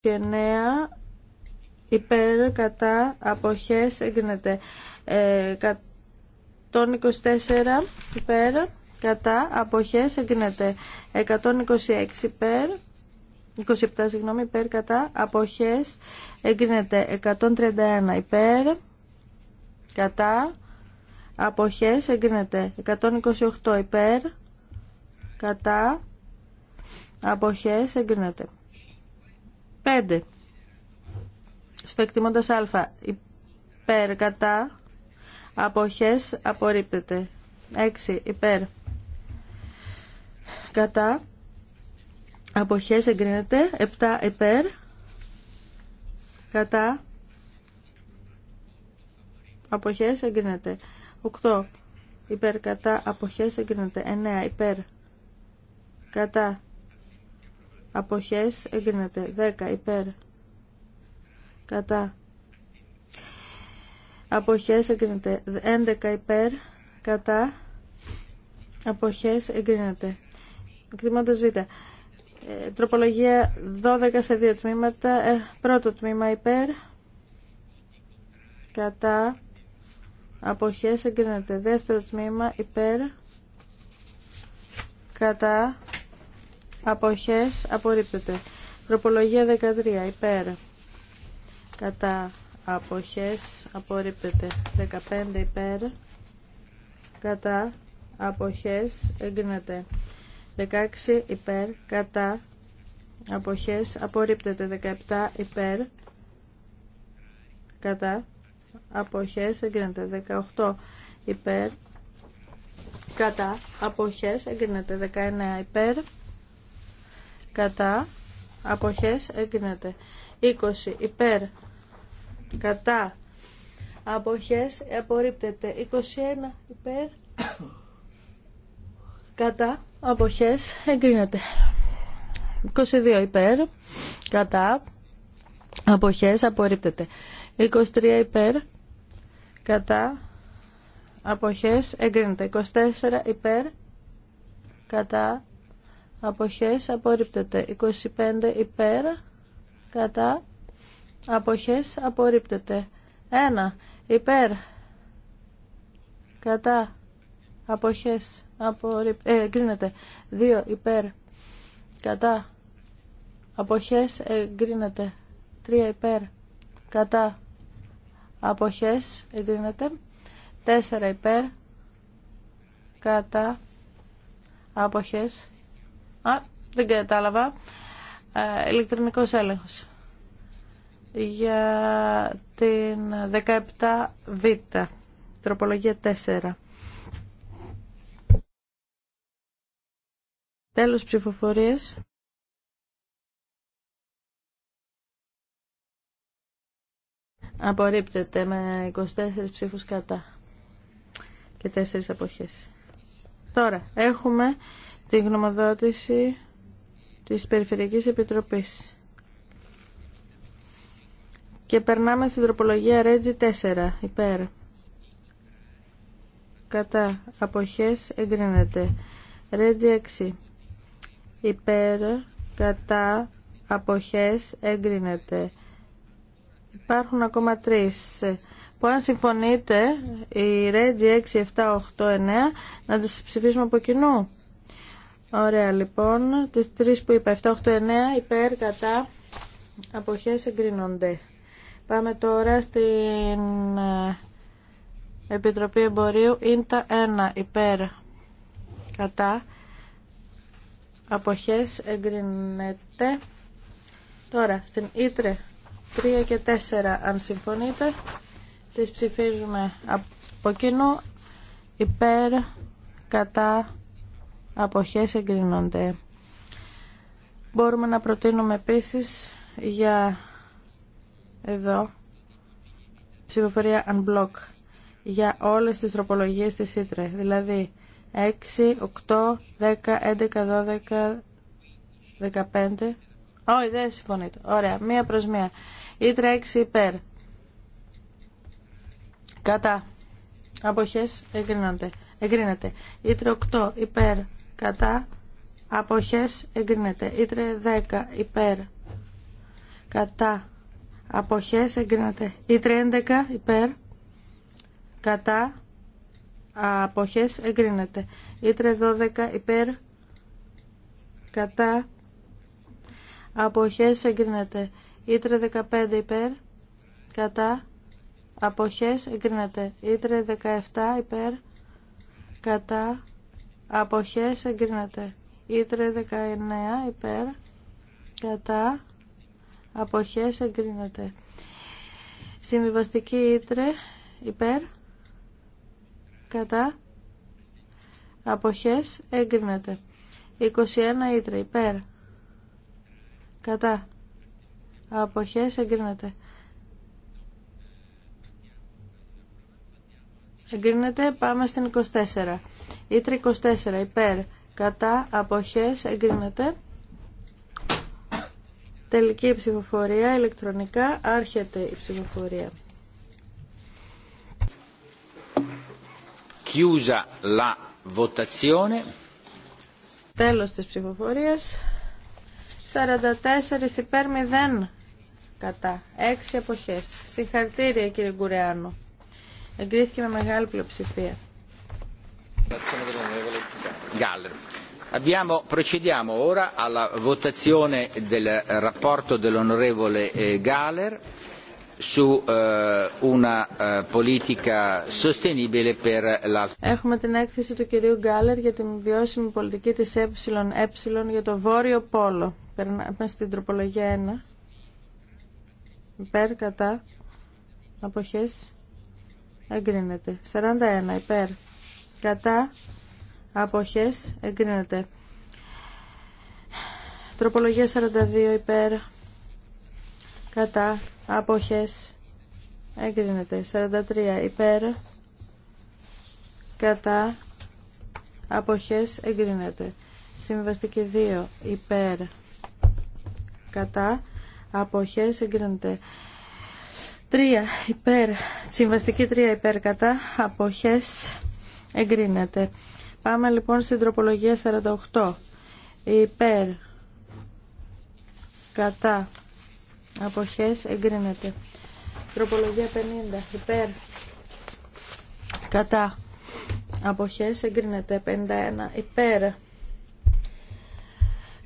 και 9 υπέρ κατά αποχές έγκρινεται ε, 124 υπέρ κατά αποχές έγκρινεται 126 υπέρ 27 συγγνώμη υπέρ κατά αποχές έγκρινεται 131 υπέρ κατά αποχές έγκρινεται 128 υπέρ κατά αποχές έγκρινεται 5. Στο εκτιμώντας α. Υπέρ κατά αποχές απορρίπτεται. 6. Υπέρ κατά αποχές εγκρίνεται. 7. Υπέρ κατά αποχές εγκρίνεται. 8. Υπέρ κατά αποχές εγκρίνεται. 9. Υπέρ κατά αποχές εγκρίνεται 10 υπέρ κατά αποχές εγκρίνεται 11 υπέρ κατά αποχές εγκρίνεται εκτιμώντας β ε, τροπολογία 12 σε δύο τμήματα ε, πρώτο τμήμα υπέρ κατά αποχές εγκρίνεται δεύτερο τμήμα υπέρ κατά Αποχές απορρίπτεται. Τροπολογία 13. Υπέρ. Κατά. Αποχές απορρίπτεται. 15. Υπέρ. Κατά. Αποχές εγκρίνεται. 16. Υπέρ. Κατά. Αποχές απορρίπτεται. 17. Υπέρ. Κατά. Αποχές εγκρίνεται. 18. Υπέρ. Κατά. Αποχές εγκρίνεται. 19. Υπέρ κατά αποχές εγκρίνεται 20 υπέρ κατά αποχές απορρίπτεται 21 υπέρ κατά αποχές εγκρίνεται 22 υπέρ κατά αποχές απορρίπτεται 23 υπέρ κατά αποχές εγκρίνεται 24 υπέρ κατά αποχές απορρίπτεται 25 υπέρ κατά αποχές απορρίπτεται 1 υπέρ κατά αποχές απορρίπτεται. εγκρίνεται 2 υπέρ κατά αποχές εγκρίνεται 3 υπέρ κατά αποχές εγκρίνεται 4 υπέρ κατά αποχές Α, δεν κατάλαβα. Ε, ηλεκτρονικός έλεγχος. Για την 17β, τροπολογία 4. Τέλος ψηφοφορίας. Απορρίπτεται με 24 ψήφους κατά και 4 αποχές. Τώρα έχουμε την γνωμοδότηση της Περιφερειακής Επιτροπής. Και περνάμε στην τροπολογία Reggie 4, υπέρ. Κατά αποχές εγκρίνεται. Reggie 6, υπέρ. Κατά αποχές εγκρίνεται. Υπάρχουν ακόμα τρεις που αν συμφωνείτε, η Reggie 6, 7, 8, 9, να τις ψηφίσουμε από κοινού. Ωραία λοιπόν, τις τρεις που είπα, 7, 8, 9, υπέρ, κατά, αποχές εγκρίνονται. Πάμε τώρα στην ε, Επιτροπή Εμπορίου, ίντα 1, υπέρ, κατά, αποχές εγκρίνεται. Τώρα, στην Ήτρε 3 και 4, αν συμφωνείτε, τις ψηφίζουμε από κοινού, υπέρ, κατά, αποχές εγκρίνονται. Μπορούμε να προτείνουμε επίσης για εδώ ψηφοφορία unblock για όλες τις τροπολογίες της ΣΥΤΡΕ, δηλαδή 6, 8, 10, 11, 12, 15. Όχι, δεν συμφωνείτε. Ωραία, μία προς μία. Ήτρα 6 υπέρ. Κατά. Αποχές εγκρίνονται. Εγκρίνεται. Ήτρα 8 υπέρ κατά αποχές εγκρίνεται ήτρε 10 υπέρ κατά αποχές εγκρίνεται ήτρε 11 υπέρ κατά αποχές εγκρίνεται ήτρε 12 υπέρ κατά αποχές εγκρίνεται ήτρε 15 υπέρ κατά αποχές εγκρίνεται ήτρε 17 υπέρ κατά Αποχές εγκρίνεται. Ήτρε 19 υπέρ. Κατά. Αποχές εγκρίνεται. Συμβιβαστική Ήτρε υπέρ. Κατά. Αποχές εγκρίνεται. 21 Ήτρε υπέρ. Κατά. Αποχές εγκρίνεται. Εγκρίνεται. Πάμε στην 24 ή 34 υπέρ κατά αποχές εγκρίνεται τελική ψηφοφορία ηλεκτρονικά άρχεται η 34 υπέρ κατά αποχές εγκρίνεται. Τελική ψηφοφορία ηλεκτρονικά άρχεται η ψηφοφορία. Chiusa la votazione. Τέλος της ψηφοφορίας. 44 υπέρ 0 κατά. 6 αποχές. Συγχαρητήρια κύριε Γκουρεάνο. Εγκρίθηκε με μεγάλη πλειοψηφία procediamo ora alla votazione del rapporto dell'onorevole eh, Galler su eh, una eh, politica sostenibile per la... Έχουμε την έκθεση του κυρίου Γκάλερ για την βιώσιμη πολιτική της ΕΕ για το Βόρειο Πόλο. Περνάμε στην τροπολογία 1. Υπέρ, κατά, αποχές, εγκρίνεται. 41, υπέρ, κατά αποχές εγκρίνεται. Τροπολογία 42 υπέρ κατά αποχές εγκρίνεται. 43 υπέρ κατά αποχές εγκρίνεται. Συμβαστική 2 υπέρ κατά αποχές εγκρίνεται. 3 υπέρ, συμβαστική 3 υπέρ κατά αποχές εγκρίνεται. Πάμε λοιπόν στην τροπολογία 48. Υπέρ, κατά, αποχές, εγκρίνεται. Τροπολογία 50. Υπέρ, κατά, αποχές, εγκρίνεται. 51. Υπέρ,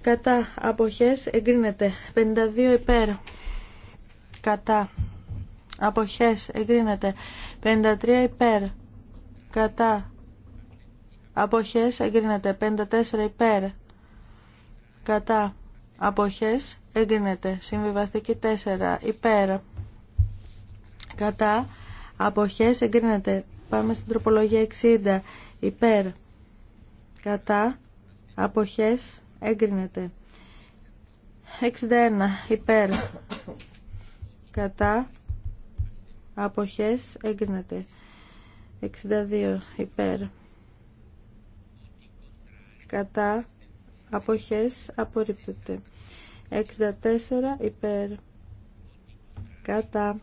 κατά, αποχές, εγκρίνεται. 52. Υπέρ, κατά, αποχές, εγκρίνεται. 53. Υπέρ, κατά, αποχές εγκρίνεται 54 υπέρ κατά αποχές εγκρίνεται συμβιβαστική 4 υπέρ κατά αποχές εγκρίνεται πάμε στην τροπολογία 60 υπέρ κατά αποχές εγκρίνεται 61 υπέρ κατά αποχές εγκρίνεται 62 υπέρ κατά αποχές απορρίπτεται 64 υπέρ κατά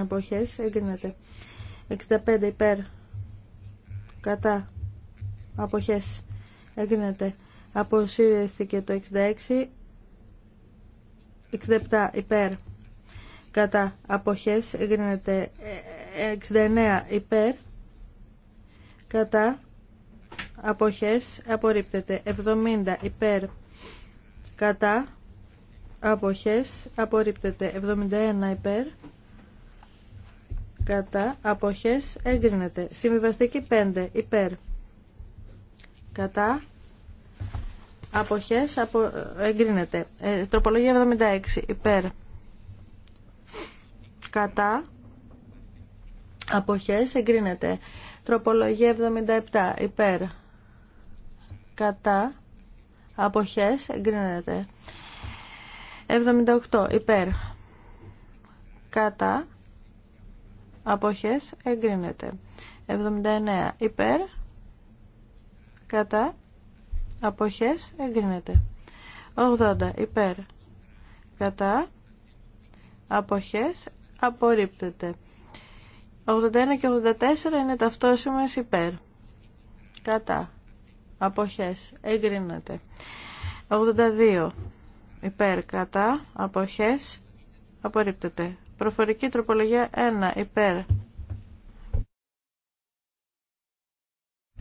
αποχές εγκρίνεται 65 υπέρ κατά αποχές εγκρίνεται Αποσύρεστηκε το 66 67 υπέρ κατά αποχές εγκρίνεται 69 ε, ε, υπέρ κατά αποχές απορρίπτεται 70 υπέρ κατά αποχές απορρίπτεται 71 υπέρ κατά αποχές έγκρινεται συμβιβαστική 5 ε, υπέρ κατά αποχές εγκρίνεται τροπολογία 76 υπέρ κατά αποχές εγκρίνεται τροπολογία 77 υπέρ κατά, αποχές, εγκρίνεται. 78 υπέρ, κατά, αποχές, εγκρίνεται. 79 υπέρ, κατά, αποχές, εγκρίνεται. 80 υπέρ, κατά, αποχές, απορρίπτεται. 81 και 84 είναι ταυτόσιμες υπέρ. Κατά αποχές εγκρίνεται 82 υπέρ κατά αποχές απορρίπτεται προφορική τροπολογία 1 υπέρ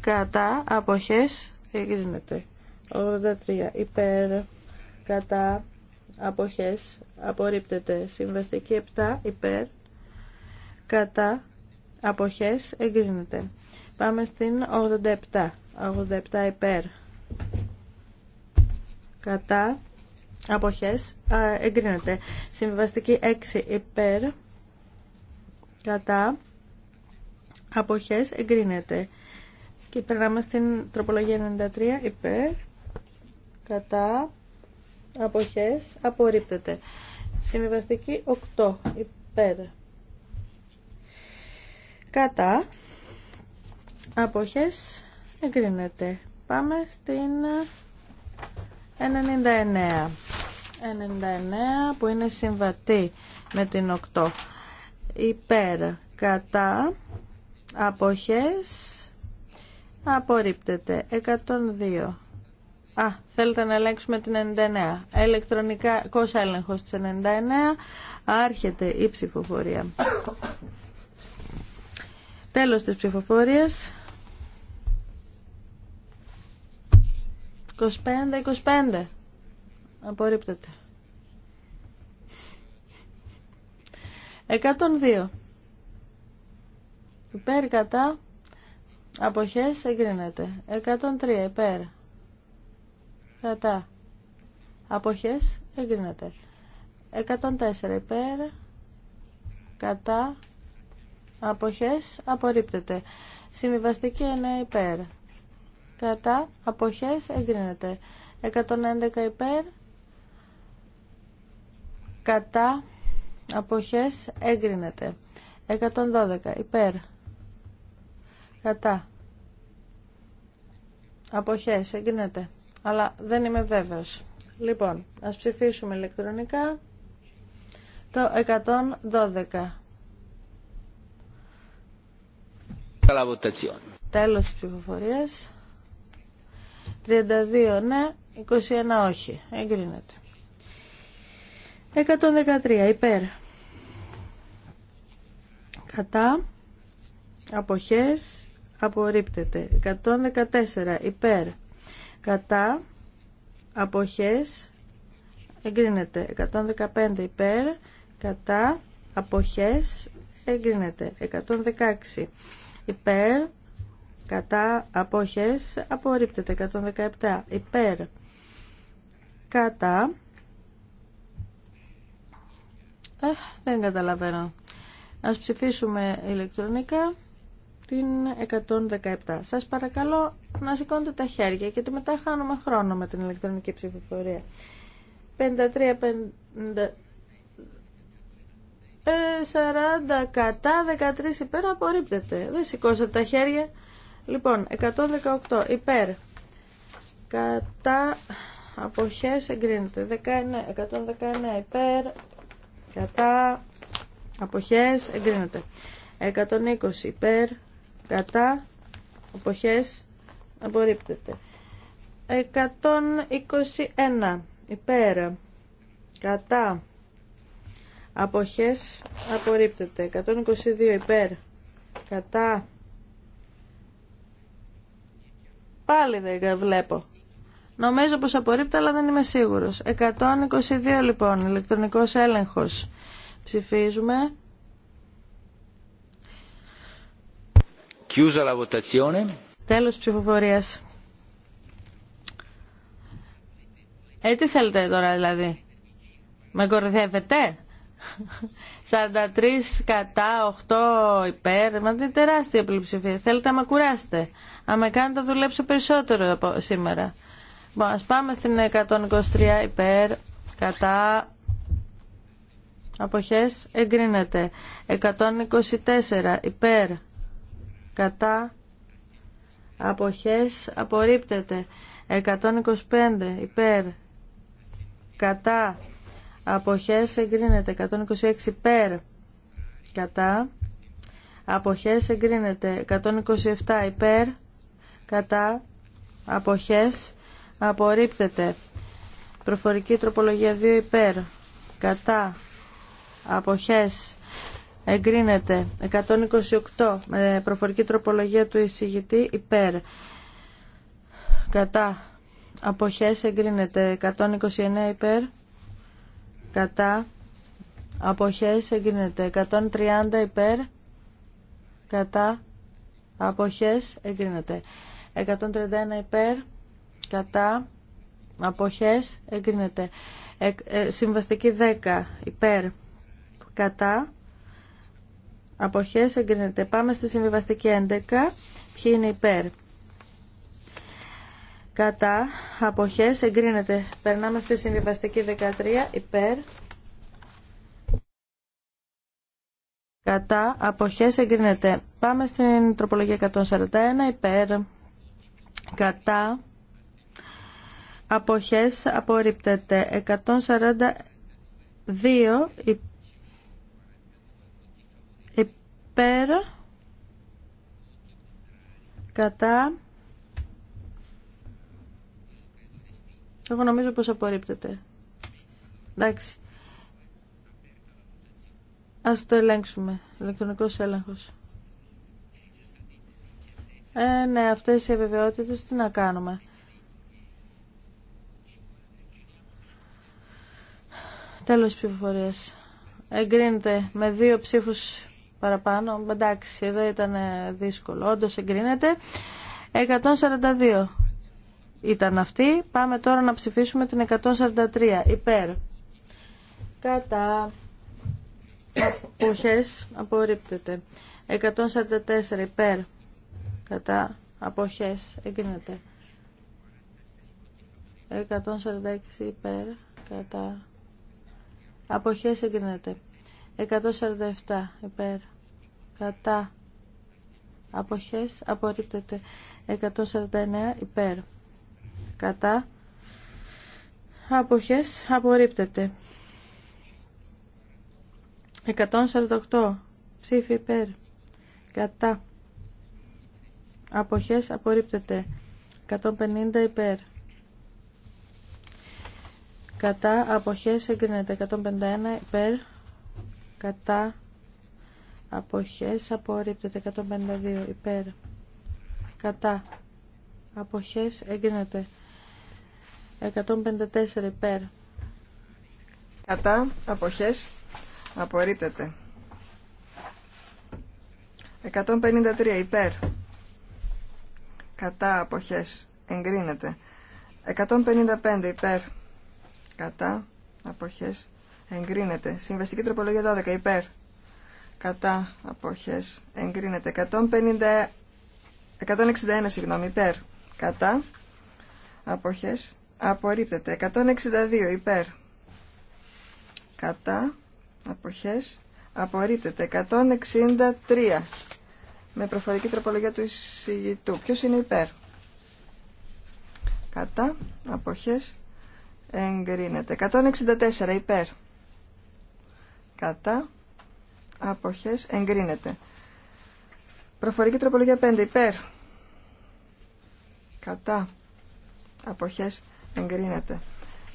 κατά αποχές εγκρίνεται 83 υπέρ κατά αποχές απορρίπτεται συμβαστική 7 υπέρ κατά αποχές εγκρίνεται πάμε στην 87 87 υπέρ κατά αποχές εγκρίνεται συμβιβαστική 6 υπέρ κατά αποχές εγκρίνεται και περνάμε στην τροπολογία 93 υπέρ κατά αποχές απορρίπτεται συμβιβαστική 8 υπέρ κατά αποχές Εγκρίνεται. Πάμε στην 99. 99 που είναι συμβατή με την 8. Υπέρ, κατά, αποχές, απορρίπτεται. 102. Α, θέλετε να ελέγξουμε την 99. Ελεκτρονικά, κόσα έλεγχος της 99, άρχεται η ψηφοφορία. Τέλος της ψηφοφορίας. 25-25. Απορρίπτεται. 102. Υπέρ κατά αποχές εγκρίνεται. 103 υπέρ κατά αποχές εγκρίνεται. 104 υπέρ κατά αποχές απορρίπτεται. Συμβιβαστική είναι υπέρ κατά αποχές εγκρίνεται 111 υπέρ κατά αποχές εγκρίνεται 112 υπέρ κατά αποχές εγκρίνεται αλλά δεν είμαι βέβαιος λοιπόν ας ψηφίσουμε ηλεκτρονικά το 112 Τέλος της ψηφοφορίας. 32 ναι, 21 όχι. Εγκρίνεται. 113 υπέρ. Κατά. Αποχές. Απορρίπτεται. 114 υπέρ. Κατά. Αποχές. Εγκρίνεται. 115 υπέρ. Κατά. Αποχές. Εγκρίνεται. 116 υπέρ κατά αποχές απορρίπτεται 117 υπέρ κατά ε, δεν καταλαβαίνω ας ψηφίσουμε ηλεκτρονικά την 117 σας παρακαλώ να σηκώνετε τα χέρια γιατί μετά χάνουμε χρόνο με την ηλεκτρονική ψηφοφορία 53 50... 40 κατά, 13 υπέρ, απορρίπτεται. Δεν σηκώσατε τα χέρια. Λοιπόν, 118 υπέρ. Κατά αποχές εγκρίνεται. 19, 119 υπέρ. Κατά αποχές εγκρίνεται. 120 υπέρ. Κατά αποχές απορρίπτεται. 121 υπέρ. Κατά αποχές απορρίπτεται. 122 υπέρ. Κατά Πάλι δεν βλέπω. Νομίζω πως απορρίπτω, αλλά δεν είμαι σίγουρος. 122 λοιπόν, ηλεκτρονικός έλεγχος. Ψηφίζουμε. Chiusa la votazione. Τέλος ψηφοφορίας. Ε, τι θέλετε τώρα δηλαδή. Με κορυδεύετε. 43 κατά, 8 υπέρ. Μα είναι τεράστια πλειοψηφία. Θέλετε να με κουράσετε. Αν με κάνει θα δουλέψω περισσότερο από σήμερα. Bon, ας πάμε στην 123 υπέρ, κατά, αποχές, εγκρίνεται. 124 υπέρ, κατά, αποχές, απορρίπτεται. 125 υπέρ, κατά, αποχές, εγκρίνεται. 126 υπέρ, κατά, αποχές, εγκρίνεται. 127 υπέρ, κατά αποχές απορρίπτεται προφορική τροπολογία 2 υπέρ κατά αποχές εγκρίνεται 128 με προφορική τροπολογία του εισηγητή υπέρ κατά αποχές εγκρίνεται 129 υπέρ κατά αποχές εγκρίνεται 130 υπέρ κατά αποχές εγκρίνεται 131 υπέρ, κατά, αποχές, εγκρίνεται. Ε, ε, συμβαστική 10 υπέρ, κατά, αποχές, εγκρίνεται. Πάμε στη συμβιβαστική 11, ποιοι είναι υπέρ. Κατά, αποχές, εγκρίνεται. Περνάμε στη συμβιβαστική 13, υπέρ. Κατά, αποχές, εγκρίνεται. Πάμε στην τροπολογία 141, υπέρ κατά αποχές απορρίπτεται 142 υπέρ κατά εγώ νομίζω πως απορρίπτεται εντάξει ας το ελέγξουμε ηλεκτρονικός έλεγχος ε, ναι, αυτές οι αβεβαιότητες τι να κάνουμε. Τέλος ψηφοφορίας. Εγκρίνεται με δύο ψήφους παραπάνω. Εντάξει, εδώ ήταν δύσκολο. Όντως εγκρίνεται. 142 ήταν αυτή. Πάμε τώρα να ψηφίσουμε την 143. Υπέρ. Κατά. πουχές απορρίπτεται. 144 υπέρ κατά αποχές εγκρίνεται 146 υπέρ κατά αποχές εγκρίνεται 147 υπέρ κατά αποχές απορρίπτεται 149 υπέρ κατά αποχές απορρίπτεται 148 ψήφι υπέρ κατά αποχές απορρίπτεται 150 υπέρ κατά αποχές εγκρίνεται 151 υπέρ κατά αποχές απορρίπτεται 152 υπέρ κατά αποχές εγκρίνεται 154 υπέρ κατά αποχές απορρίπτεται 153 υπέρ κατά αποχές εγκρίνεται 155 υπέρ κατά αποχές εγκρίνεται συμβαστική τροπολογία 12 υπέρ κατά αποχές εγκρίνεται 150, 161 συγγνώμη υπέρ κατά αποχές απορρίπτεται 162 υπέρ κατά αποχές απορρίπτεται 163 με προφορική τροπολογία του εισηγητού. Ποιος είναι υπέρ. Κατά. Αποχές. Εγκρίνεται. 164 υπέρ. Κατά. Αποχές. Εγκρίνεται. Προφορική τροπολογία 5 υπέρ. Κατά. Αποχές. Εγκρίνεται.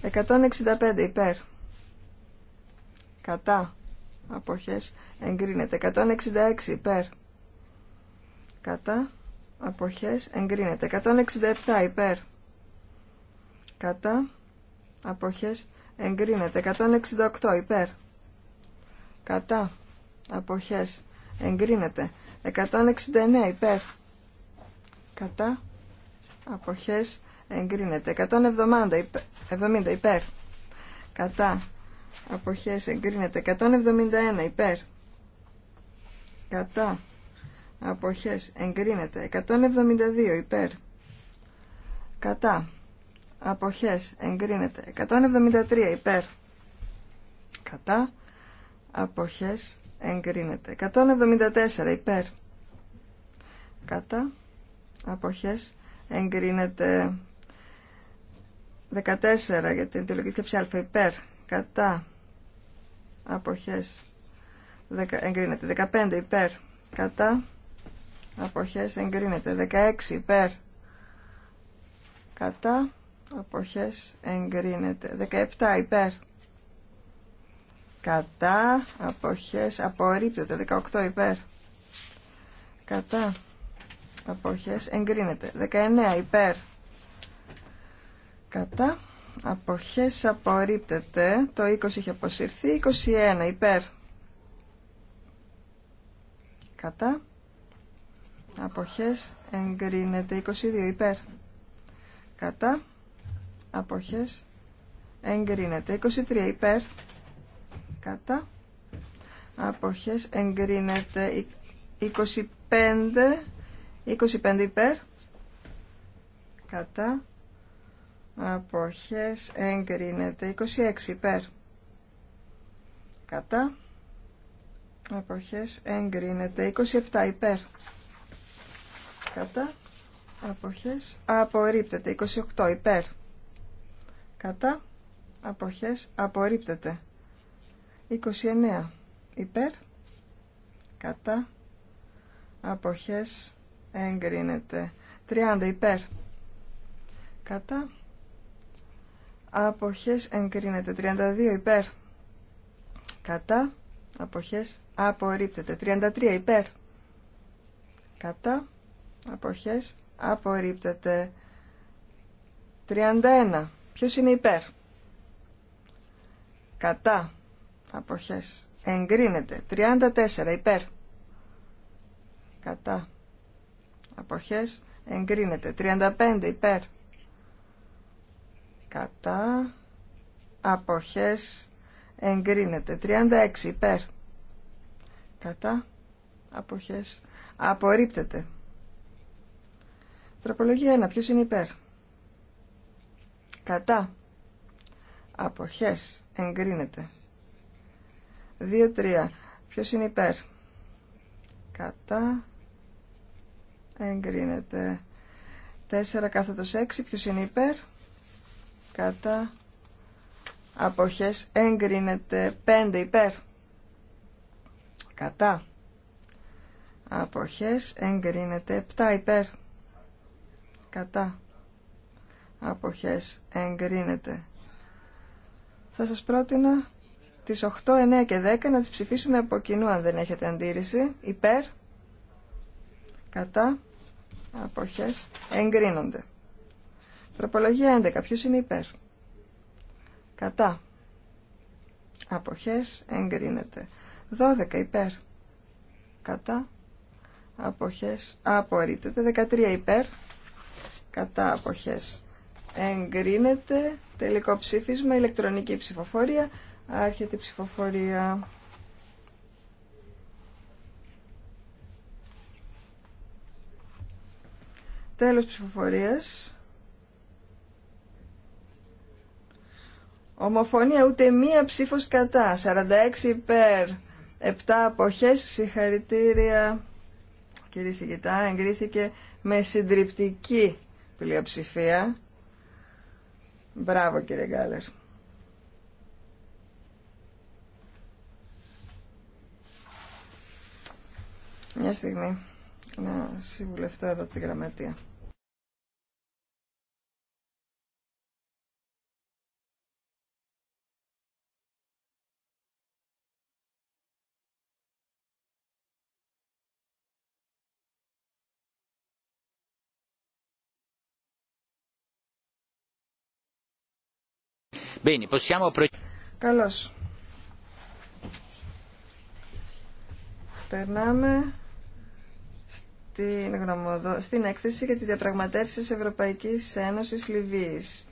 165 υπέρ. Κατά. Αποχές. Εγκρίνεται. 166 υπέρ κατά αποχές εγκρίνεται 167 υπέρ κατά αποχές εγκρίνεται 168 υπέρ κατά αποχές εγκρίνεται 169 υπέρ κατά αποχές εγκρίνεται 170 υπέρ, 70 κατά αποχές εγκρίνεται 171 υπέρ κατά αποχές εγκρίνεται 172 υπέρ κατά αποχές εγκρίνεται 173 υπέρ κατά αποχές εγκρίνεται 174 υπέρ κατά αποχές εγκρίνεται 14 για την τελική σκέψη α υπέρ κατά αποχές εγκρίνεται 15 υπέρ κατά αποχές εγκρίνεται 16 υπέρ κατά αποχές εγκρίνεται 17 υπέρ κατά αποχές απορρίπτεται 18 υπέρ κατά αποχές εγκρίνεται 19 υπέρ κατά αποχές απορρίπτεται το 20 είχε αποσυρθεί 21 υπέρ κατά αποχές εγκρίνεται 22 υπέρ κατά αποχές εγκρίνεται 23 υπέρ κατά αποχές εγκρίνεται 25 25 υπέρ κατά αποχές εγκρίνεται 26 υπέρ κατά αποχές εγκρίνεται 27 υπέρ κατά αποχές απορρίπτεται 28 υπέρ κατά αποχές απορρίπτεται 29 υπέρ κατά αποχές εγκρίνεται 30 υπέρ κατά αποχές εγκρίνεται 32 υπέρ κατά αποχές απορρίπτεται 33 υπέρ κατά αποχές απορρίπτεται 31 ποιος είναι υπέρ κατά αποχές εγκρίνεται 34 υπέρ κατά αποχές εγκρίνεται 35 υπέρ κατά αποχές εγκρίνεται 36 υπέρ κατά αποχές απορρίπτεται Τροπολογία 1. Ποιος είναι υπέρ. Κατά. Αποχές. Εγκρίνεται. 2-3. Ποιος είναι υπέρ. Κατά. Εγκρίνεται. 4 κάθετος 6. Ποιος είναι υπέρ. Κατά. Αποχές. Εγκρίνεται. 5 υπέρ. Κατά. Αποχές. Εγκρίνεται. 7 υπέρ κατά αποχές εγκρίνεται. Θα σας πρότεινα τις 8, 9 και 10 να τις ψηφίσουμε από κοινού αν δεν έχετε αντίρρηση. Υπέρ, κατά, αποχές, εγκρίνονται. Τροπολογία 11. Ποιος είναι υπέρ. Κατά. Αποχές εγκρίνεται. 12. Υπέρ. Κατά. Αποχές απορρίπτεται. 13. Υπέρ κατά αποχές εγκρίνεται τελικό ψήφισμα ηλεκτρονική ψηφοφορία άρχεται η ψηφοφορία τέλος ψηφοφορίας Ομοφωνία ούτε μία ψήφος κατά, 46 υπέρ, 7 αποχές, συγχαρητήρια. Κύριε Σιγητά, εγκρίθηκε με συντριπτική πλειοψηφία. Μπράβο κύριε Γκάλερ. Μια στιγμή να συμβουλευτώ εδώ τη γραμματεία. Bene, Καλώς. Περνάμε στην, έκθεση για τις διαπραγματεύσεις Ευρωπαϊκής Ένωσης Λιβύης.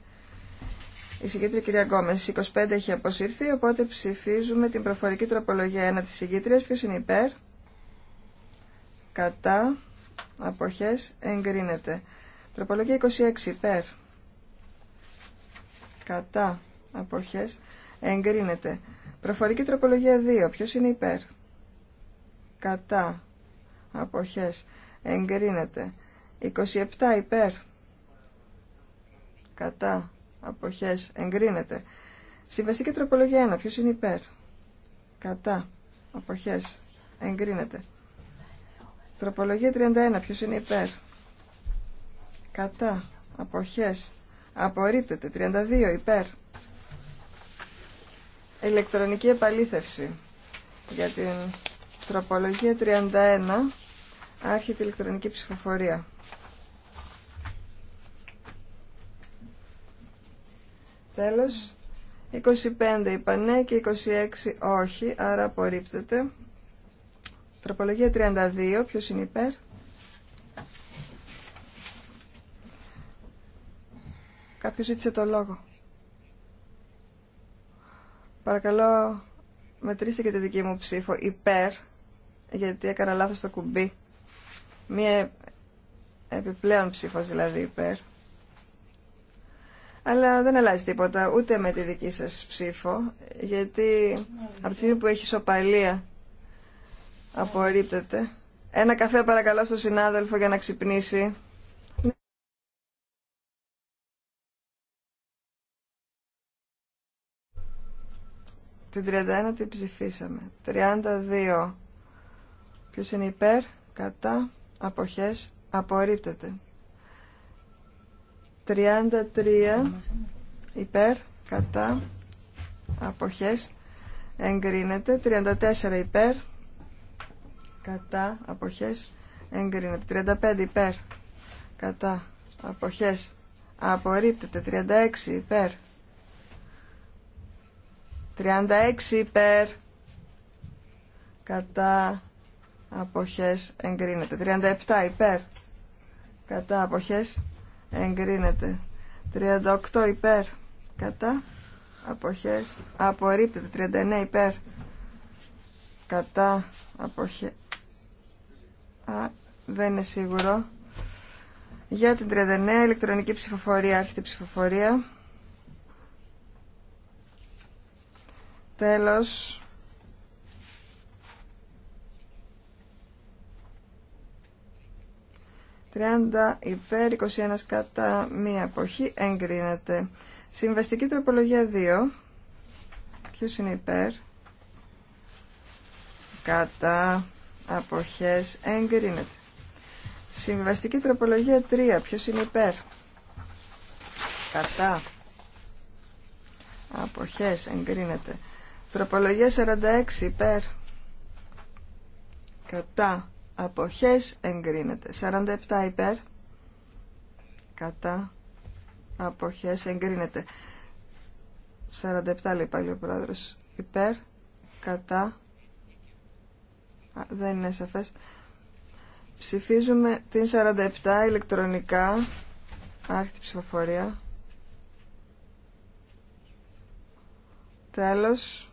Η συγκίτρια κυρία Γκόμες, 25 έχει αποσύρθει, οπότε ψηφίζουμε την προφορική τροπολογία 1 της συγκίτριας. Ποιο είναι υπέρ, κατά, αποχές, εγκρίνεται. Τροπολογία 26, υπέρ, κατά, αποχές εγκρίνεται. Προφορική τροπολογία 2. Ποιος είναι υπέρ. Κατά. Αποχές. Εγκρίνεται. 27 υπέρ. Κατά. Αποχές. Εγκρίνεται. Συμβαστική τροπολογία 1. Ποιος είναι υπέρ. Κατά. Αποχές. Εγκρίνεται. Τροπολογία 31. Ποιος είναι υπέρ. Κατά. Αποχές. Απορρίπτεται. 32 υπέρ ηλεκτρονική επαλήθευση για την τροπολογία 31 άρχεται ηλεκτρονική ψηφοφορία. Τέλος, 25 είπα ναι και 26 όχι, άρα απορρίπτεται. Τροπολογία 32, ποιος είναι υπέρ. Κάποιος ζήτησε το λόγο. Παρακαλώ, μετρήστε και τη δική μου ψήφο υπέρ, γιατί έκανα λάθος το κουμπί. Μία επιπλέον ψήφος δηλαδή υπέρ. Αλλά δεν αλλάζει τίποτα ούτε με τη δική σας ψήφο, γιατί από τη στιγμή που έχει σοπαλία απορρίπτεται. Ένα καφέ παρακαλώ στον συνάδελφο για να ξυπνήσει. Την 31 την ψηφίσαμε. 32. Ποιος είναι υπέρ, κατά, αποχές, απορρίπτεται. 33 υπέρ, κατά, αποχές, εγκρίνεται. 34 υπέρ, κατά, αποχές, εγκρίνεται. 35 υπέρ, κατά, αποχές, απορρίπτεται. 36 υπέρ, 36 υπέρ κατά αποχές εγκρίνεται 37 υπέρ κατά αποχές εγκρίνεται 38 υπέρ κατά αποχές απορρίπτεται 39 υπέρ κατά αποχές Α, δεν είναι σίγουρο για την 39 ηλεκτρονική ψηφοφορία αρχιτή ψηφοφορία Τέλος. Τριάντα υπέρ, 21 κατά, μία εποχή, εγκρίνεται. Συμβαστική τροπολογία 2. Ποιος είναι υπέρ. Κατά, αποχές, εγκρίνεται. Συμβαστική τροπολογία 3. Ποιος είναι υπέρ. Κατά. Αποχές εγκρίνεται. Τροπολογία 46 υπέρ. Κατά. Αποχές εγκρίνεται. 47 υπέρ. Κατά. Αποχές εγκρίνεται. 47 λέει πάλι ο πρόεδρος. Υπέρ. Κατά. δεν είναι σαφές. Ψηφίζουμε την 47 ηλεκτρονικά. Άρχιτη ψηφοφορία. Τέλος.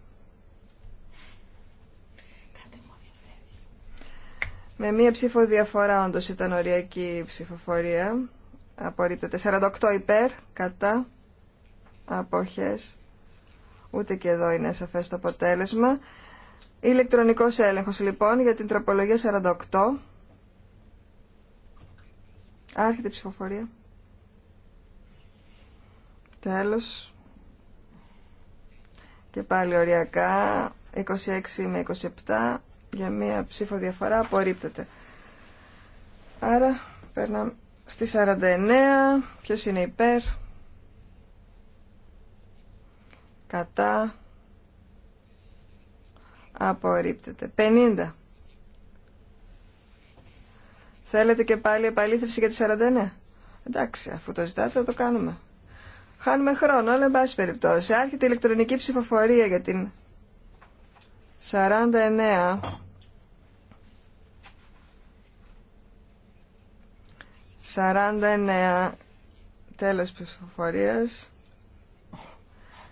Με μία ψήφο διαφορά όντως ήταν οριακή ψηφοφορία. Απορρίπτεται 48 υπέρ, κατά, αποχές. Ούτε και εδώ είναι σαφές το αποτέλεσμα. Ηλεκτρονικός έλεγχος λοιπόν για την τροπολογία 48. Άρχεται η ψηφοφορία. Τέλος. Και πάλι οριακά 26 με 27 για μία ψήφο διαφορά απορρίπτεται. Άρα περνάμε στη 49. Ποιος είναι υπέρ. Κατά. Απορρίπτεται. 50. Θέλετε και πάλι επαλήθευση για τη 49. Εντάξει, αφού το ζητάτε θα το κάνουμε. Χάνουμε χρόνο, αλλά εν πάση περιπτώσει. Άρχεται η ηλεκτρονική ψηφοφορία για την 49. 49 τέλος ψηφοφορίας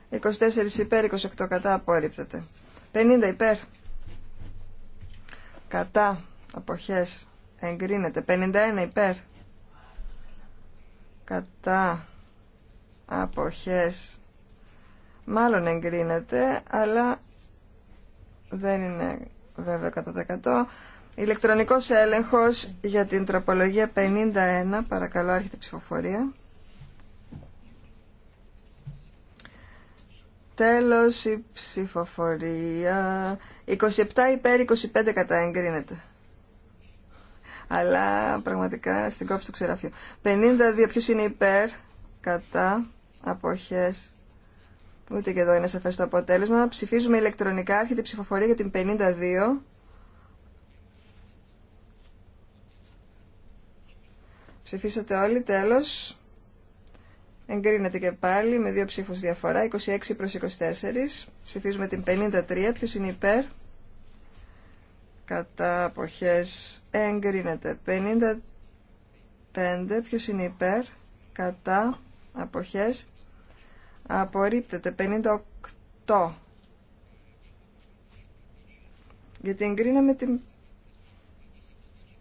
24 υπέρ 28 κατά απορρίπτεται 50 υπέρ κατά αποχές εγκρίνεται 51 υπέρ κατά αποχές μάλλον εγκρίνεται αλλά δεν είναι βέβαια 100%. Ηλεκτρονικός έλεγχος για την τροπολογία 51. Παρακαλώ, άρχεται ψηφοφορία. Τέλος η ψηφοφορία. 27 υπέρ, 25 κατά εγκρίνεται. Αλλά πραγματικά στην κόψη του ξεραφείου. 52 ποιος είναι υπέρ, κατά, αποχές, Ούτε και εδώ είναι σαφέ το αποτέλεσμα. Ψηφίζουμε ηλεκτρονικά. Άρχεται η ψηφοφορία για την 52. Ψηφίσατε όλοι, τέλος. Εγκρίνεται και πάλι με δύο ψήφους διαφορά, 26 προς 24. Ψηφίζουμε την 53, ποιος είναι υπέρ. Κατά αποχές εγκρίνεται. 55, ποιος είναι υπέρ. Κατά αποχές Απορρίπτεται. 58. Γιατί εγκρίναμε την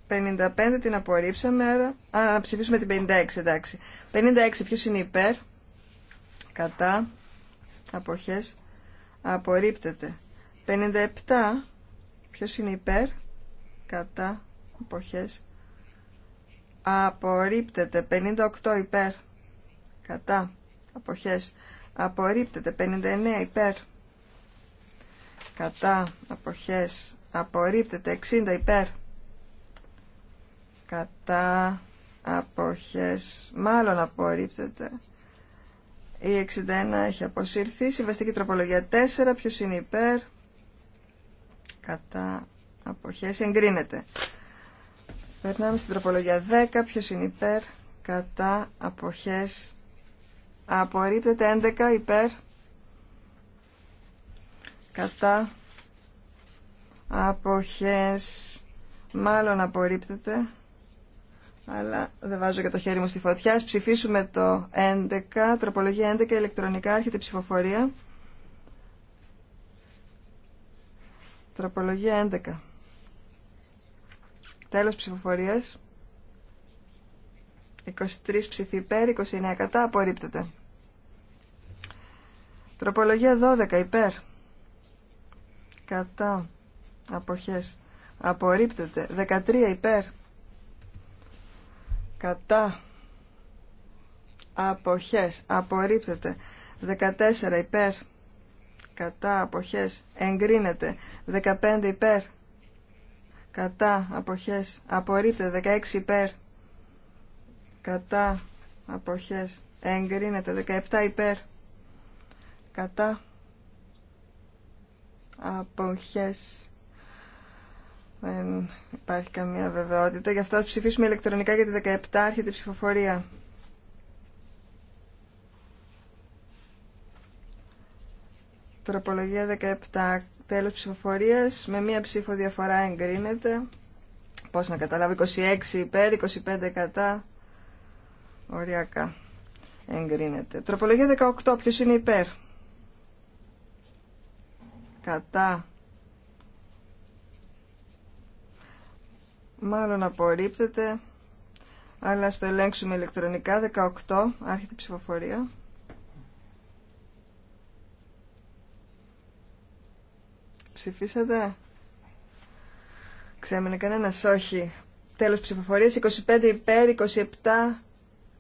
55, την απορρίψαμε, άρα να ψηφίσουμε την 56, εντάξει. 56, ποιος είναι υπέρ, κατά, αποχές, απορρίπτεται. 57, ποιος είναι υπέρ, κατά, αποχές, απορρίπτεται. 58 υπέρ, κατά, αποχές, απορρίπτεται 59 υπέρ κατά αποχές απορρίπτεται 60 υπέρ κατά αποχές μάλλον απορρίπτεται η 61 έχει αποσυρθεί συμβαστική τροπολογία 4 ποιος είναι υπέρ κατά αποχές εγκρίνεται περνάμε στην τροπολογία 10 ποιος είναι υπέρ κατά αποχές Απορρίπτεται 11 υπέρ. Κατά. Αποχές. Μάλλον απορρίπτεται. Αλλά δεν βάζω και το χέρι μου στη φωτιά. Ας ψηφίσουμε το 11. Τροπολογία 11 ηλεκτρονικά. Άρχεται η ψηφοφορία. Τροπολογία 11. Τέλος ψηφοφορίας. 23 ψηφί υπέρ, 29 κατά, απορρίπτεται. Τροπολογία 12 υπέρ. Κατά. Αποχές. Απορρίπτεται. 13 υπέρ. Κατά. Αποχές. Απορρίπτεται. 14 υπέρ. Κατά. Αποχές. Εγκρίνεται. 15 υπέρ. Κατά. Αποχές. Απορρίπτεται. 16 υπέρ κατά αποχές εγκρίνεται 17 υπέρ κατά αποχές δεν υπάρχει καμία βεβαιότητα γι' αυτό θα ψηφίσουμε ηλεκτρονικά για τη 17 άρχεται η ψηφοφορία τροπολογία 17 τέλος ψηφοφορίας με μία ψήφο διαφορά εγκρίνεται πώς να καταλάβω 26 υπέρ 25 κατά Οριακά. Εγκρίνεται. Τροπολογία 18. Ποιος είναι υπέρ. Κατά. Μάλλον απορρίπτεται. Αλλά στο ελέγξουμε ηλεκτρονικά. 18. Άρχεται η ψηφοφορία. Ψηφίσατε. Ξέμεινε κανένα όχι. Τέλος ψηφοφορίας. 25 υπέρ, 27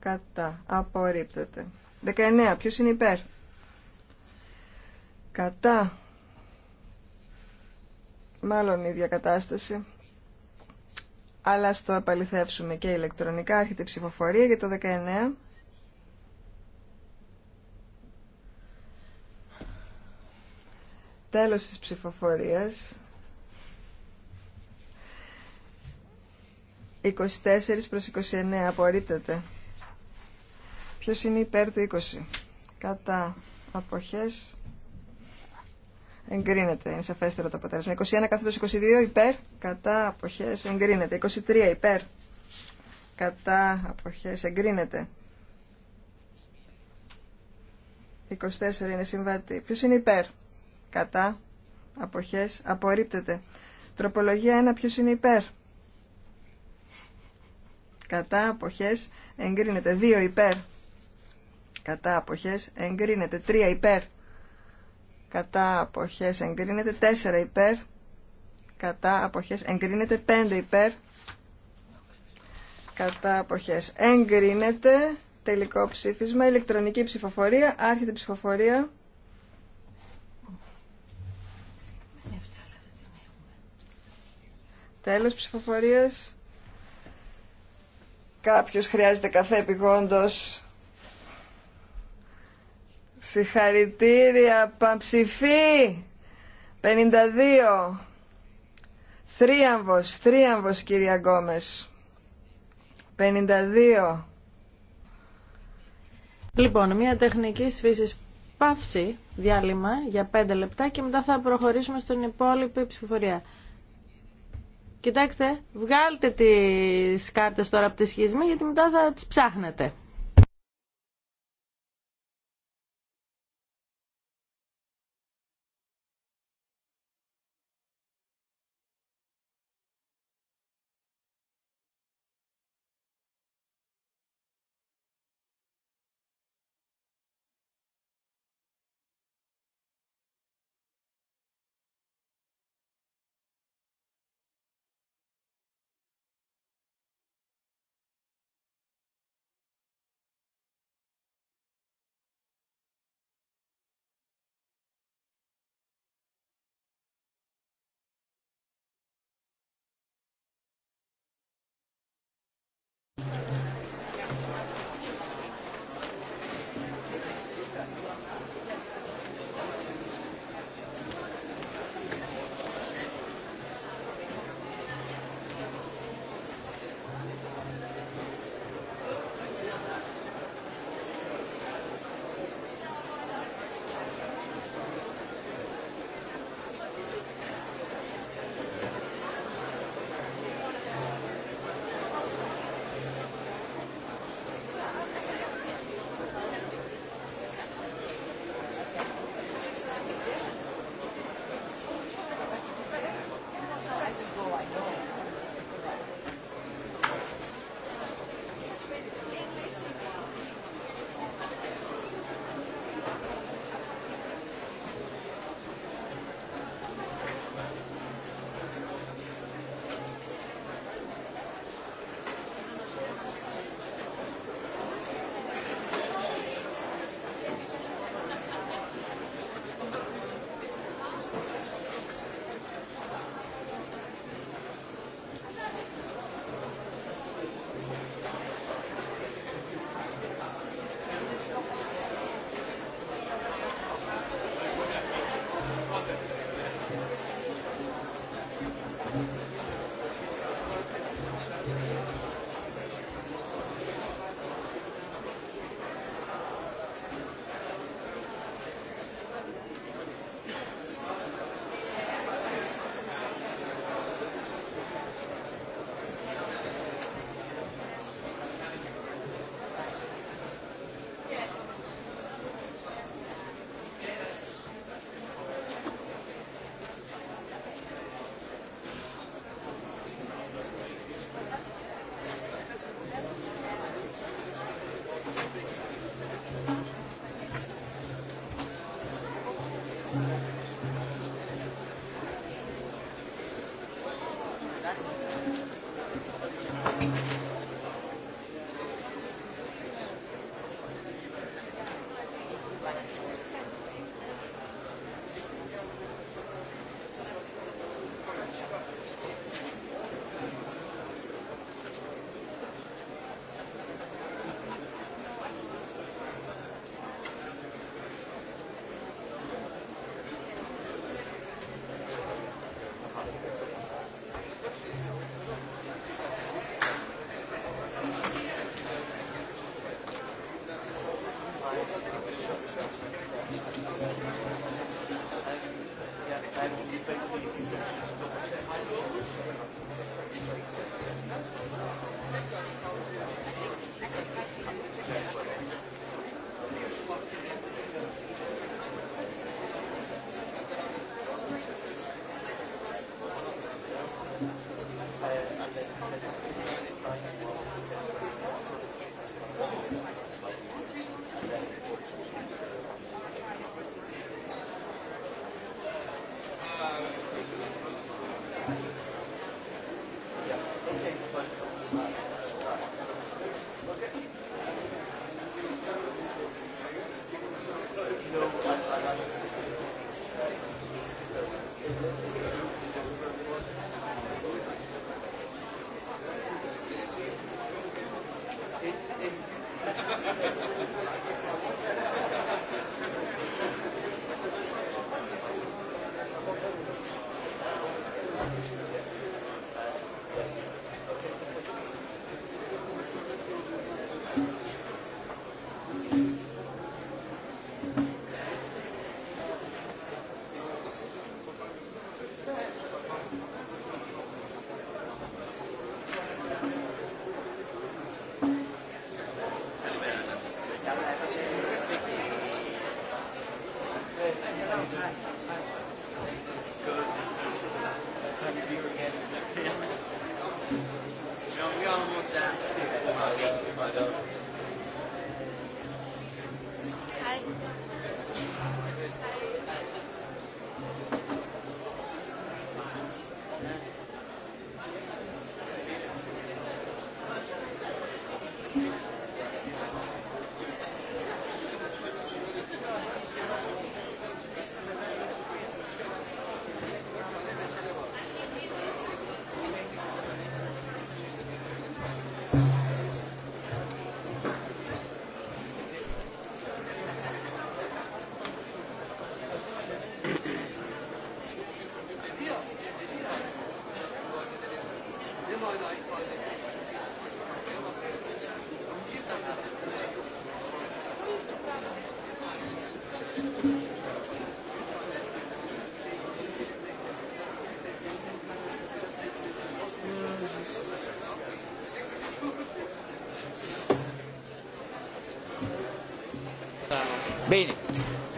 Κατά. Απορρίπτεται. 19. Ποιος είναι υπέρ. Κατά. Μάλλον η ίδια κατάσταση. Αλλά στο απαληθεύσουμε και ηλεκτρονικά. Άρχεται η ψηφοφορία για το 19. Τέλος της ψηφοφορίας. 24 προς 29 απορρίπτεται. Ποιος είναι υπέρ του 20. Κατά αποχές εγκρίνεται. Είναι σαφέστερο το αποτέλεσμα. 21 καθέτος 22 υπέρ. Κατά αποχές εγκρίνεται. 23 υπέρ. Κατά αποχές εγκρίνεται. 24 είναι συμβατή. Ποιος είναι υπέρ. Κατά αποχές απορρίπτεται. Τροπολογία 1. Ποιος είναι υπέρ. Κατά αποχές εγκρίνεται. 2 υπέρ κατά αποχές εγκρίνεται τρία υπέρ κατά αποχές εγκρίνεται τέσσερα υπέρ κατά αποχές εγκρίνεται πέντε υπέρ κατά αποχές εγκρίνεται τελικό ψήφισμα ηλεκτρονική ψηφοφορία άρχεται ψηφοφορία τέλος ψηφοφορίας κάποιος χρειάζεται καφέ επιγόντως Συγχαρητήρια, Παμψηφί! 52. Θρίαμβος, θρίαμβος κυρία Γκόμες. 52. Λοιπόν, μια τεχνική σφίσης παύση, διάλειμμα για 5 λεπτά και μετά θα προχωρήσουμε στην υπόλοιπη ψηφοφορία. Κοιτάξτε, βγάλτε τις κάρτες τώρα από τη σχισμή γιατί μετά θα τις ψάχνετε.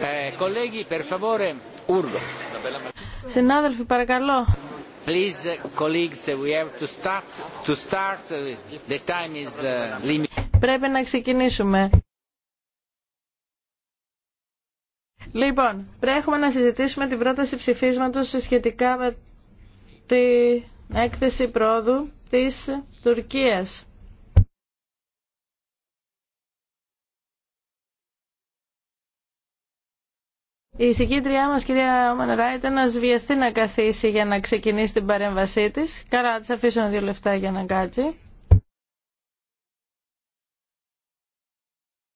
Ε, Συνάδελφοι, παρακαλώ. Please, colleagues, we have to start. To start, uh, the time is uh, limited. Πρέπει να ξεκινήσουμε. Λοιπόν, πρέπει να συζητήσουμε την πρόταση ψηφίσματος σχετικά με την έκθεση πρόοδου της Τουρκίας. Η συγκίτριά μας, κυρία Μανερά, να σβιαστεί να καθίσει για να ξεκινήσει την παρέμβασή της. Καρά, της αφήσω δύο λεφτά για να κάτσει.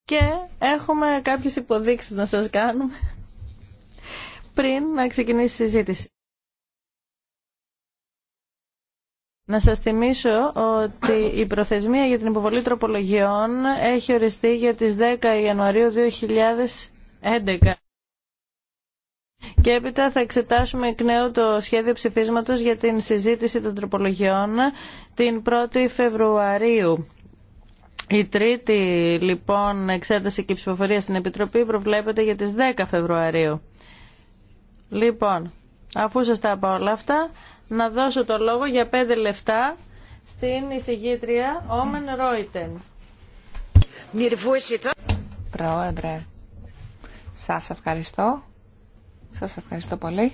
Και έχουμε κάποιες υποδείξεις να σας κάνουμε πριν να ξεκινήσει η συζήτηση. Να σας θυμίσω ότι η προθεσμία για την υποβολή τροπολογιών έχει οριστεί για τις 10 Ιανουαρίου 2011. Και έπειτα θα εξετάσουμε εκ νέου το σχέδιο ψηφίσματος για την συζήτηση των τροπολογιών την 1η Φεβρουαρίου. Η τρίτη λοιπόν εξέταση και ψηφοφορία στην Επιτροπή προβλέπεται για τις 10 Φεβρουαρίου. Λοιπόν, αφού σας τα είπα όλα αυτά, να δώσω το λόγο για 5 λεφτά στην εισηγήτρια Όμεν Ρόιτεν. Πρόεδρε, σας ευχαριστώ. Σας ευχαριστώ πολύ.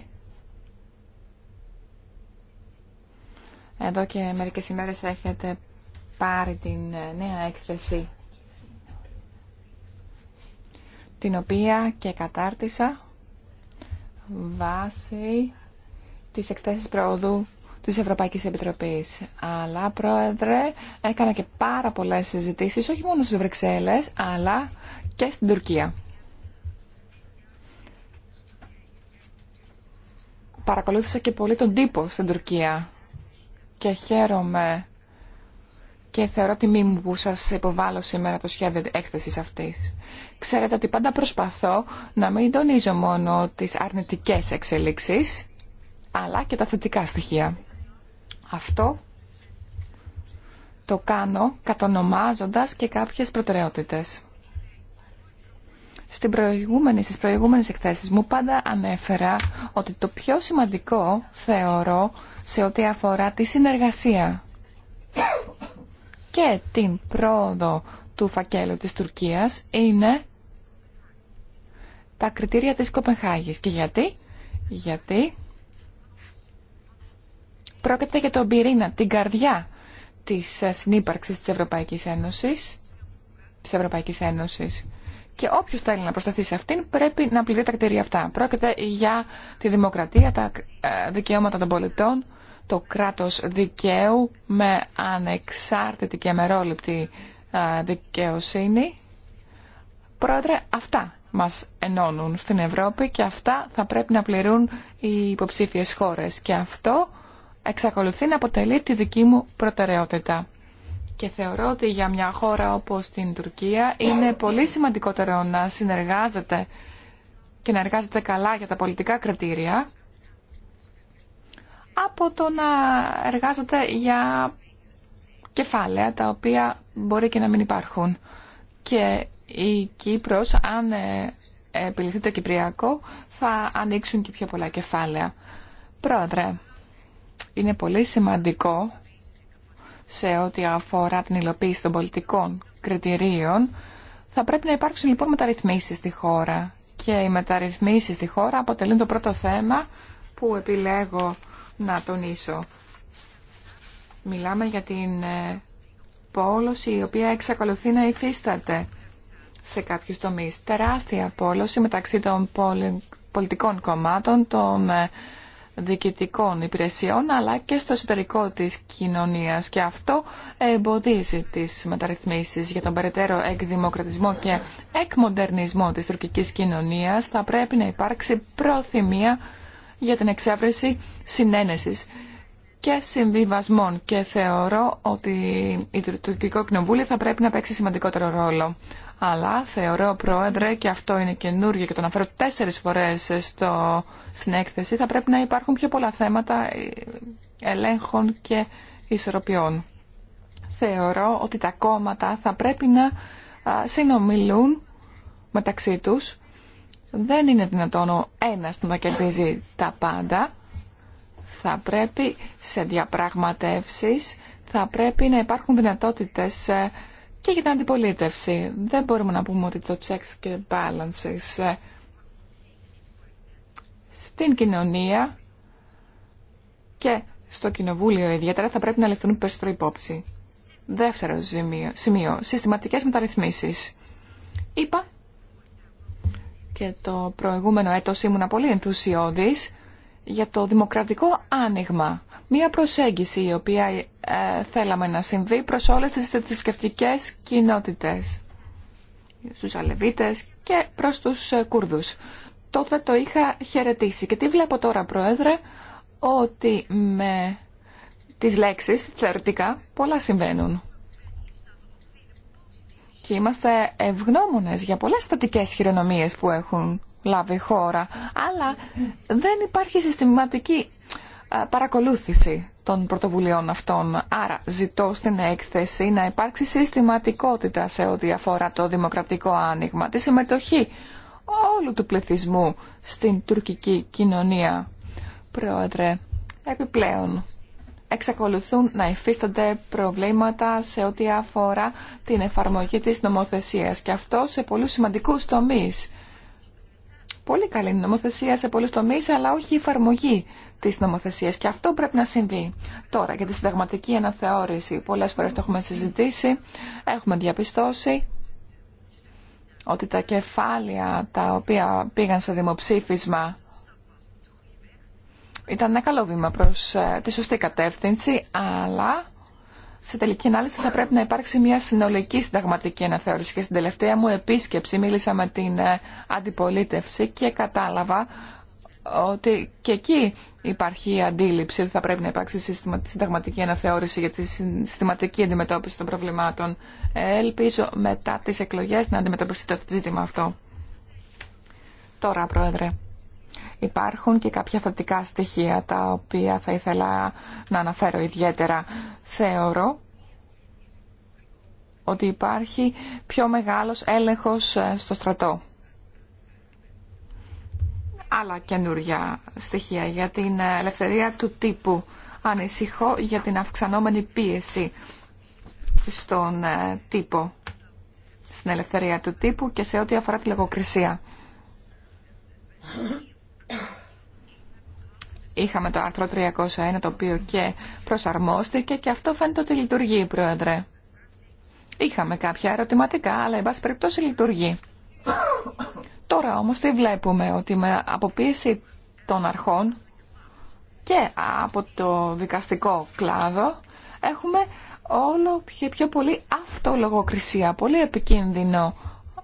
Εδώ και μερικές ημέρες έχετε πάρει την ε, νέα έκθεση την οποία και κατάρτισα βάσει της εκτέσεις προοδού της Ευρωπαϊκής Επιτροπής. Αλλά, Πρόεδρε, έκανα και πάρα πολλές συζητήσεις, όχι μόνο στις Βρυξέλλες, αλλά και στην Τουρκία. παρακολούθησα και πολύ τον τύπο στην Τουρκία και χαίρομαι και θεωρώ τιμή μου που σας υποβάλλω σήμερα το σχέδιο έκθεσης αυτής. Ξέρετε ότι πάντα προσπαθώ να μην τονίζω μόνο τις αρνητικές εξελίξεις, αλλά και τα θετικά στοιχεία. Αυτό το κάνω κατονομάζοντας και κάποιες προτεραιότητες. Στην προηγούμενη, στις προηγούμενες εκθέσεις μου πάντα ανέφερα ότι το πιο σημαντικό θεωρώ σε ό,τι αφορά τη συνεργασία και την πρόοδο του φακέλου της Τουρκίας είναι τα κριτήρια της Κοπενχάγης. Και γιατί? Γιατί πρόκειται για τον πυρήνα, την καρδιά της συνύπαρξης της Ευρωπαϊκής Ένωσης, της Ευρωπαϊκής Ένωσης και όποιο θέλει να προσταθεί σε αυτήν πρέπει να πληρεί τα κτίρια αυτά. Πρόκειται για τη δημοκρατία, τα ε, δικαιώματα των πολιτών, το κράτος δικαίου με ανεξάρτητη και μερόληπτη ε, δικαιοσύνη. Πρόεδρε, αυτά μας ενώνουν στην Ευρώπη και αυτά θα πρέπει να πληρούν οι υποψήφιες χώρες. Και αυτό εξακολουθεί να αποτελεί τη δική μου προτεραιότητα. Και θεωρώ ότι για μια χώρα όπως την Τουρκία είναι πολύ σημαντικότερο να συνεργάζεται και να εργάζεται καλά για τα πολιτικά κριτήρια από το να εργάζεται για κεφάλαια τα οποία μπορεί και να μην υπάρχουν. Και η Κύπρος, αν ε, επιληθεί το Κυπριακό, θα ανοίξουν και πιο πολλά κεφάλαια. Πρόεδρε, είναι πολύ σημαντικό σε ό,τι αφορά την υλοποίηση των πολιτικών κριτηρίων, θα πρέπει να υπάρξουν λοιπόν μεταρρυθμίσει στη χώρα. Και οι μεταρρυθμίσεις στη χώρα αποτελούν το πρώτο θέμα που επιλέγω να τονίσω. Μιλάμε για την ε, πόλωση η οποία εξακολουθεί να υφίσταται σε κάποιους τομείς. Τεράστια πόλωση μεταξύ των πολιτικών κομμάτων, των ε, διοικητικών υπηρεσιών αλλά και στο εσωτερικό της κοινωνίας και αυτό εμποδίζει τις μεταρρυθμίσεις για τον περαιτέρω εκδημοκρατισμό και εκμοντερνισμό της τουρκικής κοινωνίας θα πρέπει να υπάρξει προθυμία για την εξέβρεση συνένεσης και συμβιβασμών και θεωρώ ότι η τουρκικό κοινοβούλιο θα πρέπει να παίξει σημαντικότερο ρόλο. Αλλά θεωρώ, Πρόεδρε, και αυτό είναι καινούργιο και το αναφέρω τέσσερις φορές στην έκθεση, θα πρέπει να υπάρχουν πιο πολλά θέματα ε, ελέγχων και ισορροπιών. Θεωρώ ότι τα κόμματα θα πρέπει να συνομιλούν μεταξύ τους. Δεν είναι δυνατόν ένας να κερδίζει τα πάντα. Θα πρέπει σε διαπραγματεύσεις, θα πρέπει να υπάρχουν δυνατότητες ε, και για την αντιπολίτευση. Δεν μπορούμε να πούμε ότι το checks και balances ε, στην κοινωνία και στο κοινοβούλιο ιδιαίτερα θα πρέπει να λεφθούν περισσότερο υπόψη. Δεύτερο σημείο, σημείο συστηματικές μεταρρυθμίσεις. Είπα και το προηγούμενο έτος ήμουν πολύ ενθουσιώδης για το δημοκρατικό άνοιγμα Μία προσέγγιση η οποία ε, θέλαμε να συμβεί προς όλες τις θρησκευτικέ κοινότητες, στους Αλεβίτες και προς τους ε, Κούρδους. Τότε το είχα χαιρετήσει. Και τι βλέπω τώρα, Πρόεδρε, ότι με τις λέξεις, θεωρητικά, πολλά συμβαίνουν. Και είμαστε ευγνώμονες για πολλές στατικές χειρονομίες που έχουν λάβει η χώρα. Αλλά δεν υπάρχει συστηματική ε, παρακολούθηση των πρωτοβουλειών αυτών. Άρα ζητώ στην έκθεση να υπάρξει συστηματικότητα σε ό,τι αφορά το δημοκρατικό άνοιγμα, τη συμμετοχή όλου του πληθυσμού στην τουρκική κοινωνία. Πρόεδρε, επιπλέον, εξακολουθούν να υφίστανται προβλήματα σε ό,τι αφορά την εφαρμογή της νομοθεσίας και αυτό σε πολύ σημαντικούς τομείς πολύ καλή νομοθεσία σε πολλού τομεί, αλλά όχι η εφαρμογή τη νομοθεσία. Και αυτό πρέπει να συμβεί. Τώρα, για τη συνταγματική αναθεώρηση, Πολλέ φορέ το έχουμε συζητήσει, έχουμε διαπιστώσει ότι τα κεφάλαια τα οποία πήγαν σε δημοψήφισμα ήταν ένα καλό βήμα προς ε, τη σωστή κατεύθυνση, αλλά σε τελική ανάλυση θα πρέπει να υπάρξει μια συνολική συνταγματική αναθεώρηση. Και στην τελευταία μου επίσκεψη μίλησα με την ε, αντιπολίτευση και κατάλαβα ότι και εκεί υπάρχει η αντίληψη ότι θα πρέπει να υπάρξει συνταγματική αναθεώρηση για τη συστηματική αντιμετώπιση των προβλημάτων. Ελπίζω μετά τις εκλογές να αντιμετωπιστεί το ζήτημα αυτό. Τώρα, Πρόεδρε, Υπάρχουν και κάποια θετικά στοιχεία τα οποία θα ήθελα να αναφέρω ιδιαίτερα. Θεωρώ ότι υπάρχει πιο μεγάλος έλεγχος ε, στο στρατό. Άλλα καινούργια στοιχεία για την ελευθερία του τύπου. Ανησυχώ για την αυξανόμενη πίεση στον ε, τύπο, στην ελευθερία του τύπου και σε ό,τι αφορά τη λογοκρισία. Είχαμε το άρθρο 301 το οποίο και προσαρμόστηκε και αυτό φαίνεται ότι λειτουργεί, Πρόεδρε. Είχαμε κάποια ερωτηματικά, αλλά εν πάση περιπτώσει λειτουργεί. Τώρα όμως τι βλέπουμε, ότι με αποποίηση των αρχών και από το δικαστικό κλάδο έχουμε όλο πιο, πιο πολύ αυτολογοκρισία, πολύ επικίνδυνο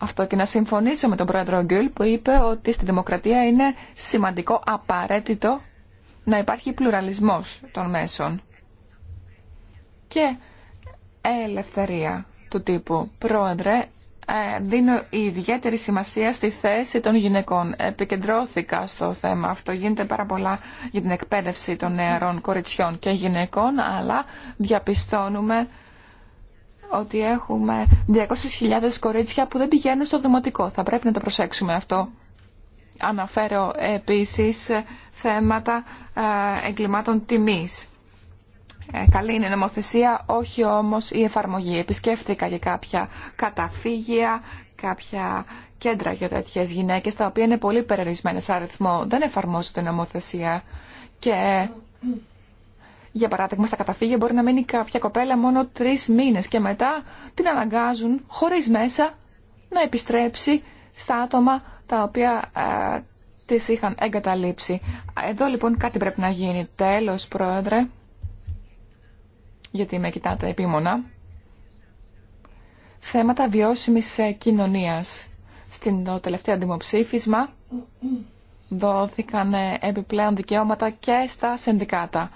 αυτό και να συμφωνήσω με τον πρόεδρο Γκουλ που είπε ότι στη δημοκρατία είναι σημαντικό, απαραίτητο να υπάρχει πλουραλισμός των μέσων και ελευθερία του τύπου. Πρόεδρε, ε, δίνω ιδιαίτερη σημασία στη θέση των γυναικών. Επικεντρώθηκα στο θέμα αυτό. Γίνεται πάρα πολλά για την εκπαίδευση των νεαρών κοριτσιών και γυναικών, αλλά διαπιστώνουμε ότι έχουμε 200.000 κορίτσια που δεν πηγαίνουν στο δημοτικό. Θα πρέπει να το προσέξουμε αυτό. Αναφέρω επίσης θέματα ε, εγκλημάτων τιμής. Ε, καλή είναι η νομοθεσία, όχι όμως η εφαρμογή. Επισκέφθηκα και κάποια καταφύγια, κάποια κέντρα για τέτοιες γυναίκες, τα οποία είναι πολύ περιορισμένα αριθμό. Δεν εφαρμόζεται η νομοθεσία και για παράδειγμα, στα καταφύγια μπορεί να μείνει κάποια κοπέλα μόνο τρει μήνε και μετά την αναγκάζουν χωρί μέσα να επιστρέψει στα άτομα τα οποία ε, είχαν εγκαταλείψει. Εδώ λοιπόν κάτι πρέπει να γίνει. Τέλος, Πρόεδρε, γιατί με κοιτάτε επίμονα. Θέματα βιώσιμη ε, κοινωνίας. Στην το τελευταίο δημοψήφισμα δόθηκαν ε, επιπλέον δικαιώματα και στα συνδικάτα.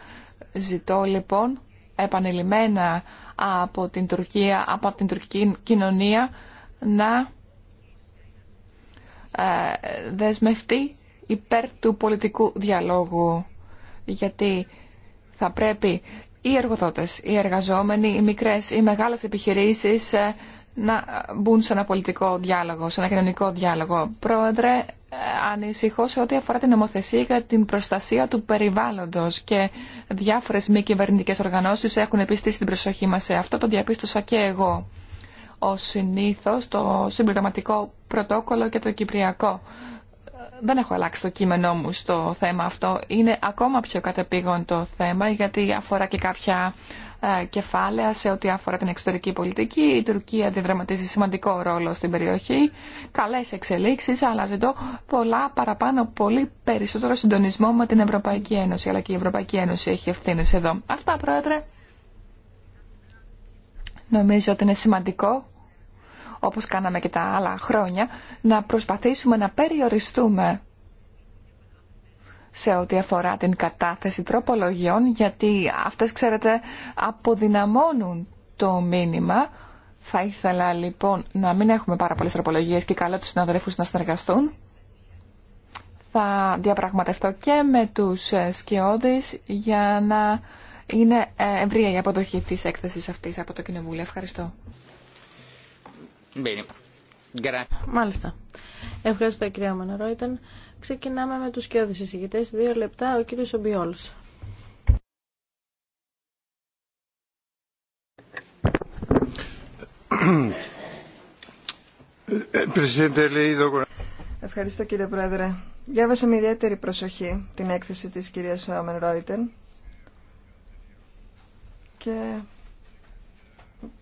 Ζητώ λοιπόν επανειλημμένα από την Τουρκία, από την τουρκική κοινωνία να ε, δεσμευτεί υπέρ του πολιτικού διαλόγου. Γιατί θα πρέπει οι εργοδότες, οι εργαζόμενοι, οι μικρές, οι μεγάλες επιχειρήσεις ε, να μπουν σε ένα πολιτικό διάλογο, σε ένα κοινωνικό διάλογο. Πρόεδρε, ανησυχώ σε ό,τι αφορά την νομοθεσία για την προστασία του περιβάλλοντο και διάφορε μη κυβερνητικέ οργανώσει έχουν επιστήσει την προσοχή μα σε αυτό, το διαπίστωσα και εγώ. Ο συνήθως το συμπληρωματικό πρωτόκολλο και το κυπριακό. Δεν έχω αλλάξει το κείμενό μου στο θέμα αυτό. Είναι ακόμα πιο κατεπήγον το θέμα γιατί αφορά και κάποια ε, κεφάλαια σε ό,τι αφορά την εξωτερική πολιτική. Η Τουρκία διαδραματίζει σημαντικό ρόλο στην περιοχή. Καλές εξελίξεις, αλλά ζητώ πολλά παραπάνω, πολύ περισσότερο συντονισμό με την Ευρωπαϊκή Ένωση. Αλλά και η Ευρωπαϊκή Ένωση έχει ευθύνε εδώ. Αυτά, Πρόεδρε. Νομίζω ότι είναι σημαντικό όπως κάναμε και τα άλλα χρόνια, να προσπαθήσουμε να περιοριστούμε σε ό,τι αφορά την κατάθεση τροπολογιών, γιατί αυτές, ξέρετε, αποδυναμώνουν το μήνυμα. Θα ήθελα λοιπόν να μην έχουμε πάρα πολλές τροπολογίες και καλό τους συναδέλφους να συνεργαστούν. Θα διαπραγματευτώ και με τους ε, σκιώδεις για να είναι ε, ευρία η αποδοχή της έκθεσης αυτής από το Κοινοβούλιο. Ευχαριστώ. Μάλιστα. Ευχαριστώ κυρία Ξεκινάμε με τους όδους εισηγητές. Δύο λεπτά, ο κύριος Ομπιόλς. Ευχαριστώ κύριε Πρόεδρε. Διάβασα με ιδιαίτερη προσοχή την έκθεση της κυρίας Όμεν Ρόιτεν και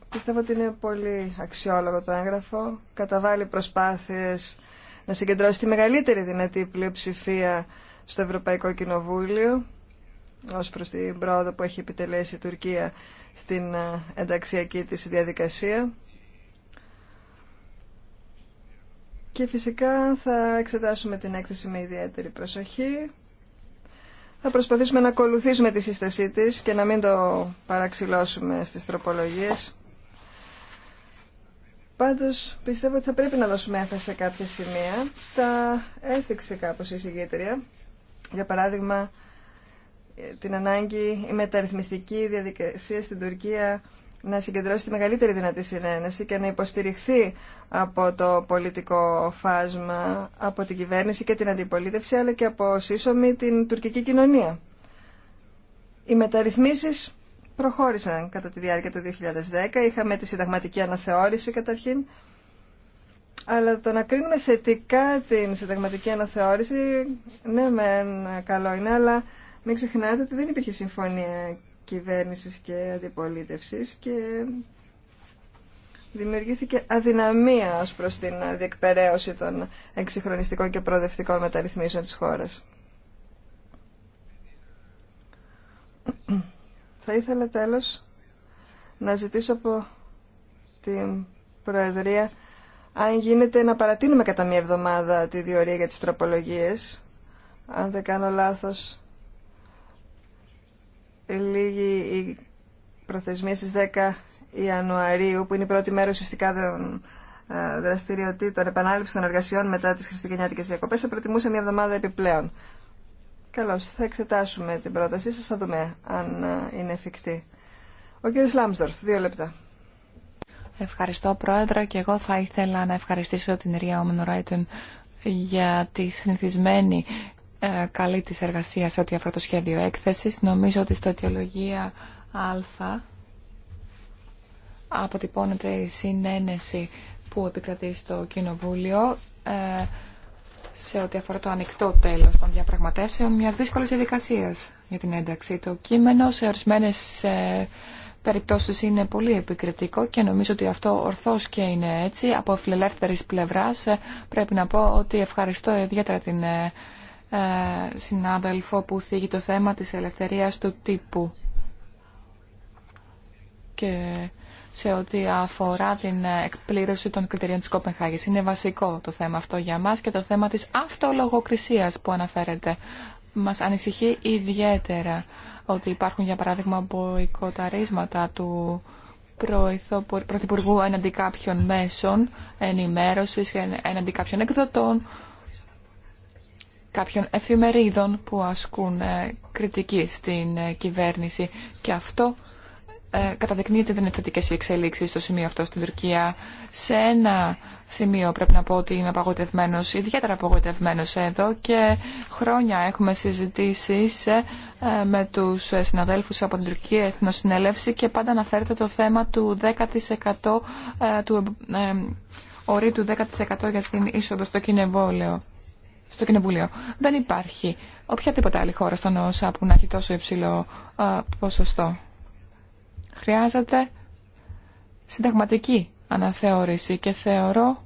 πιστεύω ότι είναι πολύ αξιόλογο το έγγραφο. Καταβάλει προσπάθειες να συγκεντρώσει τη μεγαλύτερη δυνατή πλειοψηφία στο Ευρωπαϊκό Κοινοβούλιο ως προς την πρόοδο που έχει επιτελέσει η Τουρκία στην ε, ενταξιακή της διαδικασία. Και φυσικά θα εξετάσουμε την έκθεση με ιδιαίτερη προσοχή. Θα προσπαθήσουμε να ακολουθήσουμε τη σύστασή της και να μην το παραξηλώσουμε στις τροπολογίες. Πάντως πιστεύω ότι θα πρέπει να δώσουμε έμφαση σε κάποια σημεία. Τα έθιξε κάπως η συγγήτρια. Για παράδειγμα, την ανάγκη η μεταρρυθμιστική διαδικασία στην Τουρκία να συγκεντρώσει τη μεγαλύτερη δυνατή συνένεση και να υποστηριχθεί από το πολιτικό φάσμα, από την κυβέρνηση και την αντιπολίτευση, αλλά και από σύσσωμη την τουρκική κοινωνία. Οι μεταρρυθμίσεις προχώρησαν κατά τη διάρκεια του 2010. Είχαμε τη συνταγματική αναθεώρηση καταρχήν. Αλλά το να κρίνουμε θετικά την συνταγματική αναθεώρηση, ναι μεν καλό είναι, αλλά μην ξεχνάτε ότι δεν υπήρχε συμφωνία κυβέρνηση και αντιπολίτευση και δημιουργήθηκε αδυναμία ως προς την διεκπαιρέωση των εξυγχρονιστικών και προοδευτικών μεταρρυθμίσεων της χώρας. Θα ήθελα τέλος να ζητήσω από την Προεδρία αν γίνεται να παρατείνουμε κατά μία εβδομάδα τη διορία για τις τροπολογίες. Αν δεν κάνω λάθος, λίγη η προθεσμία στις 10 Ιανουαρίου, που είναι η πρώτη μέρα ουσιαστικά ε, δραστηριοτήτων, επανάληψη των εργασιών μετά τις χριστουγεννιάτικες διακοπές, θα προτιμούσα μία εβδομάδα επιπλέον. Καλώς, θα εξετάσουμε την πρότασή σας, θα δούμε αν ε, είναι εφικτή. Ο κύριος Λάμσδορφ, δύο λεπτά. Ευχαριστώ Πρόεδρε και εγώ θα ήθελα να ευχαριστήσω την Ρία Ράιτον για τη συνηθισμένη ε, καλή της εργασία σε ό,τι αφορά το σχέδιο έκθεσης. Νομίζω ότι στο αιτιολογία Α αποτυπώνεται η συνένεση που επικρατεί στο Κοινοβούλιο ε, σε ό,τι αφορά το ανοιχτό τέλος των διαπραγματεύσεων μιας δύσκολης διαδικασία για την ένταξη. του κείμενο σε ορισμένες ε, περιπτώσεις είναι πολύ επικριτικό και νομίζω ότι αυτό ορθώς και είναι έτσι. Από φιλελεύθερης πλευράς ε, πρέπει να πω ότι ευχαριστώ ιδιαίτερα την ε, συνάδελφο που θίγει το θέμα της ελευθερίας του τύπου σε ό,τι αφορά την εκπλήρωση των κριτηρίων της Κοπενχάγης. Είναι βασικό το θέμα αυτό για μας και το θέμα της αυτολογοκρισίας που αναφέρεται. Μας ανησυχεί ιδιαίτερα ότι υπάρχουν για παράδειγμα μποϊκοταρίσματα του Πρωθυπουργού εναντί κάποιων μέσων ενημέρωσης, εναντί κάποιων εκδοτών, κάποιων εφημερίδων που ασκούν ε, κριτική στην ε, κυβέρνηση. Και αυτό ε, καταδεικνύεται ότι δεν είναι θετικέ οι εξέλιξει στο σημείο αυτό στην Τουρκία. Σε ένα σημείο πρέπει να πω ότι είμαι απαγοητευμένο, ιδιαίτερα απογοητευμένο εδώ και χρόνια έχουμε συζητήσει ε, με του συναδέλφου από την Τουρκία Εθνοσυνέλευση και πάντα αναφέρεται το θέμα του 10% ε, του ορί του 10% για την είσοδο στο κοινεβόλαιο. Στο Κοινοβούλιο. Δεν υπάρχει οποιαδήποτε άλλη χώρα στον ΩΣΑ που να έχει τόσο υψηλό ποσοστό χρειάζεται συνταγματική αναθεώρηση και θεωρώ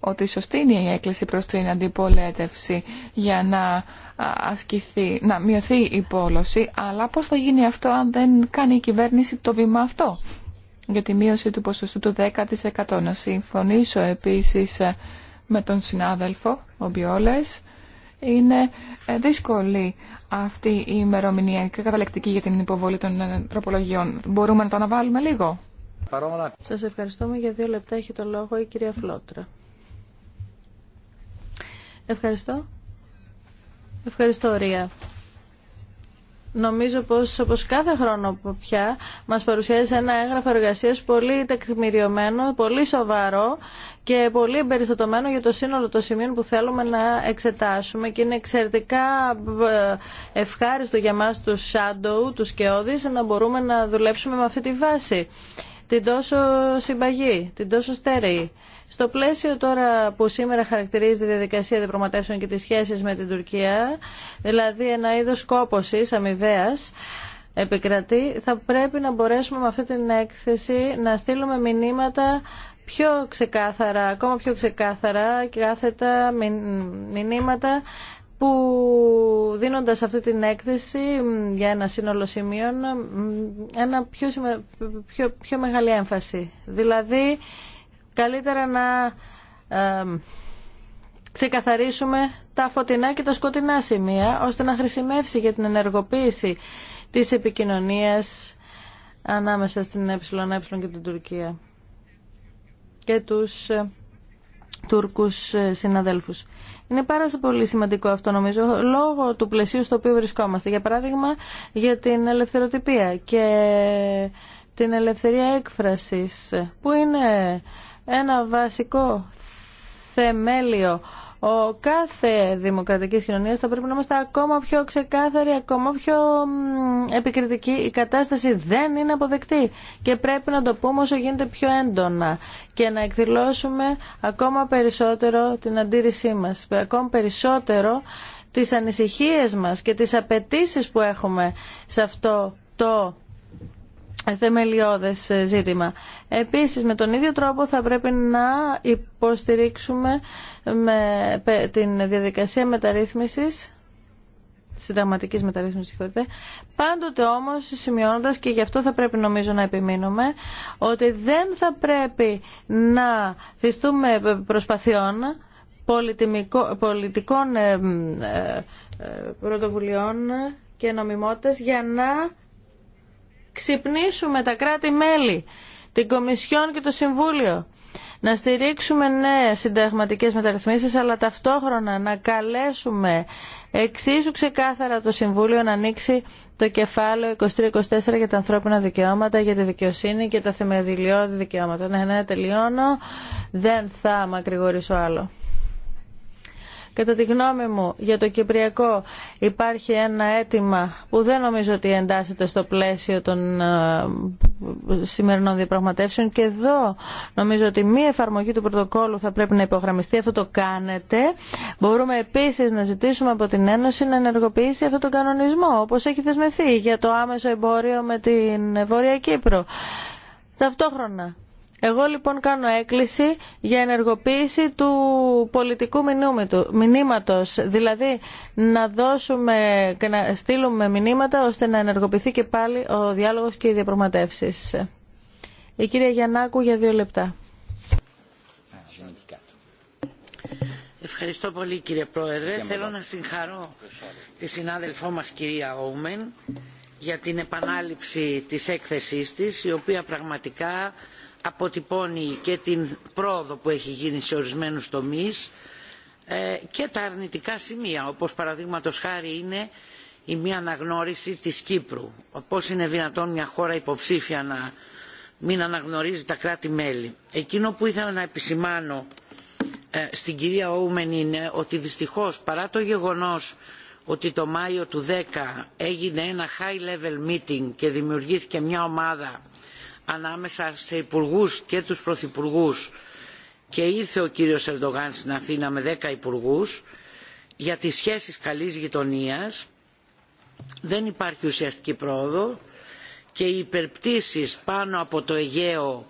ότι σωστή είναι η έκκληση προς την αντιπολέτευση για να ασκηθεί, να μειωθεί η πόλωση, αλλά πώς θα γίνει αυτό αν δεν κάνει η κυβέρνηση το βήμα αυτό για τη μείωση του ποσοστού του 10%. Να συμφωνήσω επίσης με τον συνάδελφο, ο Μπιόλες, είναι ε, δύσκολη αυτή η ημερομηνία και καταλεκτική για την υποβολή των ε, τροπολογιών. Μπορούμε να το αναβάλουμε λίγο. Σας ευχαριστούμε. Για δύο λεπτά έχει το λόγο η κυρία Φλότρα. Ευχαριστώ. Ευχαριστώ, Ρία. Νομίζω πως όπως κάθε χρόνο πια μας παρουσιάζει ένα έγγραφο εργασίας πολύ τεκμηριωμένο, πολύ σοβαρό και πολύ εμπεριστατωμένο για το σύνολο των σημείων που θέλουμε να εξετάσουμε και είναι εξαιρετικά ε, ευχάριστο για μας του shadow, τους σκεώδεις, να μπορούμε να δουλέψουμε με αυτή τη βάση, την τόσο συμπαγή, την τόσο στέρεη. Στο πλαίσιο τώρα που σήμερα χαρακτηρίζει τη διαδικασία διαπραγματεύσεων και τις σχέσεις με την Τουρκία, δηλαδή ένα είδος κόπωσης αμοιβαία επικρατεί, θα πρέπει να μπορέσουμε με αυτή την έκθεση να στείλουμε μηνύματα πιο ξεκάθαρα, ακόμα πιο ξεκάθαρα και κάθετα μηνύματα που δίνοντας αυτή την έκθεση για ένα σύνολο σημείων ένα πιο, πιο, πιο μεγάλη έμφαση. Δηλαδή Καλύτερα να ξεκαθαρίσουμε τα φωτεινά και τα σκοτεινά σημεία, ώστε να χρησιμεύσει για την ενεργοποίηση της επικοινωνίας ανάμεσα στην ΕΕ και την Τουρκία και τους ε, Τούρκους ε, συναδέλφους. Είναι πάρα πολύ σημαντικό αυτό νομίζω, λόγω του πλαισίου στο οποίο βρισκόμαστε. Για παράδειγμα, για την ελευθεροτυπία και την ελευθερία έκφρασης, που είναι ένα βασικό θεμέλιο ο κάθε δημοκρατική κοινωνία θα πρέπει να είμαστε ακόμα πιο ξεκάθαροι, ακόμα πιο επικριτικοί. Η κατάσταση δεν είναι αποδεκτή και πρέπει να το πούμε όσο γίνεται πιο έντονα και να εκδηλώσουμε ακόμα περισσότερο την αντίρρησή μας, ακόμα περισσότερο τις ανησυχίες μας και τις απαιτήσει που έχουμε σε αυτό το θεμελιώδες ε, ζήτημα. Επίσης με τον ίδιο τρόπο θα πρέπει να υποστηρίξουμε με την διαδικασία μεταρρύθμισης συνταγματική μεταρρύθμιση, συγχωρείτε. Πάντοτε όμω σημειώνοντα, και γι' αυτό θα πρέπει νομίζω να επιμείνουμε, ότι δεν θα πρέπει να φυστούμε προσπαθειών πολιτικών ε, ε, πρωτοβουλειών και νομιμότητας για να ξυπνήσουμε τα κράτη-μέλη, την Κομισιόν και το Συμβούλιο. Να στηρίξουμε νέες συνταγματικές μεταρρυθμίσεις, αλλά ταυτόχρονα να καλέσουμε εξίσου ξεκάθαρα το Συμβούλιο να ανοίξει το κεφάλαιο 23-24 για τα ανθρώπινα δικαιώματα, για τη δικαιοσύνη και τα θεμελιώδη δικαιώματα. Ναι, ναι, τελειώνω. Δεν θα μακρηγορήσω άλλο. Κατά τη γνώμη μου, για το Κυπριακό υπάρχει ένα αίτημα που δεν νομίζω ότι εντάσσεται στο πλαίσιο των ε, σημερινών διαπραγματεύσεων και εδώ νομίζω ότι μία εφαρμογή του πρωτοκόλλου θα πρέπει να υπογραμμιστεί. Αυτό το κάνετε. Μπορούμε επίσης να ζητήσουμε από την Ένωση να ενεργοποιήσει αυτόν τον κανονισμό, όπως έχει δεσμευτεί για το άμεσο εμπόριο με την Βόρεια Κύπρο. Ταυτόχρονα εγώ λοιπόν κάνω έκκληση για ενεργοποίηση του πολιτικού μηνύματος, δηλαδή να δώσουμε και να στείλουμε μηνύματα ώστε να ενεργοποιηθεί και πάλι ο διάλογος και οι διαπραγματεύσεις. Η κυρία Γιαννάκου για δύο λεπτά. Ευχαριστώ πολύ κύριε Πρόεδρε. Θέλω να συγχαρώ τη συνάδελφό μας κυρία Όμεν για την επανάληψη της έκθεσής της, η οποία πραγματικά αποτυπώνει και την πρόοδο που έχει γίνει σε ορισμένους τομείς ε, και τα αρνητικά σημεία, όπως παραδείγματος χάρη είναι η μία αναγνώριση της Κύπρου. Πώς είναι δυνατόν μια χώρα υποψήφια να μην αναγνωρίζει τα κράτη-μέλη. Εκείνο που ήθελα να επισημάνω ε, στην κυρία Οούμενη είναι ότι δυστυχώς παρά το γεγονός ότι το Μάιο του 10 έγινε ένα high level meeting και δημιουργήθηκε μια ομάδα ανάμεσα σε υπουργού και τους Πρωθυπουργού, και ήρθε ο κύριος Ερντογάν στην Αθήνα με δέκα υπουργούς για τις σχέσεις καλής γειτονίας δεν υπάρχει ουσιαστική πρόοδο και οι υπερπτήσεις πάνω από το Αιγαίο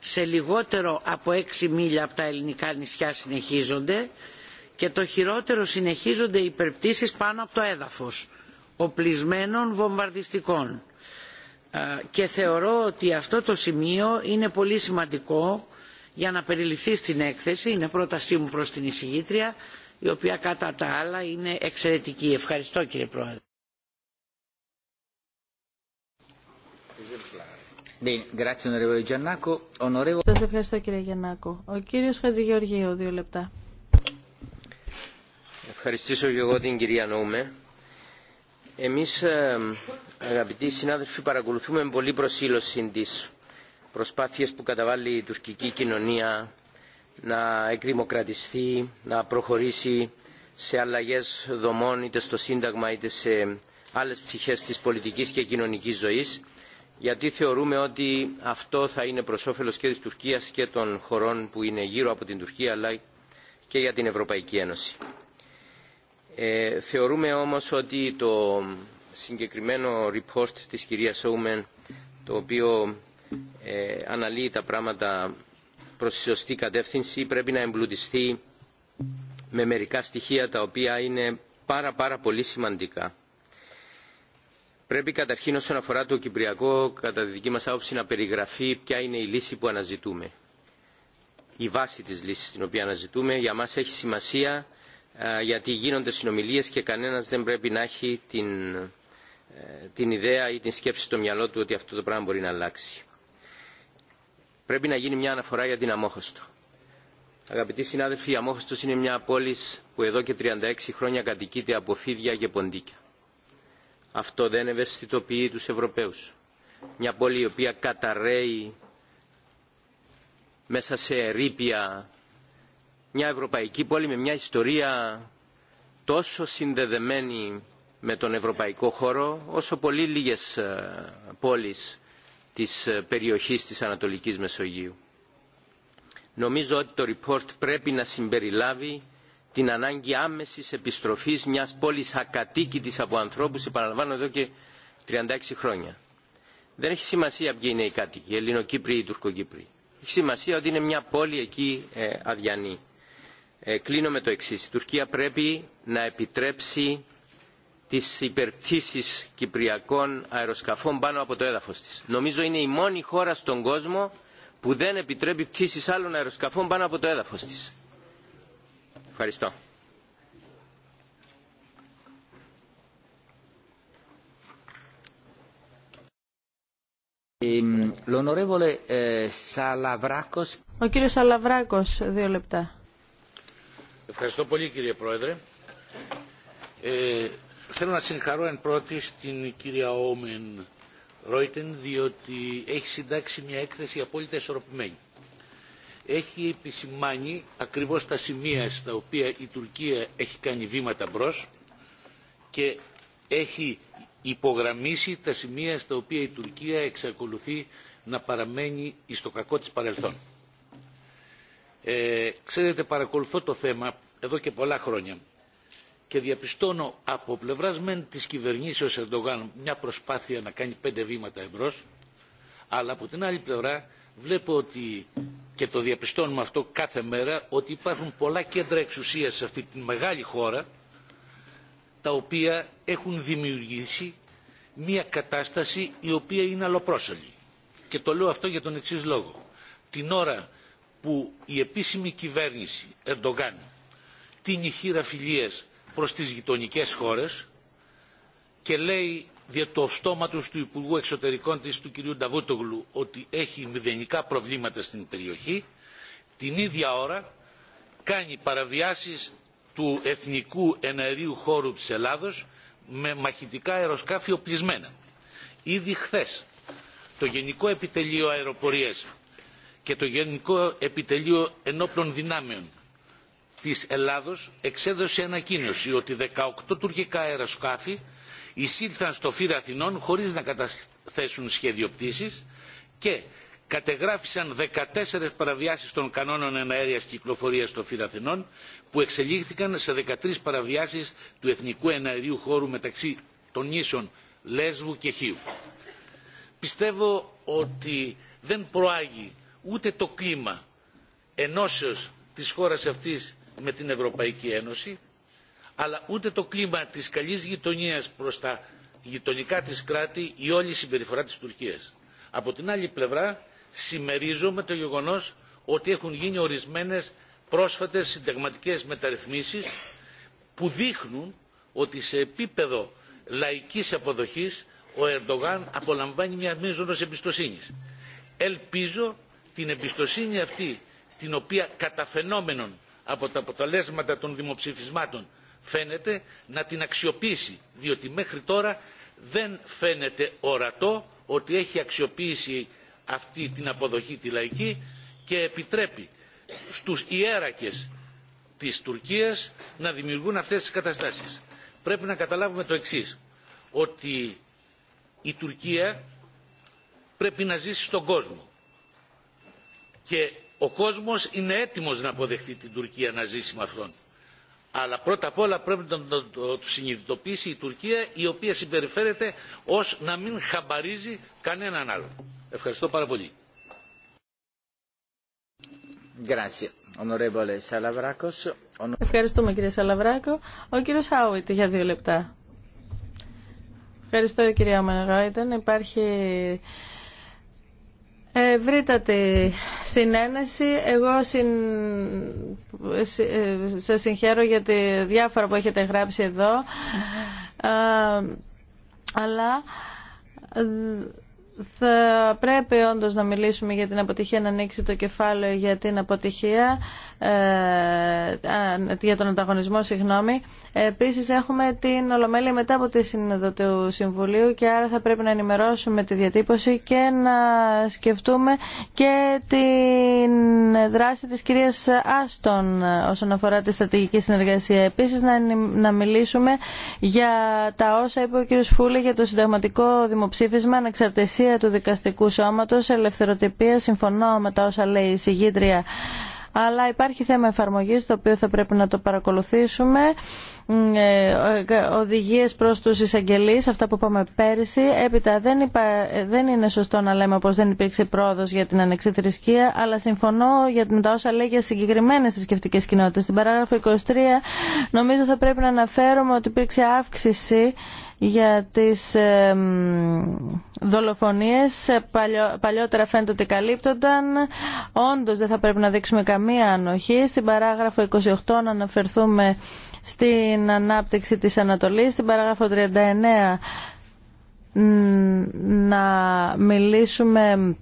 σε λιγότερο από έξι μίλια από τα ελληνικά νησιά συνεχίζονται και το χειρότερο συνεχίζονται οι υπερπτήσεις πάνω από το έδαφος οπλισμένων βομβαρδιστικών ε, και θεωρώ ότι αυτό το σημείο είναι πολύ σημαντικό για να περιληφθεί στην έκθεση. Είναι πρότασή μου προς την εισηγήτρια, η οποία κατά τα άλλα είναι εξαιρετική. Ευχαριστώ κύριε Πρόεδρε. Σας ευχαριστώ κύριε Γιαννάκο. Ο κύριος Χατζηγεωργίου, δύο λεπτά. Ευχαριστήσω και εγώ την κυρία Νόουμε. Εμείς ε, Αγαπητοί συνάδελφοι, παρακολουθούμε με πολύ προσήλωση τι προσπάθειε που καταβάλει η τουρκική κοινωνία να εκδημοκρατιστεί, να προχωρήσει σε αλλαγέ δομών είτε στο Σύνταγμα είτε σε άλλε ψυχέ τη πολιτική και κοινωνική ζωή, γιατί θεωρούμε ότι αυτό θα είναι προ όφελο και τη Τουρκία και των χωρών που είναι γύρω από την Τουρκία αλλά και για την Ευρωπαϊκή Ένωση. Ε, θεωρούμε όμως ότι το συγκεκριμένο report της κυρίας Σόουμεν, το οποίο ε, αναλύει τα πράγματα προς σωστή κατεύθυνση πρέπει να εμπλουτιστεί με μερικά στοιχεία τα οποία είναι πάρα πάρα πολύ σημαντικά. Πρέπει καταρχήν όσον αφορά το Κυπριακό, κατά τη δική μας άποψη, να περιγραφεί ποια είναι η λύση που αναζητούμε. Η βάση της λύσης την οποία αναζητούμε για μας έχει σημασία γιατί γίνονται συνομιλίες και κανένας δεν πρέπει να έχει την ε, την ιδέα ή την σκέψη στο μυαλό του ότι αυτό το πράγμα μπορεί να αλλάξει. Πρέπει να γίνει μια αναφορά για την Αμόχωστο. Αγαπητοί συνάδελφοι, η Αμόχωστος είναι μια πόλη που εδώ και 36 χρόνια κατοικείται από φίδια και ποντίκια. Αυτό δεν ευαισθητοποιεί τους Ευρωπαίους. Μια πόλη η οποία καταραίει μέσα σε ερήπια. Μια ευρωπαϊκή πόλη με μια ιστορία τόσο συνδεδεμένη με τον ευρωπαϊκό χώρο όσο πολύ λίγες ε, πόλεις της ε, περιοχής της Ανατολικής Μεσογείου. Νομίζω ότι το report πρέπει να συμπεριλάβει την ανάγκη άμεσης επιστροφής μιας πόλης ακατοίκητης από ανθρώπους, επαναλαμβάνω εδώ και 36 χρόνια. Δεν έχει σημασία ποιοι είναι οι κάτοικοι, οι ή οι Έχει σημασία ότι είναι μια πόλη εκεί ε, αδιανή. Κλείνω με το εξής. Η Τουρκία πρέπει να επιτρέψει τις υπερπτήσεις κυπριακών αεροσκαφών πάνω από το έδαφος της. Νομίζω είναι η μόνη χώρα στον κόσμο που δεν επιτρέπει πτήσεις άλλων αεροσκαφών πάνω από το έδαφος της. Ευχαριστώ. Ε, Ο κύριος Σαλαβράκος, δύο λεπτά. Ευχαριστώ πολύ κύριε Πρόεδρε. Ε, Θέλω να συγχαρώ εν πρώτη στην κυρία Όμεν Ρόιτεν, διότι έχει συντάξει μια έκθεση απόλυτα ισορροπημένη. Έχει επισημάνει ακριβώς τα σημεία στα οποία η Τουρκία έχει κάνει βήματα μπρος και έχει υπογραμμίσει τα σημεία στα οποία η Τουρκία εξακολουθεί να παραμένει στο κακό της παρελθόν. Ε, ξέρετε, παρακολουθώ το θέμα εδώ και πολλά χρόνια και διαπιστώνω από πλευρά μεν της κυβερνήσεως Ερντογάν μια προσπάθεια να κάνει πέντε βήματα εμπρός, αλλά από την άλλη πλευρά βλέπω ότι και το διαπιστώνουμε αυτό κάθε μέρα ότι υπάρχουν πολλά κέντρα εξουσίας σε αυτή τη μεγάλη χώρα τα οποία έχουν δημιουργήσει μια κατάσταση η οποία είναι αλλοπρόσωλη. Και το λέω αυτό για τον εξή λόγο. Την ώρα που η επίσημη κυβέρνηση Ερντογάν την χείρα φιλίας προς τις γειτονικές χώρες και λέει δια το στόμα του του Υπουργού Εξωτερικών της του κ. Νταβούτογλου ότι έχει μηδενικά προβλήματα στην περιοχή την ίδια ώρα κάνει παραβιάσεις του εθνικού εναερίου χώρου της Ελλάδος με μαχητικά αεροσκάφη οπλισμένα. Ήδη χθε το Γενικό Επιτελείο Αεροπορίας και το Γενικό Επιτελείο Ενόπλων Δυνάμεων της Ελλάδος εξέδωσε ανακοίνωση ότι 18 τουρκικά αεροσκάφη εισήλθαν στο Φύρ Αθηνών χωρίς να καταθέσουν σχέδιο και κατεγράφησαν 14 παραβιάσεις των κανόνων εναέριας κυκλοφορίας στο Φύρ Αθηνών που εξελίχθηκαν σε 13 παραβιάσεις του εθνικού εναερίου χώρου μεταξύ των νήσων Λέσβου και Χίου. Πιστεύω ότι δεν προάγει ούτε το κλίμα ενώσεως της χώρας αυτής με την Ευρωπαϊκή Ένωση, αλλά ούτε το κλίμα της καλής γειτονίας προς τα γειτονικά της κράτη η όλη συμπεριφορά της Τουρκίας. Από την άλλη πλευρά, συμμερίζομαι το γεγονός ότι έχουν γίνει ορισμένες πρόσφατες συνταγματικές μεταρρυθμίσεις που δείχνουν ότι σε επίπεδο λαϊκής αποδοχής ο Ερντογάν απολαμβάνει μια μείζωνος εμπιστοσύνης. Ελπίζω την εμπιστοσύνη αυτή την οποία κατά από τα αποτελέσματα των δημοψηφισμάτων φαίνεται να την αξιοποιήσει διότι μέχρι τώρα δεν φαίνεται ορατό ότι έχει αξιοποιήσει αυτή την αποδοχή τη λαϊκή και επιτρέπει στους ιέρακες της Τουρκίας να δημιουργούν αυτές τις καταστάσεις. Πρέπει να καταλάβουμε το εξής, ότι η Τουρκία πρέπει να ζήσει στον κόσμο και ο κόσμος είναι έτοιμος να αποδεχθεί την Τουρκία να ζήσει με αυτόν. Αλλά πρώτα απ' όλα πρέπει να το, συνειδητοποιήσει η Τουρκία η οποία συμπεριφέρεται ως να μην χαμπαρίζει κανέναν άλλο. Ευχαριστώ πάρα πολύ. Ευχαριστούμε κύριε Σαλαβράκο. Ο κύριος Χάουιτ για δύο λεπτά. Ευχαριστώ κυρία Μαναγάιτεν. Υπάρχει ε, βρήκατε συνένεση. Εγώ συν... Ε, σας συγχαίρω για τη διάφορα που έχετε γράψει εδώ. Ε, αλλά θα πρέπει όντως να μιλήσουμε για την αποτυχία, να ανοίξει το κεφάλαιο για την αποτυχία, ε, για τον ανταγωνισμό, συγγνώμη. Επίσης έχουμε την ολομέλη μετά από τη Σύνοδο του Συμβουλίου και άρα θα πρέπει να ενημερώσουμε τη διατύπωση και να σκεφτούμε και την δράση της κυρίας Άστον όσον αφορά τη στρατηγική συνεργασία. Επίσης να μιλήσουμε για τα όσα είπε ο κύριος Φούλη για το συνταγματικό δημοψήφισμα ανεξαρτησία ανεξαρτησία του δικαστικού σώματος, ελευθεροτυπία, συμφωνώ με τα όσα λέει η συγγήτρια αλλά υπάρχει θέμα εφαρμογής το οποίο θα πρέπει να το παρακολουθήσουμε ε, ε, οδηγίες προς τους εισαγγελείς αυτά που είπαμε πέρυσι έπειτα δεν, υπα... δεν είναι σωστό να λέμε πως δεν υπήρξε πρόοδος για την ανεξή θρησκεία αλλά συμφωνώ για τα όσα λέει για συγκεκριμένες θρησκευτικέ κοινότητες στην παράγραφο 23 νομίζω θα πρέπει να αναφέρουμε ότι υπήρξε αύξηση για τις δολοφονίες παλιότερα φαίνεται ότι καλύπτονταν όντως δεν θα πρέπει να δείξουμε καμία ανοχή στην παράγραφο 28 να αναφερθούμε στην ανάπτυξη της Ανατολής στην παράγραφο 39 να μιλήσουμε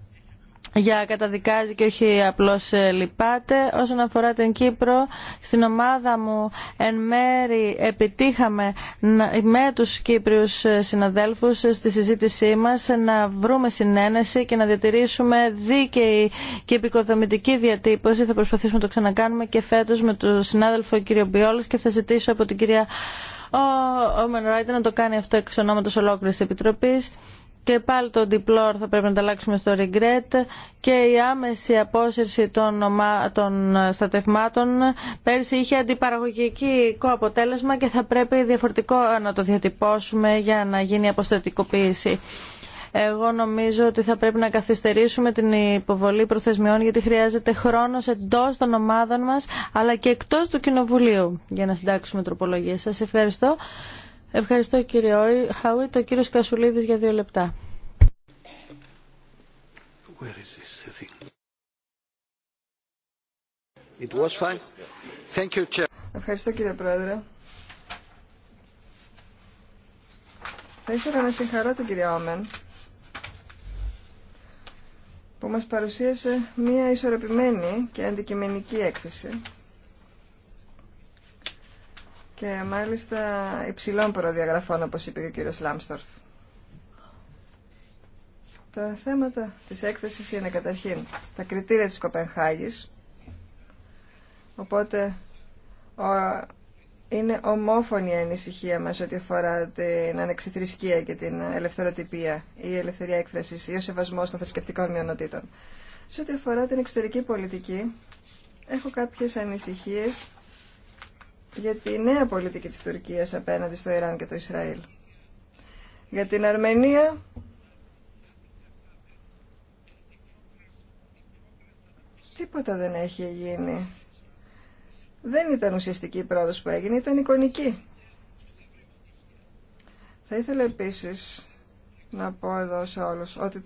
για καταδικάζει και όχι απλώς ε, λυπάται. Όσον αφορά την Κύπρο, στην ομάδα μου εν μέρη επιτύχαμε με τους Κύπριους ε, συναδέλφους ε, στη συζήτησή μας να βρούμε συνένεση και να διατηρήσουμε δίκαιη και επικοδομητική διατύπωση. Θα προσπαθήσουμε να το ξανακάνουμε και φέτος με τον συνάδελφο κύριο Μπιόλος και θα ζητήσω από την κυρία ο να το κάνει αυτό εξ ονόματος ολόκληρης Επιτροπής και πάλι το διπλόρ θα πρέπει να τα αλλάξουμε στο regret και η άμεση απόσυρση των, ομα... στατευμάτων πέρσι είχε αντιπαραγωγικό αποτέλεσμα και θα πρέπει διαφορετικό να το διατυπώσουμε για να γίνει αποστατικοποίηση. Εγώ νομίζω ότι θα πρέπει να καθυστερήσουμε την υποβολή προθεσμιών γιατί χρειάζεται χρόνος εντός των ομάδων μας αλλά και εκτός του Κοινοβουλίου για να συντάξουμε τροπολογίες. Σας ευχαριστώ. Ευχαριστώ κύριε Χάουιτ. Το κύριο Κασουλίδης για δύο λεπτά. Ευχαριστώ κύριε Πρόεδρε. Θα ήθελα να συγχαρώ τον κύριο Όμεν που μας παρουσίασε μία ισορροπημένη και αντικειμενική έκθεση και μάλιστα υψηλών προδιαγραφών, όπως είπε και ο κύριος Λάμστορφ. Τα θέματα της έκθεσης είναι καταρχήν τα κριτήρια της Κοπενχάγης, οπότε είναι ομόφωνη η ανησυχία μας ό,τι αφορά την ανεξιθρησκεία και την ελευθεροτυπία ή η ελευθερία έκφρασης ή ο σεβασμός των θρησκευτικών μειονοτήτων. Σε ό,τι αφορά την εξωτερική πολιτική, έχω κάποιες ανησυχίες για τη νέα πολιτική της Τουρκίας απέναντι στο Ιράν και το Ισραήλ. Για την Αρμενία τίποτα δεν έχει γίνει. Δεν ήταν ουσιαστική η πρόοδος που έγινε, ήταν εικονική. Θα ήθελα επίσης να πω εδώ σε όλους ότι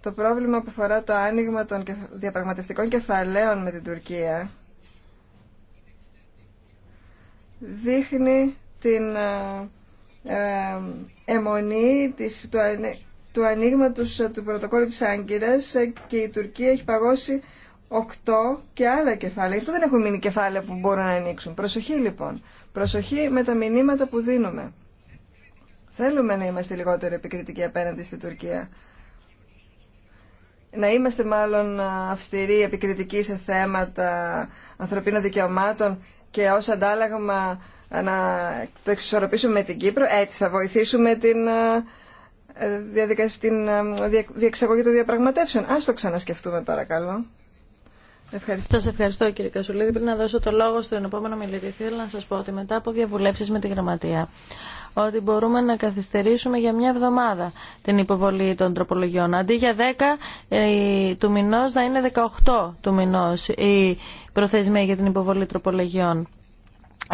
το πρόβλημα που φορά το άνοιγμα των διαπραγματευτικών κεφαλαίων με την Τουρκία δείχνει την ε, ε, αιμονή της, του, του ανοίγματο ε, του πρωτοκόλλου της Άγκυρας και η Τουρκία έχει παγώσει 8 και άλλα κεφάλαια. Αυτό δεν έχουν μείνει κεφάλαια που μπορούν να ανοίξουν. Προσοχή λοιπόν. Προσοχή με τα μηνύματα που δίνουμε. Θέλουμε να είμαστε λιγότερο επικριτικοί απέναντι στη Τουρκία. Να είμαστε μάλλον αυστηροί, επικριτικοί σε θέματα ανθρωπίνων δικαιωμάτων και ως αντάλλαγμα να το εξισορροπήσουμε με την Κύπρο, έτσι θα βοηθήσουμε την, ε, ε, διεξαγωγή των διαπραγματεύσεων. Ας το ξανασκεφτούμε παρακαλώ. Ευχαριστώ. Σα ευχαριστώ κύριε Κασουλίδη. Πριν να δώσω το λόγο στον επόμενο μιλητή, θέλω να σα πω ότι μετά από διαβουλεύσει με τη Γραμματεία, ότι μπορούμε να καθυστερήσουμε για μια εβδομάδα την υποβολή των τροπολογιών. Αντί για 10 ε, του μηνό, να είναι 18 του μηνό η προθεσμία για την υποβολή τροπολογιών.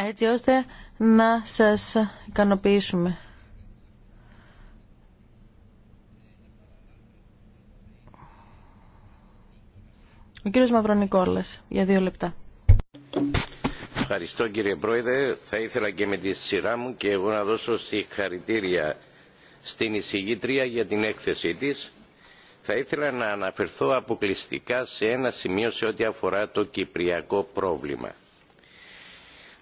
Έτσι ώστε να σας ικανοποιήσουμε. Ο κύριος Μαυρονικόλας, για δύο λεπτά. Ευχαριστώ κύριε Πρόεδρε. Θα ήθελα και με τη σειρά μου και εγώ να δώσω συγχαρητήρια στην εισηγήτρια για την έκθεσή της. Θα ήθελα να αναφερθώ αποκλειστικά σε ένα σημείο σε ό,τι αφορά το κυπριακό πρόβλημα.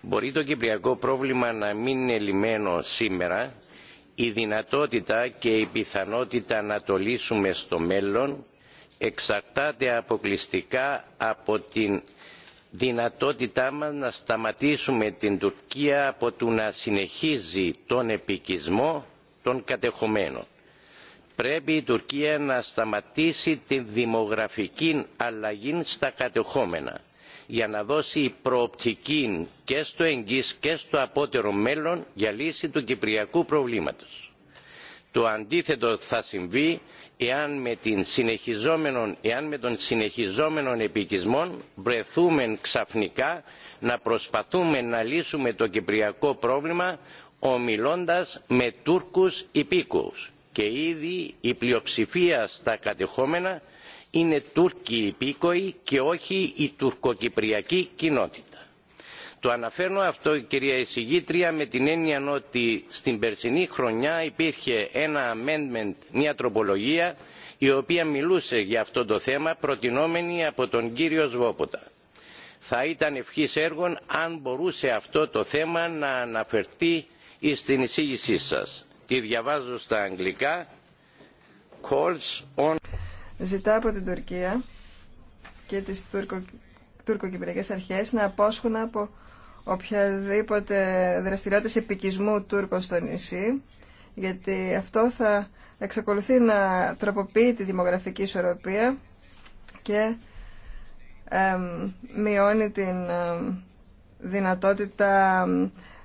Μπορεί το κυπριακό πρόβλημα να μην είναι λυμένο σήμερα, η δυνατότητα και η πιθανότητα να το λύσουμε στο μέλλον εξαρτάται αποκλειστικά από την δυνατότητά μας να σταματήσουμε την Τουρκία από το να συνεχίζει τον επικισμό των κατεχομένων. Πρέπει η Τουρκία να σταματήσει τη δημογραφική αλλαγή στα κατεχόμενα για να δώσει προοπτική και στο εγγύς και στο απότερο μέλλον για λύση του κυπριακού προβλήματος το αντίθετο θα συμβεί εάν με, εάν με τον συνεχιζόμενο επικισμό βρεθούμε ξαφνικά να προσπαθούμε να λύσουμε το κυπριακό πρόβλημα ομιλώντας με Τούρκους υπήκους και ήδη η πλειοψηφία στα κατεχόμενα είναι Τούρκοι υπήκοοι και όχι η τουρκοκυπριακή κοινότητα. Το αναφέρνω αυτό κυρία εισηγήτρια με την έννοια ότι στην περσινή χρονιά υπήρχε ένα amendment, μια τροπολογία η οποία μιλούσε για αυτό το θέμα προτινόμενη από τον κύριο Σβόποτα. Θα ήταν ευχής έργων αν μπορούσε αυτό το θέμα να αναφερθεί στην εισήγησή σας. Τη διαβάζω στα αγγλικά. Calls on... Ζητά από την Τουρκία και τις τουρκο... τουρκοκυπριακές αρχές να απόσχουν από οποιαδήποτε δραστηριότητα επικισμού Τούρκων στο νησί, γιατί αυτό θα εξακολουθεί να τροποποιεί τη δημογραφική ισορροπία και μειώνει την δυνατότητα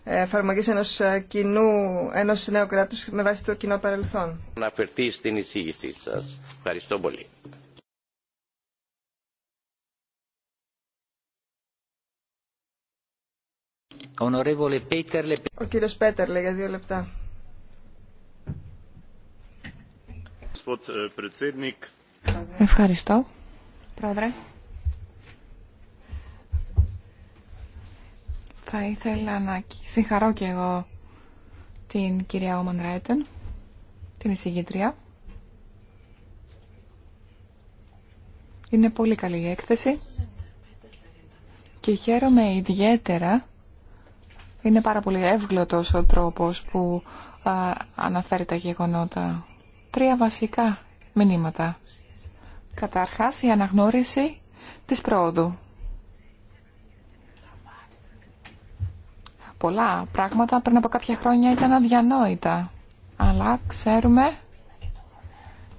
εφαρμογή ενός κοινού, ενός νέου κράτου με βάση το κοινό παρελθόν. στην εισήγησή Ευχαριστώ Ο κύριος Πέτερλε για δύο λεπτά. Ε, Ευχαριστώ, Πρόεδρε. Θα ήθελα να συγχαρώ και εγώ την κυρία Όμαν την εισηγήτρια. Είναι πολύ καλή η έκθεση και χαίρομαι ιδιαίτερα είναι πάρα πολύ εύγλωτος ο τρόπος που αναφέρει τα γεγονότα. Τρία βασικά μηνύματα. Καταρχάς, η αναγνώριση της πρόοδου. Πολλά πράγματα πριν από κάποια χρόνια ήταν αδιανόητα. Αλλά ξέρουμε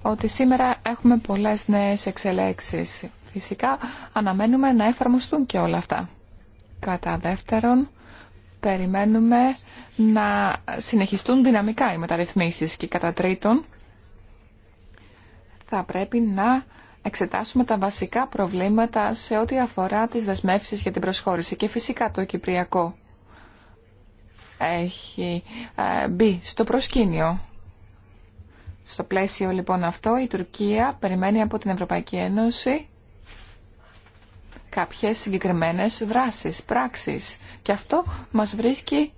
ότι σήμερα έχουμε πολλές νέες εξελέξεις. Φυσικά αναμένουμε να εφαρμοστούν και όλα αυτά. Κατά δεύτερον, περιμένουμε να συνεχιστούν δυναμικά οι μεταρρυθμίσεις και κατά τρίτον θα πρέπει να εξετάσουμε τα βασικά προβλήματα σε ό,τι αφορά τις δεσμεύσεις για την προσχώρηση και φυσικά το Κυπριακό έχει ε, μπει στο προσκήνιο. Στο πλαίσιο λοιπόν αυτό η Τουρκία περιμένει από την Ευρωπαϊκή Ένωση κάποιες συγκεκριμένες δράσεις, πράξεις. Και αυτό μας βρίσκει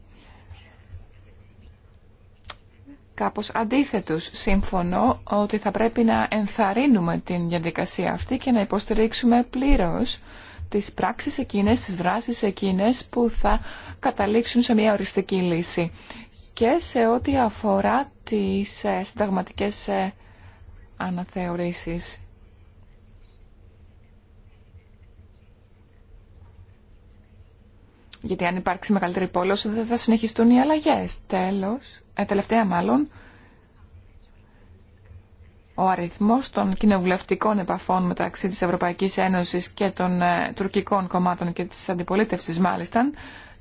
κάπως αντίθετους. Σύμφωνο ότι θα πρέπει να ενθαρρύνουμε την διαδικασία αυτή και να υποστηρίξουμε πλήρως τις πράξεις εκείνες, τις δράσεις εκείνες που θα καταλήξουν σε μια οριστική λύση. Και σε ό,τι αφορά τις ε, συνταγματικές ε, αναθεωρήσεις. Γιατί αν υπάρξει μεγαλύτερη πόλωση δεν θα συνεχιστούν οι αλλαγές. Τέλος, ε, τελευταία μάλλον, ο αριθμός των κοινοβουλευτικών επαφών μεταξύ της Ευρωπαϊκής Ένωσης και των ε, τουρκικών κομμάτων και της αντιπολίτευσης μάλιστα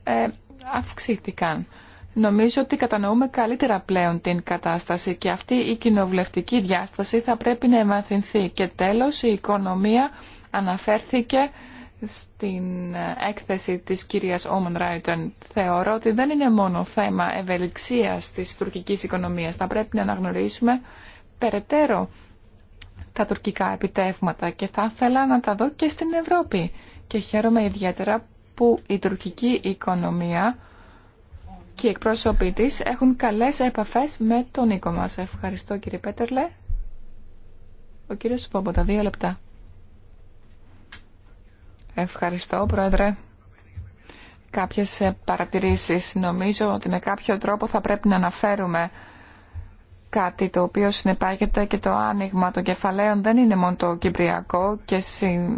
ε, αυξήθηκαν. Νομίζω ότι κατανοούμε καλύτερα πλέον την κατάσταση και αυτή η κοινοβουλευτική διάσταση θα πρέπει να εμαθυνθεί. Και τέλος η οικονομία αναφέρθηκε στην έκθεση της κυρίας Όμαν Ράιτον θεωρώ ότι δεν είναι μόνο θέμα ευελιξίας της τουρκικής οικονομίας. Θα πρέπει να αναγνωρίσουμε περαιτέρω τα τουρκικά επιτεύγματα και θα ήθελα να τα δω και στην Ευρώπη. Και χαίρομαι ιδιαίτερα που η τουρκική οικονομία και οι εκπρόσωποι της έχουν καλές επαφές με τον οίκο μας. Ευχαριστώ κύριε Πέτερλε. Ο κύριος Φόμποτα, δύο λεπτά. Ευχαριστώ, Πρόεδρε. Κάποιες παρατηρήσεις. Νομίζω ότι με κάποιο τρόπο θα πρέπει να αναφέρουμε κάτι το οποίο συνεπάγεται και το άνοιγμα των κεφαλαίων δεν είναι μόνο το κυπριακό και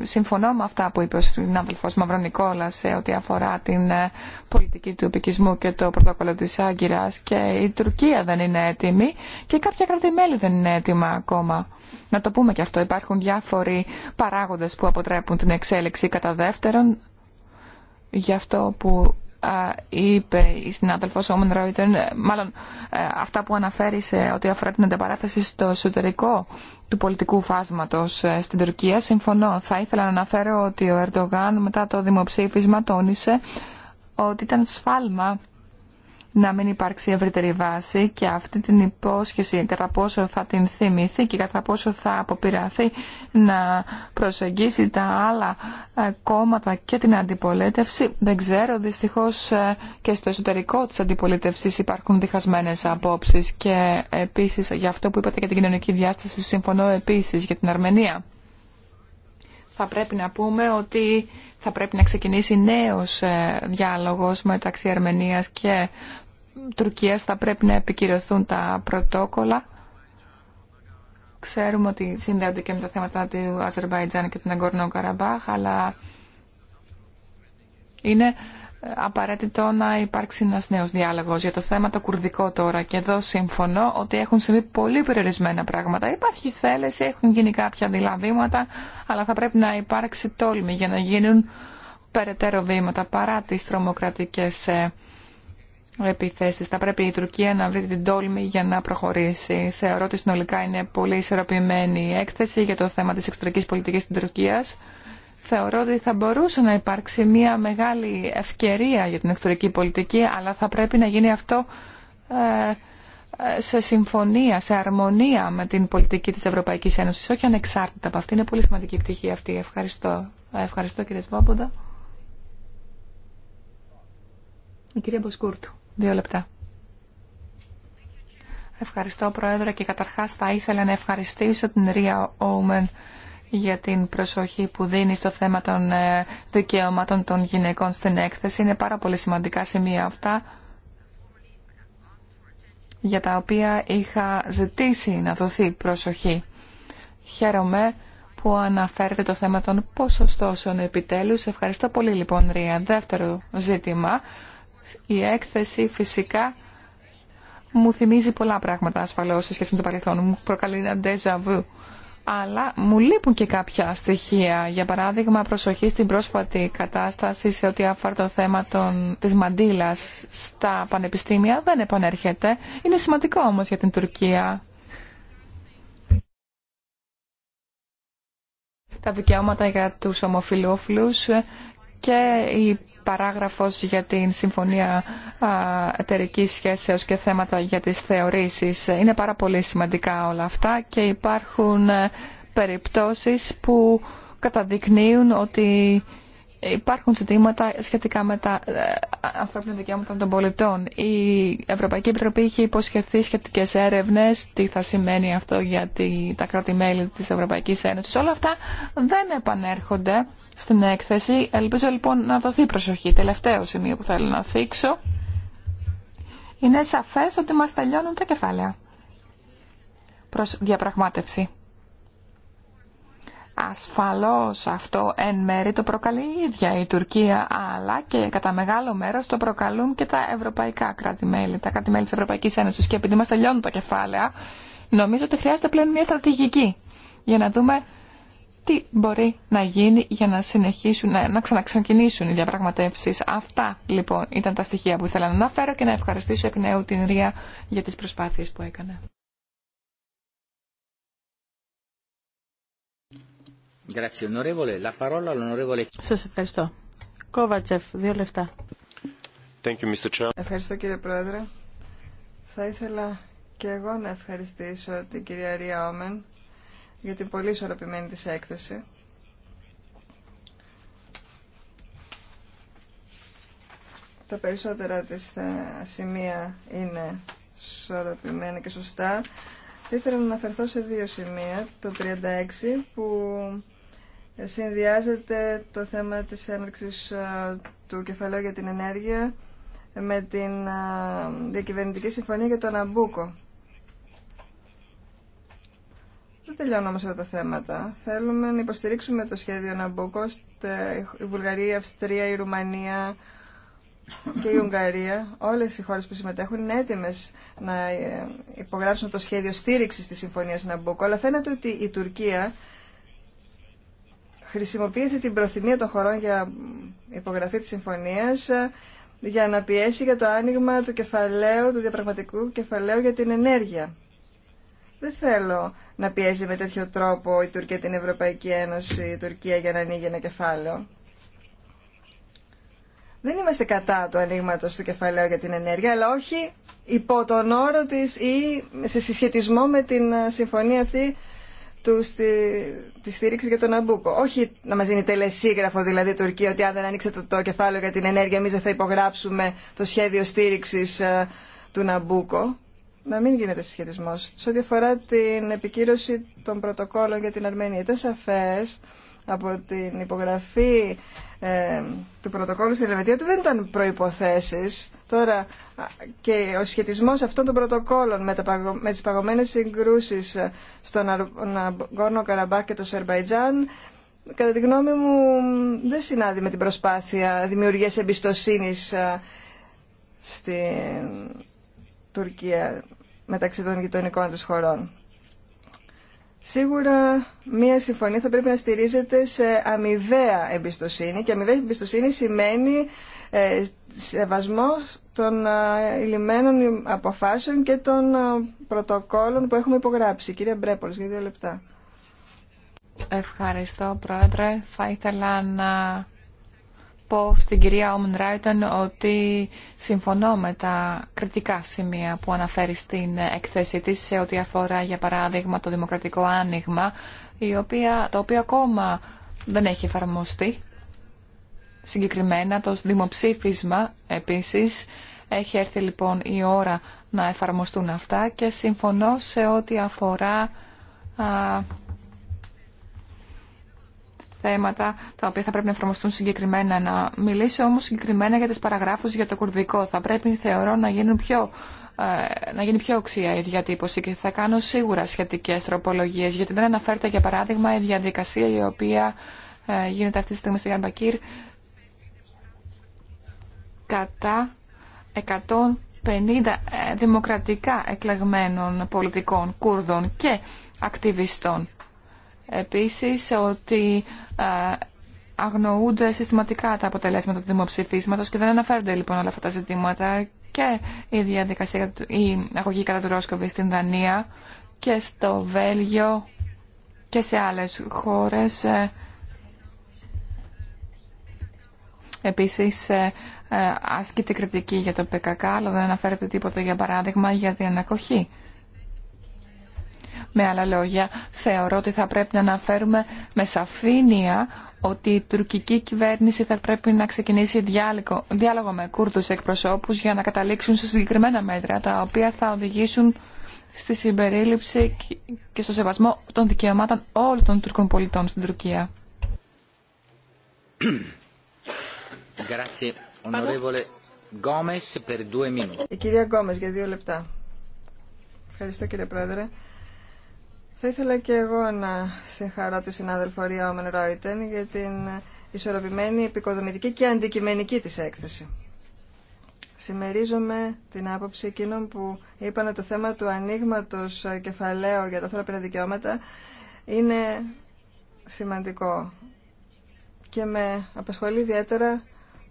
συμφωνώ με αυτά που είπε ο συνάδελφος Μαυρονικόλα σε ό,τι αφορά την ε, πολιτική του επικισμού και το πρωτόκολλο της Άγκυρας και η Τουρκία δεν είναι έτοιμη και κάποια κρατημέλη δεν είναι έτοιμα ακόμα. Να το πούμε και αυτό, υπάρχουν διάφοροι παράγοντες που αποτρέπουν την εξέλιξη κατά δεύτερον. Γι' αυτό που είπε η συνάδελφος Όμεν Ρόιτεν, μάλλον ε, αυτά που αναφέρει ό,τι αφορά την ανταπαράθεση στο εσωτερικό του πολιτικού φάσματος ε, στην Τουρκία, συμφωνώ. Θα ήθελα να αναφέρω ότι ο Ερντογάν μετά το δημοψήφισμα τόνισε ότι ήταν σφάλμα να μην υπάρξει ευρύτερη βάση και αυτή την υπόσχεση κατά πόσο θα την θυμηθεί και κατά πόσο θα αποπειραθεί να προσεγγίσει τα άλλα ε, κόμματα και την αντιπολίτευση. Δεν ξέρω, δυστυχώς ε, και στο εσωτερικό της αντιπολίτευσης υπάρχουν διχασμένες απόψεις και επίσης για αυτό που είπατε για την κοινωνική διάσταση συμφωνώ επίσης για την Αρμενία. Θα πρέπει να πούμε ότι θα πρέπει να ξεκινήσει νέος ε, διάλογος μεταξύ Αρμενίας και Τουρκίας θα πρέπει να επικυρωθούν τα πρωτόκολλα. Ξέρουμε ότι συνδέονται και με τα θέματα του Αζερβαϊτζάν και του Αγκόρνο Καραμπάχ, αλλά είναι ε, απαραίτητο να υπάρξει ένας νέος διάλογος για το θέμα το κουρδικό τώρα και εδώ συμφωνώ ότι έχουν συμβεί πολύ περιορισμένα πράγματα. Υπάρχει θέληση, έχουν γίνει κάποια δηλαδήματα, αλλά θα πρέπει να υπάρξει τόλμη για να γίνουν περαιτέρω βήματα παρά τις τρομοκρατικές ε, επιθέσεις. Θα πρέπει η Τουρκία να βρει την τόλμη για να προχωρήσει. Θεωρώ ότι συνολικά είναι πολύ ισορροπημένη η έκθεση για το θέμα της εξωτερικής πολιτικής της Τουρκίας. Θεωρώ ότι θα μπορούσε να υπάρξει μια μεγάλη ευκαιρία για την εξωτερική πολιτική, αλλά θα πρέπει να γίνει αυτό ε, ε, σε συμφωνία, σε αρμονία με την πολιτική της Ευρωπαϊκής Ένωσης, όχι ανεξάρτητα από αυτή. Είναι πολύ σημαντική η πτυχή αυτή. Ευχαριστώ. Ευχαριστώ κύριε Σβόμποντα. Η κυρία Μποσκούρτου. Δύο λεπτά. Ευχαριστώ Πρόεδρε και καταρχάς θα ήθελα να ευχαριστήσω την Ρία Όμεν για την προσοχή που δίνει στο θέμα των ε, δικαιωμάτων των γυναικών στην έκθεση. Είναι πάρα πολύ σημαντικά σημεία αυτά για τα οποία είχα ζητήσει να δοθεί προσοχή. Χαίρομαι που αναφέρεται το θέμα των ποσοστώσεων επιτέλους. Ευχαριστώ πολύ λοιπόν Ρία. Δεύτερο ζήτημα η έκθεση φυσικά μου θυμίζει πολλά πράγματα ασφαλώ σε σχέση με το παρελθόν. Μου προκαλεί ένα déjà vu. Αλλά μου λείπουν και κάποια στοιχεία. Για παράδειγμα, προσοχή στην πρόσφατη κατάσταση σε ό,τι αφορά το θέμα των, της μαντήλας στα πανεπιστήμια. Δεν επανέρχεται. Είναι σημαντικό όμως για την Τουρκία. Τα δικαιώματα για τους ομοφιλόφιλους και η παράγραφος για την Συμφωνία Εταιρικής Σχέσεως και θέματα για τις θεωρήσεις. Είναι πάρα πολύ σημαντικά όλα αυτά και υπάρχουν ε, περιπτώσεις που καταδεικνύουν ότι υπάρχουν ζητήματα σχετικά με τα ε, ανθρώπινα δικαιώματα των πολιτών. Η Ευρωπαϊκή Επιτροπή είχε υποσχεθεί σχετικέ έρευνε, τι θα σημαίνει αυτό για τα κράτη-μέλη τη Ευρωπαϊκή Ένωση. Όλα αυτά δεν επανέρχονται στην έκθεση. Ελπίζω λοιπόν να δοθεί προσοχή. Τελευταίο σημείο που θέλω να θίξω. Είναι σαφέ ότι μας τελειώνουν τα κεφάλαια προς διαπραγμάτευση. Ασφαλώς αυτό εν μέρη το προκαλεί η ίδια η Τουρκία, αλλά και κατά μεγάλο μέρος το προκαλούν και τα ευρωπαϊκά κράτη-μέλη, τα κράτη-μέλη της Ευρωπαϊκής Ένωσης. Και επειδή μας τελειώνουν τα κεφάλαια, νομίζω ότι χρειάζεται πλέον μια στρατηγική για να δούμε τι μπορεί να γίνει για να συνεχίσουν, να, να ξαναξεκινήσουν οι διαπραγματεύσεις. Αυτά λοιπόν ήταν τα στοιχεία που ήθελα να αναφέρω και να ευχαριστήσω εκ νέου την Ρία για τις προσπάθειες που έκανε. Σα ευχαριστώ. Κόβατσεφ, δύο λεφτά. Ευχαριστώ κύριε Πρόεδρε. Θα ήθελα και εγώ να ευχαριστήσω την κυρία Ρία Όμεν για την πολύ ισορροπημένη της έκθεση. Τα περισσότερα της σημεία είναι ισορροπημένα και σωστά. Θα ήθελα να αναφερθώ σε δύο σημεία. Το 36 που συνδυάζεται το θέμα της έναρξης ε, του κεφαλαίου για την ενέργεια με την ε, διακυβερνητική συμφωνία για το Ναμπούκο. Δεν τελειώνω όμως αυτά τα θέματα. Θέλουμε να υποστηρίξουμε το σχέδιο Ναμπούκο η Βουλγαρία, η Αυστρία, η Ρουμανία και η Ουγγαρία. Όλες οι χώρες που συμμετέχουν είναι έτοιμες να ε, υπογράψουν το σχέδιο στήριξης της συμφωνίας Ναμπούκο. Αλλά φαίνεται ότι η Τουρκία χρησιμοποιεί την προθυμία των χωρών για υπογραφή της συμφωνίας ε, για να πιέσει για το άνοιγμα του κεφαλαίου, του διαπραγματικού κεφαλαίου για την ενέργεια. Δεν θέλω να πιέζει με τέτοιο τρόπο η Τουρκία την Ευρωπαϊκή Ένωση, η Τουρκία για να ανοίγει ένα κεφάλαιο. Δεν είμαστε κατά του ανοίγματο του κεφαλαίου για την ενέργεια, αλλά όχι υπό τον όρο της ή σε συσχετισμό με την ε, συμφωνία αυτή του στη, τη στήριξη για τον Ναμπούκο. Όχι να μας δίνει τελεσίγραφο δηλαδή η Τουρκία ότι αν δεν ανοίξετε το κεφάλαιο για την ενέργεια εμεί δεν θα υπογράψουμε το σχέδιο στήριξης ε, του Ναμπούκο. Να μην γίνεται συσχετισμό. Σε ό,τι αφορά την επικύρωση των πρωτοκόλων για την Αρμενία, ήταν σαφέ από την υπογραφή ε, του πρωτοκόλου στην Ελβετία ότι δεν ήταν προποθέσει. Τώρα και ο σχετισμός αυτών των πρωτοκόλων με, τις παγωμένες συγκρούσεις ε, στον Αγκόρνο Καραμπά και το Σερβαϊτζάν κατά τη γνώμη μου δεν συνάδει με την προσπάθεια δημιουργίας εμπιστοσύνης ε, στην Τουρκία μεταξύ των γειτονικών τους χωρών. Σίγουρα μία συμφωνία θα πρέπει να στηρίζεται σε αμοιβαία εμπιστοσύνη και αμοιβαία εμπιστοσύνη σημαίνει ε, σεβασμός των ηλυμένων αποφάσεων και των πρωτοκόλων που έχουμε υπογράψει. Κύριε Μπρέπολης, για δύο λεπτά. Ευχαριστώ, Πρόεδρε. Θα ήθελα να πω στην κυρία Όμουν Ράιτον ότι συμφωνώ με τα κριτικά σημεία που αναφέρει στην έκθεσή της σε ό,τι αφορά, για παράδειγμα, το δημοκρατικό άνοιγμα, η οποία, το οποίο ακόμα δεν έχει εφαρμοστεί συγκεκριμένα το δημοψήφισμα επίσης. Έχει έρθει λοιπόν η ώρα να εφαρμοστούν αυτά και συμφωνώ σε ό,τι αφορά θέματα τα οποία θα πρέπει να εφαρμοστούν συγκεκριμένα. Να μιλήσω όμως συγκεκριμένα για τις παραγράφους για το κουρδικό. Θα πρέπει θεωρώ να γίνουν πιο ε, να γίνει πιο οξία η διατύπωση και θα κάνω σίγουρα σχετικές τροπολογίες γιατί δεν αναφέρεται για παράδειγμα η διαδικασία η οποία ε, γίνεται αυτή τη στιγμή στο Μπακύρ κατά 150 ε, δημοκρατικά εκλεγμένων πολιτικών, Κούρδων και ακτιβιστών. Επίσης ότι ε, αγνοούνται συστηματικά τα αποτελέσματα του δημοψηφίσματος και δεν αναφέρονται λοιπόν όλα αυτά τα ζητήματα και η διαδικασία, η αγωγή κατά του Ρόσκοβη στην Δανία και στο Βέλγιο και σε άλλες χώρες. Ε. Επίσης ε, ασκείται κριτική για το ΠΚΚ, αλλά δεν αναφέρεται τίποτα για παράδειγμα για την ανακοχή. Με άλλα λόγια, θεωρώ ότι θα πρέπει να αναφέρουμε με σαφήνεια ότι η τουρκική κυβέρνηση θα πρέπει να ξεκινήσει διάλογο, διάλογο με Κούρδους εκπροσώπους για να καταλήξουν σε συγκεκριμένα μέτρα, τα οποία θα οδηγήσουν στη συμπερίληψη και στο σεβασμό των δικαιωμάτων όλων των Τουρκών πολιτών στην Τουρκία. Η κυρία Γκόμες για δύο λεπτά. Ευχαριστώ κύριε Πρόεδρε. Θα ήθελα και εγώ να συγχαρώ τη συνάδελφο Ρία Όμεν Ρόιτεν για την ισορροπημένη, επικοδομητική και αντικειμενική της έκθεση. Συμμερίζομαι την άποψη εκείνων που είπαν ότι το θέμα του ανοίγματο κεφαλαίου για τα ανθρώπινα δικαιώματα είναι σημαντικό και με απασχολεί ιδιαίτερα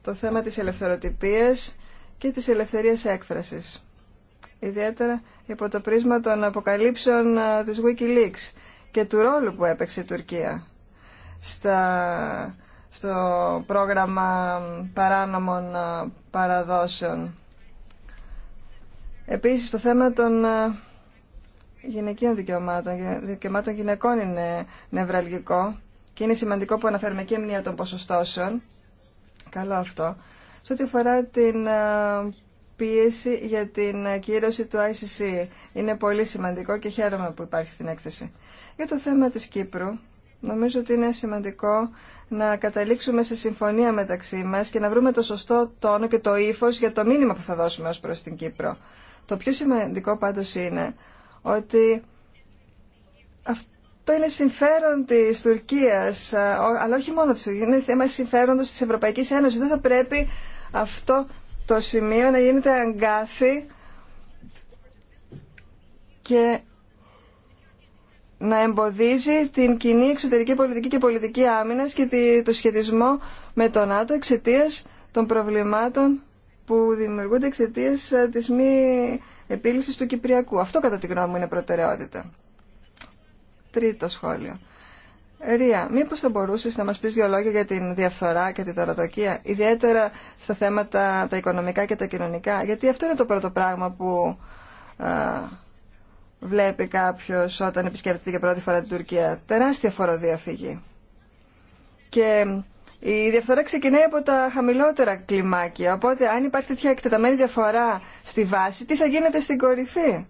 το θέμα της ελευθεροτυπίας και της ελευθερίας έκφρασης. Ιδιαίτερα υπό το πρίσμα των αποκαλύψεων της Wikileaks και του ρόλου που έπαιξε η Τουρκία στα, στο πρόγραμμα παράνομων παραδόσεων. Επίσης το θέμα των γυναικείων δικαιωμάτων, δικαιωμάτων γυναικών είναι νευραλγικό και είναι σημαντικό που αναφέρουμε και μία των ποσοστώσεων Καλό αυτό. Σε ό,τι αφορά την ε, πίεση για την ε, κύρωση του ICC, είναι πολύ σημαντικό και χαίρομαι που υπάρχει στην έκθεση. Για το θέμα της Κύπρου, νομίζω ότι είναι σημαντικό να καταλήξουμε σε συμφωνία μεταξύ μας και να βρούμε το σωστό τόνο και το ύφος για το μήνυμα που θα δώσουμε ως προς την Κύπρο. Το πιο σημαντικό πάντως είναι ότι το είναι συμφέρον τη Τουρκία, αλλά όχι μόνο τη Τουρκία, είναι θέμα συμφέροντο τη Ευρωπαϊκή Ένωση. Δεν θα πρέπει αυτό το σημείο να γίνεται αγκάθι και να εμποδίζει την κοινή εξωτερική πολιτική και πολιτική άμυνα και το σχετισμό με τον ΝΑΤΟ εξαιτία των προβλημάτων που δημιουργούνται εξαιτία τη μη επίλυση του Κυπριακού. Αυτό, κατά τη γνώμη μου, είναι προτεραιότητα τρίτο σχόλιο. Ρία, μήπως θα μπορούσες να μας πεις δύο λόγια για την διαφθορά και την δωροδοκία, ιδιαίτερα στα θέματα τα οικονομικά και τα κοινωνικά, γιατί αυτό είναι το πρώτο πράγμα που α, βλέπει κάποιος όταν επισκέπτεται για πρώτη φορά την Τουρκία. Τεράστια φοροδιαφυγή. Και η διαφθορά ξεκινάει από τα χαμηλότερα κλιμάκια, οπότε αν υπάρχει τέτοια εκτεταμένη διαφορά στη βάση, τι θα γίνεται στην κορυφή.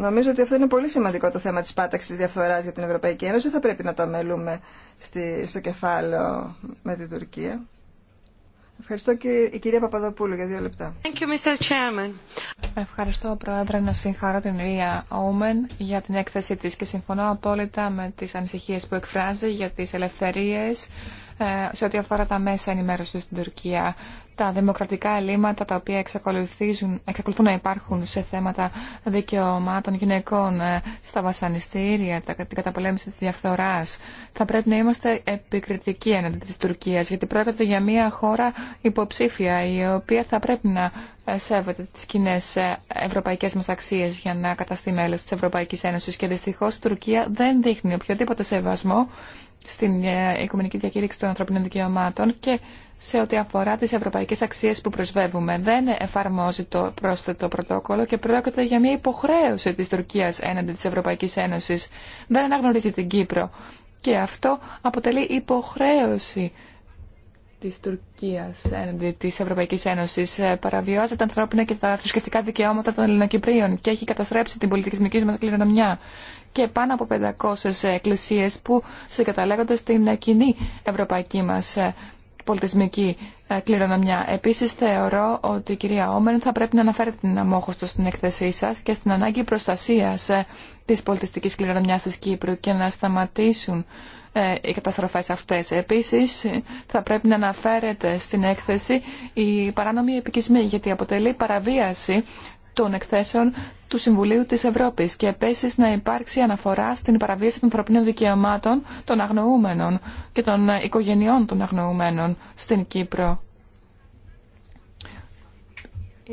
Νομίζω ότι αυτό είναι πολύ σημαντικό το θέμα της πάταξης διαφθοράς για την Ευρωπαϊκή Ένωση. Θα πρέπει να το αμελούμε στη, στο κεφάλαιο με την Τουρκία. Ευχαριστώ και η κυρία Παπαδοπούλου για δύο λεπτά. Thank you, Mr. Chairman. Ευχαριστώ, Πρόεδρε, να συγχαρώ την Ρία Όμεν για την έκθεσή της και συμφωνώ απόλυτα με τις ανησυχίες που εκφράζει για τις ελευθερίες, ε, σε ό,τι αφορά τα μέσα ενημέρωση στην Τουρκία, τα δημοκρατικά ελλείμματα τα οποία εξακολουθούν, εξακολουθούν να υπάρχουν σε θέματα δικαιωμάτων γυναικών, ε, στα βασανιστήρια, την καταπολέμηση τη διαφθορά, Θα πρέπει να είμαστε επικριτικοί έναντι τη Τουρκία, γιατί πρόκειται για μια χώρα υποψήφια, η οποία θα πρέπει να ε, σέβεται τι κοινέ ευρωπαϊκέ μα αξίε για να καταστεί μέλο τη Ευρωπαϊκή Ένωση. και δυστυχώ η Τουρκία δεν δείχνει οποιοδήποτε σεβασμό στην ε, Οικουμενική Διακήρυξη των Ανθρωπίνων Δικαιωμάτων και σε ό,τι αφορά τις ευρωπαϊκές αξίες που προσβεύουμε. Δεν εφαρμόζει το πρόσθετο πρωτόκολλο και πρόκειται για μια υποχρέωση της Τουρκίας έναντι της Ευρωπαϊκής Ένωσης. Δεν αναγνωρίζει την Κύπρο. Και αυτό αποτελεί υποχρέωση της Τουρκίας έναντι της Ευρωπαϊκής Ένωσης ε, παραβιάζει τα ανθρώπινα και τα θρησκευτικά δικαιώματα των Ελληνοκυπρίων και έχει καταστρέψει την πολιτισμική μας κληρονομιά και πάνω από 500 εκκλησίες που συγκαταλέγονται στην κοινή ευρωπαϊκή μας ε, πολιτισμική ε, κληρονομιά. Επίσης θεωρώ ότι η κυρία Όμεν θα πρέπει να αναφέρεται την αμόχωστο στην έκθεσή σας και στην ανάγκη προστασίας ε, της πολιτιστικής κληρονομιάς της Κύπρου και να σταματήσουν οι καταστροφές αυτές. Επίσης θα πρέπει να αναφέρεται στην έκθεση η παράνομη επικισμή γιατί αποτελεί παραβίαση των εκθέσεων του Συμβουλίου της Ευρώπης και επίση να υπάρξει αναφορά στην παραβίαση των ανθρωπίνων δικαιωμάτων των αγνοούμενων και των οικογενειών των αγνοούμενων στην Κύπρο.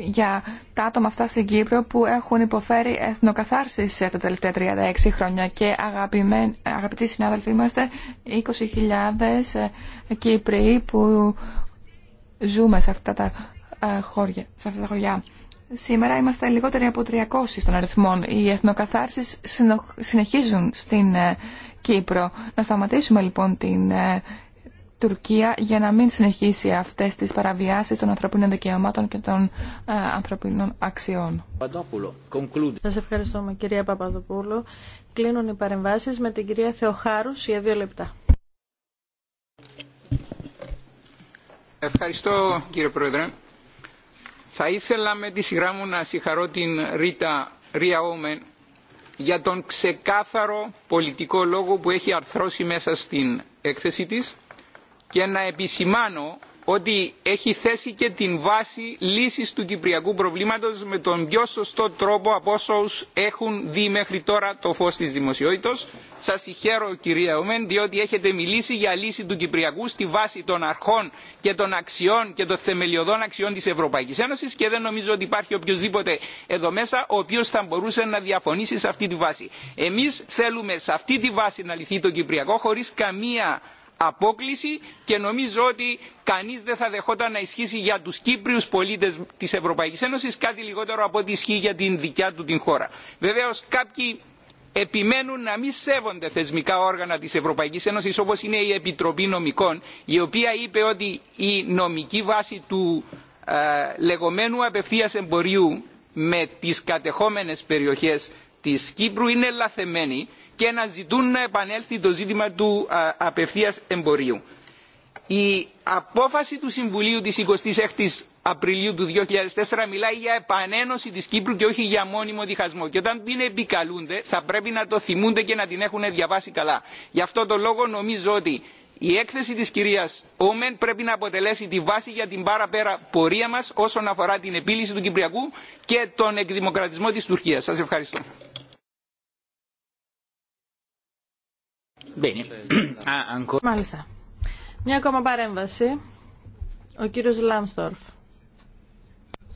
Για τα άτομα αυτά στην Κύπρο που έχουν υποφέρει εθνοκαθάρσεις τα τελευταία 36 χρόνια και αγαπητοί συνάδελφοι είμαστε 20.000 ε, Κύπροι που ζούμε σε αυτά τα ε, χώρια, σε αυτά τα χωριά. Σήμερα είμαστε λιγότεροι από 300 των αριθμών. Οι εθνοκαθάρσεις συνεχίζουν στην ε, Κύπρο. Να σταματήσουμε λοιπόν την ε, Τουρκία για να μην συνεχίσει αυτές τις παραβιάσεις των ανθρωπίνων δικαιωμάτων και των ε, ανθρωπίνων αξιών. Σας ευχαριστούμε κυρία Παπαδοπούλου. Κλείνουν οι παρεμβάσεις με την κυρία Θεοχάρου για δύο λεπτά. Ευχαριστώ κύριε Πρόεδρε. Θα ήθελα με τη σειρά μου να συγχαρώ την Ρίτα Ριαόμεν για τον ξεκάθαρο πολιτικό λόγο που έχει αρθρώσει μέσα στην έκθεση της και να επισημάνω ότι έχει θέσει και την βάση λύσης του κυπριακού προβλήματος με τον πιο σωστό τρόπο από όσους έχουν δει μέχρι τώρα το φως της δημοσιότητας. Σας συγχαίρω κυρία Ομέν διότι έχετε μιλήσει για λύση του κυπριακού στη βάση των αρχών και των αξιών και των θεμελιωδών αξιών της Ευρωπαϊκής Ένωσης και δεν νομίζω ότι υπάρχει οποιοδήποτε εδώ μέσα ο οποίος θα μπορούσε να διαφωνήσει σε αυτή τη βάση. Εμείς θέλουμε σε αυτή τη βάση να λυθεί το κυπριακό χωρίς καμία απόκληση και νομίζω ότι κανείς δεν θα δεχόταν να ισχύσει για τους Κύπριους πολίτες της Ευρωπαϊκής Ένωσης κάτι λιγότερο από ό,τι ισχύει για την δικιά του την χώρα. Βεβαίως κάποιοι επιμένουν να μην σέβονται θεσμικά όργανα της Ευρωπαϊκής Ένωσης όπως είναι η Επιτροπή Νομικών η οποία είπε ότι η νομική βάση του ε, λεγόμενου απευθείας εμπορίου με τις κατεχόμενες περιοχές της Κύπρου είναι λαθεμένη και να ζητούν να επανέλθει το ζήτημα του απευθείας εμπορίου. Η απόφαση του Συμβουλίου της 26ης Απριλίου του 2004 μιλάει για επανένωση της Κύπρου και όχι για μόνιμο διχασμό. Και όταν την επικαλούνται θα πρέπει να το θυμούνται και να την έχουν διαβάσει καλά. Γι' αυτό το λόγο νομίζω ότι η έκθεση της κυρίας Όμεν πρέπει να αποτελέσει τη βάση για την παραπέρα πορεία μας όσον αφορά την επίλυση του Κυπριακού και τον εκδημοκρατισμό της Τουρκίας. Σας ευχαριστώ. Ah, Μάλιστα. Μια ακόμα παρέμβαση. Ο κύριος Λάμστορφ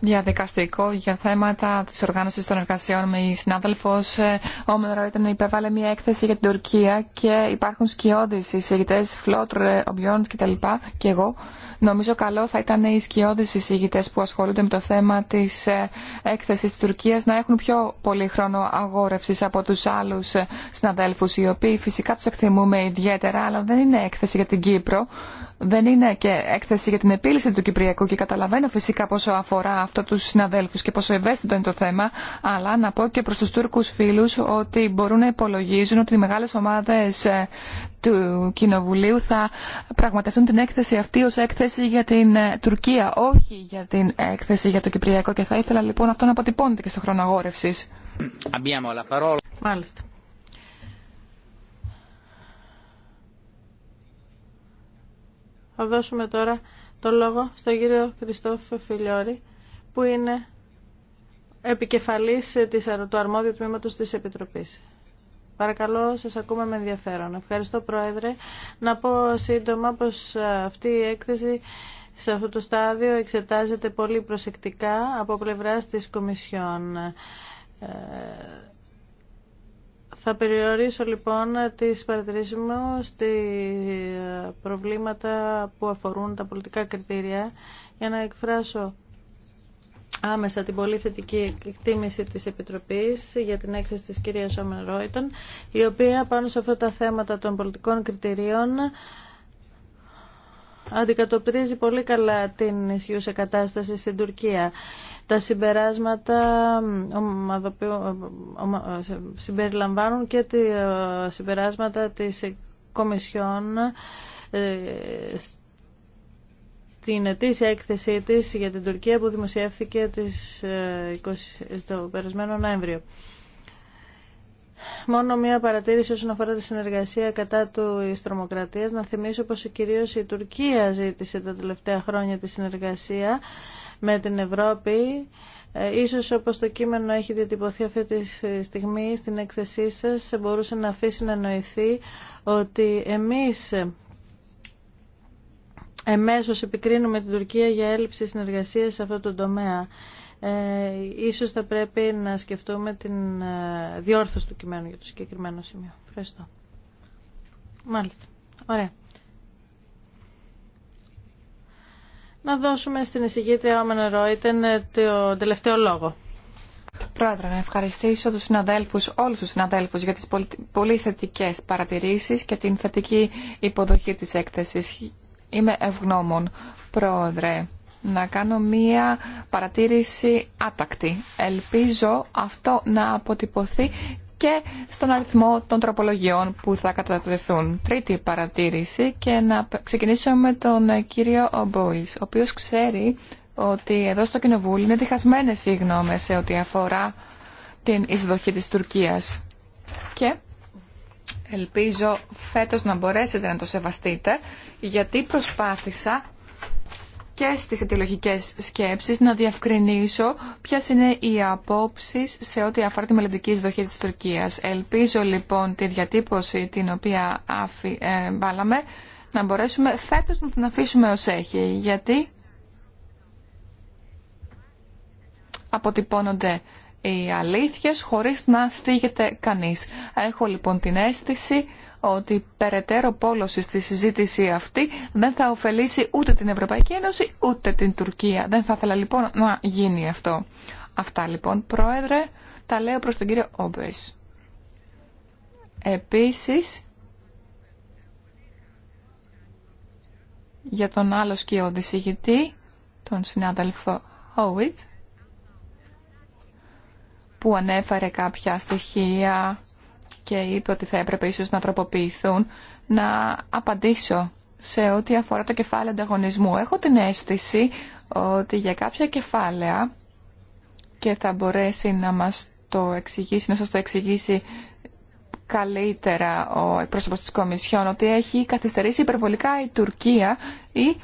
διαδικαστικό για θέματα της οργάνωσης των εργασιών με η συνάδελφος ε, Μενρό ήταν υπέβαλε μια έκθεση για την Τουρκία και υπάρχουν σκιώδεις εισηγητές φλότρ, ε, ομπιόντ κτλ. και εγώ νομίζω καλό θα ήταν οι σκιώδεις εισηγητές που ασχολούνται με το θέμα της ε, έκθεσης της Τουρκίας να έχουν πιο πολύ χρόνο αγόρευσης από τους άλλους συναδέλφους οι οποίοι φυσικά τους εκτιμούμε ιδιαίτερα αλλά δεν είναι έκθεση για την Κύπρο δεν είναι και έκθεση για την επίλυση του Κυπριακού και καταλαβαίνω φυσικά πόσο αφορά αυτό τους συναδέλφους και πόσο ευαίσθητο είναι το θέμα, αλλά να πω και προς τους Τούρκους φίλους ότι μπορούν να υπολογίζουν ότι οι μεγάλες ομάδες ε, του Κοινοβουλίου θα πραγματευτούν την έκθεση αυτή ως έκθεση για την ε, Τουρκία, όχι για την έκθεση για το Κυπριακό και θα ήθελα λοιπόν αυτό να αποτυπώνεται και στο χρόνο αγόρευσης. Μάλιστα. Θα δώσουμε τώρα το λόγο στον κύριο Χριστόφ Φιλιόρη, που είναι επικεφαλής της, του αρμόδιου τμήματος της Επιτροπής. Παρακαλώ, σας ακούμε με ενδιαφέρον. Ευχαριστώ, Πρόεδρε. Να πω σύντομα πως αυτή η έκθεση σε αυτό το στάδιο εξετάζεται πολύ προσεκτικά από πλευράς της Κομισιόν ε, θα περιορίσω λοιπόν τις παρατηρήσεις μου στη ε, προβλήματα που αφορούν τα πολιτικά κριτήρια για να εκφράσω άμεσα την πολύ θετική εκτίμηση της Επιτροπής για την έκθεση της κυρίας Όμεν Ρόιτον, η οποία πάνω σε αυτά τα θέματα των πολιτικών κριτηρίων αντικατοπτρίζει πολύ καλά την ισχύουσα κατάσταση στην Τουρκία. Τα συμπεράσματα συμπεριλαμβάνουν και τα ε, συμπεράσματα της Κομισιόν ε, την ετήσια έκθεσή της για την Τουρκία που δημοσιεύθηκε ε, το περασμένο Νοέμβριο. Μόνο μία παρατήρηση όσον αφορά τη συνεργασία κατά του τρομοκρατία. Να θυμίσω πως κυρίω η Τουρκία ζήτησε τα τελευταία χρόνια τη συνεργασία με την Ευρώπη. Ε, ίσως όπως το κείμενο έχει διατυπωθεί αυτή τη στιγμή στην έκθεσή σας μπορούσε να αφήσει να νοηθεί ότι εμείς εμέσως επικρίνουμε την Τουρκία για έλλειψη συνεργασίας σε αυτό το τομέα. Ε, ίσως θα πρέπει να σκεφτούμε την ε, διόρθωση του κειμένου για το συγκεκριμένο σημείο. Ευχαριστώ. Μάλιστα. Ωραία. Να δώσουμε στην εισηγήτρια Όμεν Ρόιτεν ε, το τελευταίο λόγο. Πρόεδρε, να ευχαριστήσω τους συναδέλφους, όλους τους συναδέλφους για τις πολύ θετικές παρατηρήσεις και την θετική υποδοχή της έκθεσης. Είμαι ευγνώμων, πρόεδρε, να κάνω μία παρατήρηση άτακτη. Ελπίζω αυτό να αποτυπωθεί και στον αριθμό των τροπολογιών που θα κατατεθούν. Τρίτη παρατήρηση και να ξεκινήσω με τον ε, κύριο Ομπόης, ο οποίος ξέρει ότι εδώ στο Κοινοβούλιο είναι διχασμένες οι γνώμες σε ό,τι αφορά την εισδοχή της Τουρκίας. Και ελπίζω φέτος να μπορέσετε να το σεβαστείτε γιατί προσπάθησα και στις αιτιολογικές σκέψεις να διευκρινίσω ποιε είναι οι απόψεις σε ό,τι αφορά τη μελλοντική εισδοχή της Τουρκίας. Ελπίζω λοιπόν τη διατύπωση την οποία αφι... Ε, βάλαμε να μπορέσουμε φέτος να την αφήσουμε ως έχει, γιατί αποτυπώνονται οι αλήθειες χωρίς να θίγεται κανείς. Έχω λοιπόν την αίσθηση ότι περαιτέρω πόλωση στη συζήτηση αυτή δεν θα ωφελήσει ούτε την Ευρωπαϊκή Ένωση ούτε την Τουρκία. Δεν θα ήθελα λοιπόν να γίνει αυτό. Αυτά λοιπόν, Πρόεδρε, τα λέω προς τον κύριο Όμπες. Επίσης, για τον άλλο σκιώδη συγητή, τον συνάδελφο Χόουιτ, που ανέφερε κάποια στοιχεία και είπε ότι θα έπρεπε ίσως να τροποποιηθούν, να απαντήσω σε ό,τι αφορά το κεφάλαιο ανταγωνισμού. Έχω την αίσθηση ότι για κάποια κεφάλαια και θα μπορέσει να μας το εξηγήσει, να σας το εξηγήσει καλύτερα ο εκπρόσωπος της Κομισιόν ότι έχει καθυστερήσει υπερβολικά η Τουρκία ή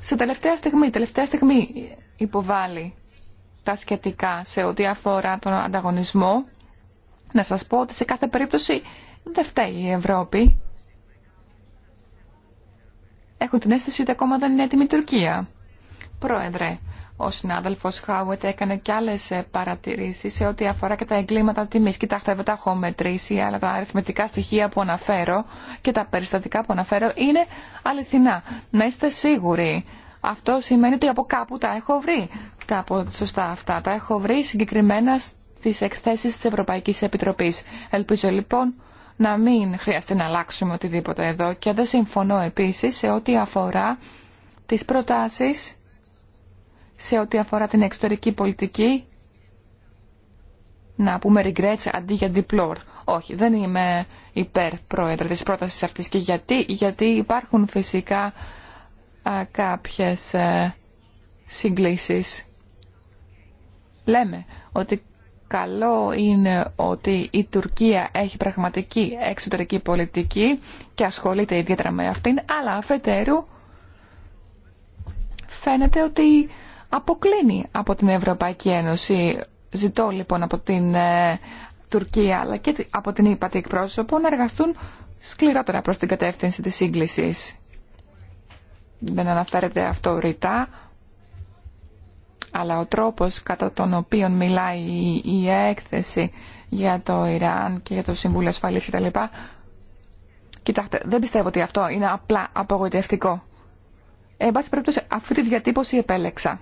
σε τελευταία στιγμή, τελευταία στιγμή υποβάλλει τα σχετικά σε ό,τι αφορά τον ανταγωνισμό να σας πω ότι σε κάθε περίπτωση δεν φταίει η Ευρώπη. Έχω την αίσθηση ότι ακόμα δεν είναι έτοιμη η Τουρκία. Πρόεδρε, ο συνάδελφος Χάουετ έκανε και άλλες παρατηρήσεις σε ό,τι αφορά και τα εγκλήματα τιμής. Κοιτάξτε, δεν τα έχω μετρήσει, αλλά τα αριθμητικά στοιχεία που αναφέρω και τα περιστατικά που αναφέρω είναι αληθινά. Να είστε σίγουροι. Αυτό σημαίνει ότι από κάπου τα έχω βρει. Τα σωστά αυτά. Τα έχω βρει συγκεκριμένα τις εκθέσεις της Ευρωπαϊκής Επιτροπής. Ελπίζω λοιπόν να μην χρειαστεί να αλλάξουμε οτιδήποτε εδώ και δεν συμφωνώ επίσης σε ό,τι αφορά τις προτάσεις, σε ό,τι αφορά την εξωτερική πολιτική, να πούμε regrets αντί για deplore. Όχι, δεν είμαι υπέρ πρόεδρο της πρότασης αυτής και γιατί, γιατί υπάρχουν φυσικά κάποιε κάποιες ε, Λέμε ότι καλό είναι ότι η Τουρκία έχει πραγματική εξωτερική πολιτική και ασχολείται ιδιαίτερα με αυτήν, αλλά αφετέρου φαίνεται ότι αποκλίνει από την Ευρωπαϊκή Ένωση. Ζητώ λοιπόν από την ε, Τουρκία αλλά και από την ΥΠΑΤΗ εκπρόσωπο να εργαστούν σκληρότερα προς την κατεύθυνση της σύγκλησης. Δεν αναφέρεται αυτό ρητά, αλλά ο τρόπος κατά τον οποίο μιλάει η έκθεση για το Ιράν και για το Συμβούλιο Ασφαλής κτλ. Κοιτάξτε, δεν πιστεύω ότι αυτό είναι απλά απογοητευτικό. Εν πάση περιπτώσει, αυτή τη διατύπωση επέλεξα.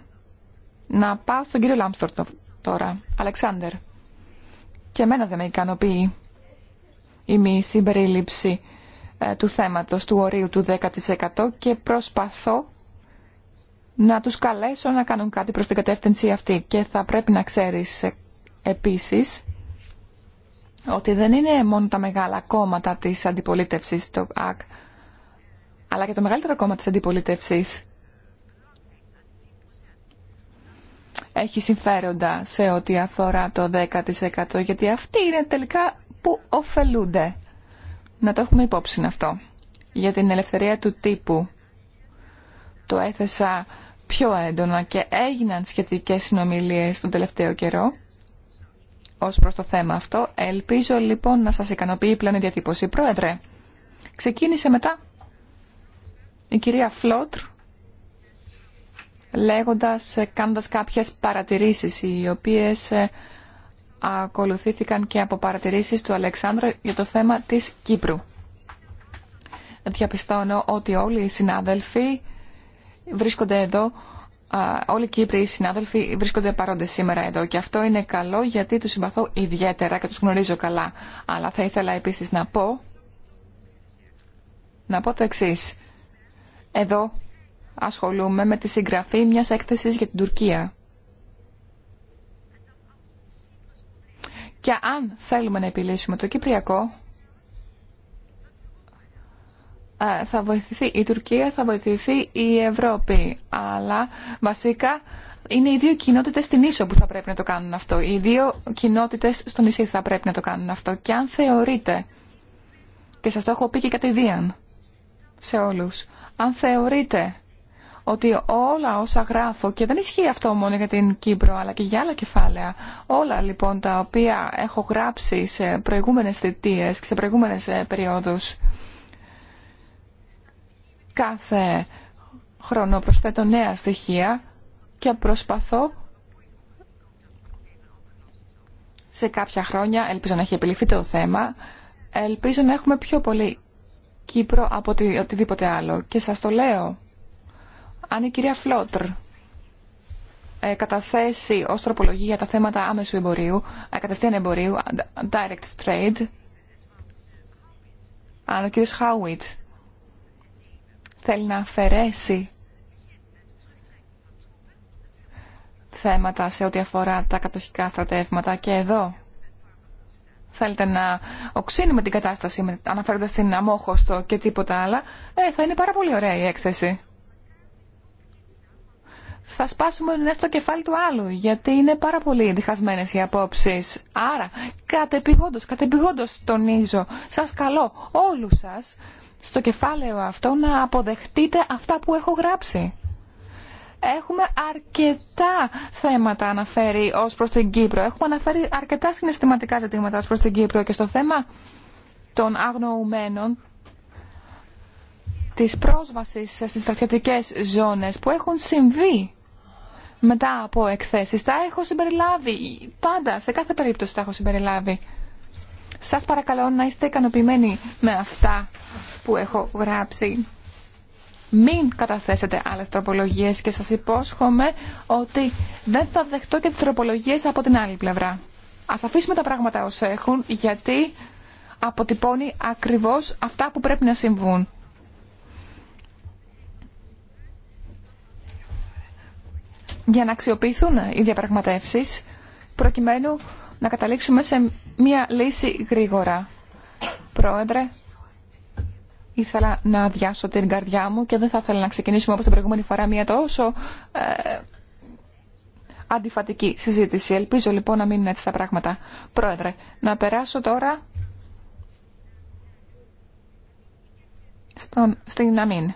Να πάω στον κύριο Λάμστορτ τώρα, Αλεξάνδερ. Και εμένα δεν με ικανοποιεί η μη συμπερίληψη ε, του θέματος του ορίου του 10% και προσπαθώ να τους καλέσω να κάνουν κάτι προς την κατεύθυνση αυτή. Και θα πρέπει να ξέρεις ε, επίσης ότι δεν είναι μόνο τα μεγάλα κόμματα της αντιπολίτευσης, το ΑΚ, αλλά και το μεγαλύτερο κόμμα της αντιπολίτευσης έχει συμφέροντα σε ό,τι αφορά το 10% γιατί αυτοί είναι τελικά που ωφελούνται. Να το έχουμε υπόψη αυτό. Για την ελευθερία του τύπου το έθεσα πιο έντονα και έγιναν σχετικές συνομιλίες τον τελευταίο καιρό ως προς το θέμα αυτό. Ελπίζω λοιπόν να σας ικανοποιεί πλέον η διατύπωση. Πρόεδρε, ξεκίνησε μετά η κυρία Φλότρ λέγοντας, κάνοντας κάποιες παρατηρήσεις οι οποίες ε, ακολουθήθηκαν και από παρατηρήσεις του Αλεξάνδρου για το θέμα της Κύπρου. Διαπιστώνω ότι όλοι οι συνάδελφοι βρίσκονται εδώ, όλοι οι Κύπροι συνάδελφοι βρίσκονται παρόντες σήμερα εδώ και αυτό είναι καλό γιατί τους συμπαθώ ιδιαίτερα και τους γνωρίζω καλά. Αλλά θα ήθελα επίσης να πω, να πω το εξή. Εδώ ασχολούμαι με τη συγγραφή μιας έκθεσης για την Τουρκία. Και αν θέλουμε να επιλύσουμε το Κυπριακό, ε, θα βοηθηθεί η Τουρκία, θα βοηθηθεί η Ευρώπη. Αλλά βασικά είναι οι δύο κοινότητε στην ίσο που θα πρέπει να το κάνουν αυτό. Οι δύο κοινότητε στο νησί θα πρέπει να το κάνουν αυτό. Και αν θεωρείτε, και σα το έχω πει και κατηδίαν σε όλου, αν θεωρείτε ότι όλα όσα γράφω, και δεν ισχύει αυτό μόνο για την Κύπρο, αλλά και για άλλα κεφάλαια, όλα λοιπόν τα οποία έχω γράψει σε προηγούμενες θητείες και σε προηγούμενες ε, περιόδους, Κάθε χρόνο προσθέτω νέα στοιχεία και προσπαθώ σε κάποια χρόνια, ελπίζω να έχει επιληφθεί το θέμα, ελπίζω να έχουμε πιο πολύ Κύπρο από οτι, οτιδήποτε άλλο. Και σας το λέω, αν η κυρία Φλότρ ε, καταθέσει ως τροπολογία για τα θέματα άμεσου εμπορίου, ε, κατευθείαν εμπορίου, direct trade, αν ο κύριος Χάουιτ θέλει να αφαιρέσει θέματα σε ό,τι αφορά τα κατοχικά στρατεύματα και εδώ θέλετε να οξύνουμε την κατάσταση αναφέροντας την αμόχωστο και τίποτα άλλα, ε, θα είναι πάρα πολύ ωραία η έκθεση. Θα σπάσουμε ένα στο κεφάλι του άλλου, γιατί είναι πάρα πολύ διχασμένες οι απόψεις. Άρα, κατεπηγόντως, κατεπηγόντως τονίζω, σας καλώ όλους σας στο κεφάλαιο αυτό να αποδεχτείτε αυτά που έχω γράψει. Έχουμε αρκετά θέματα αναφέρει ως προς την Κύπρο. Έχουμε αναφέρει αρκετά συναισθηματικά ζητήματα ως προς την Κύπρο και στο θέμα των αγνοουμένων της πρόσβασης στις στρατιωτικές ζώνες που έχουν συμβεί μετά από εκθέσεις. Τα έχω συμπεριλάβει. Πάντα, σε κάθε περίπτωση τα έχω συμπεριλάβει. Σας παρακαλώ να είστε ικανοποιημένοι με αυτά που έχω γράψει. Μην καταθέσετε άλλες τροπολογίες και σας υπόσχομαι ότι δεν θα δεχτώ και τις τροπολογίες από την άλλη πλευρά. Ας αφήσουμε τα πράγματα ως έχουν γιατί αποτυπώνει ακριβώς αυτά που πρέπει να συμβούν. για να αξιοποιηθούν οι διαπραγματεύσεις προκειμένου να καταλήξουμε σε μια λύση γρήγορα. Πρόεδρε, ήθελα να αδειάσω την καρδιά μου και δεν θα ήθελα να ξεκινήσουμε όπως την προηγούμενη φορά μια τόσο ε, αντιφατική συζήτηση. Ελπίζω λοιπόν να είναι έτσι τα πράγματα. Πρόεδρε, να περάσω τώρα στον, στην αμήν.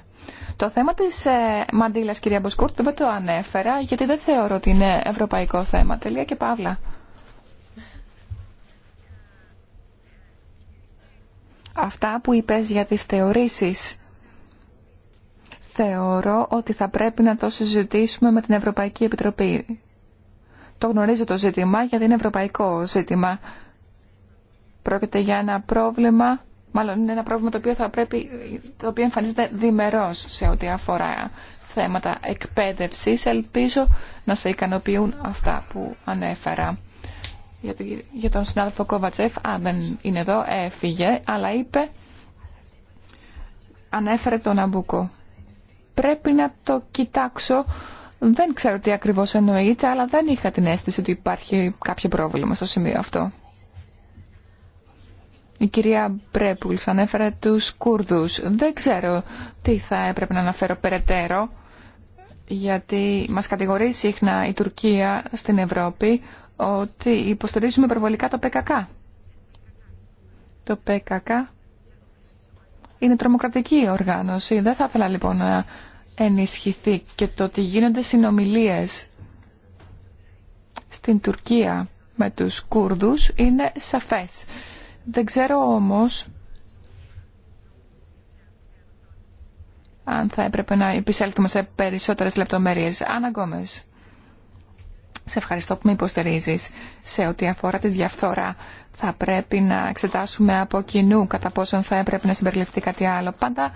Το θέμα της ε, μαντήλας, κυρία Μποσκούρτ, δεν το ανέφερα, γιατί δεν θεωρώ ότι είναι ευρωπαϊκό θέμα. Τελεία και παύλα. αυτά που είπες για τις θεωρήσεις. Θεωρώ ότι θα πρέπει να το συζητήσουμε με την Ευρωπαϊκή Επιτροπή. Το γνωρίζω το ζήτημα γιατί είναι ευρωπαϊκό ζήτημα. Πρόκειται για ένα πρόβλημα, μάλλον είναι ένα πρόβλημα το οποίο, θα πρέπει, το οποίο εμφανίζεται διμερώς σε ό,τι αφορά θέματα εκπαίδευσης. Ελπίζω να σε ικανοποιούν αυτά που ανέφερα για τον, για τον συνάδελφο Κόβατσεφ. Α, δεν είναι εδώ, έφυγε, ε, αλλά είπε, ανέφερε τον Αμπούκο. Πρέπει να το κοιτάξω. Δεν ξέρω τι ακριβώς εννοείται, αλλά δεν είχα την αίσθηση ότι υπάρχει κάποιο πρόβλημα στο σημείο αυτό. Η κυρία Μπρέπουλς ανέφερε τους Κούρδους. Δεν ξέρω τι θα έπρεπε να αναφέρω περαιτέρω, γιατί μας κατηγορεί συχνά η Τουρκία στην Ευρώπη ότι υποστηρίζουμε υπερβολικά το ΠΚΚ. Το ΠΚΚ είναι τρομοκρατική οργάνωση. Δεν θα ήθελα λοιπόν να ενισχυθεί και το ότι γίνονται συνομιλίες στην Τουρκία με τους Κούρδους είναι σαφές. Δεν ξέρω όμως αν θα έπρεπε να επισέλθουμε σε περισσότερες λεπτομέρειες. Άννα σε ευχαριστώ που με υποστηρίζει σε ό,τι αφορά τη διαφθορά. Θα πρέπει να εξετάσουμε από κοινού κατά πόσον θα έπρεπε να συμπεριληφθεί κάτι άλλο. Πάντα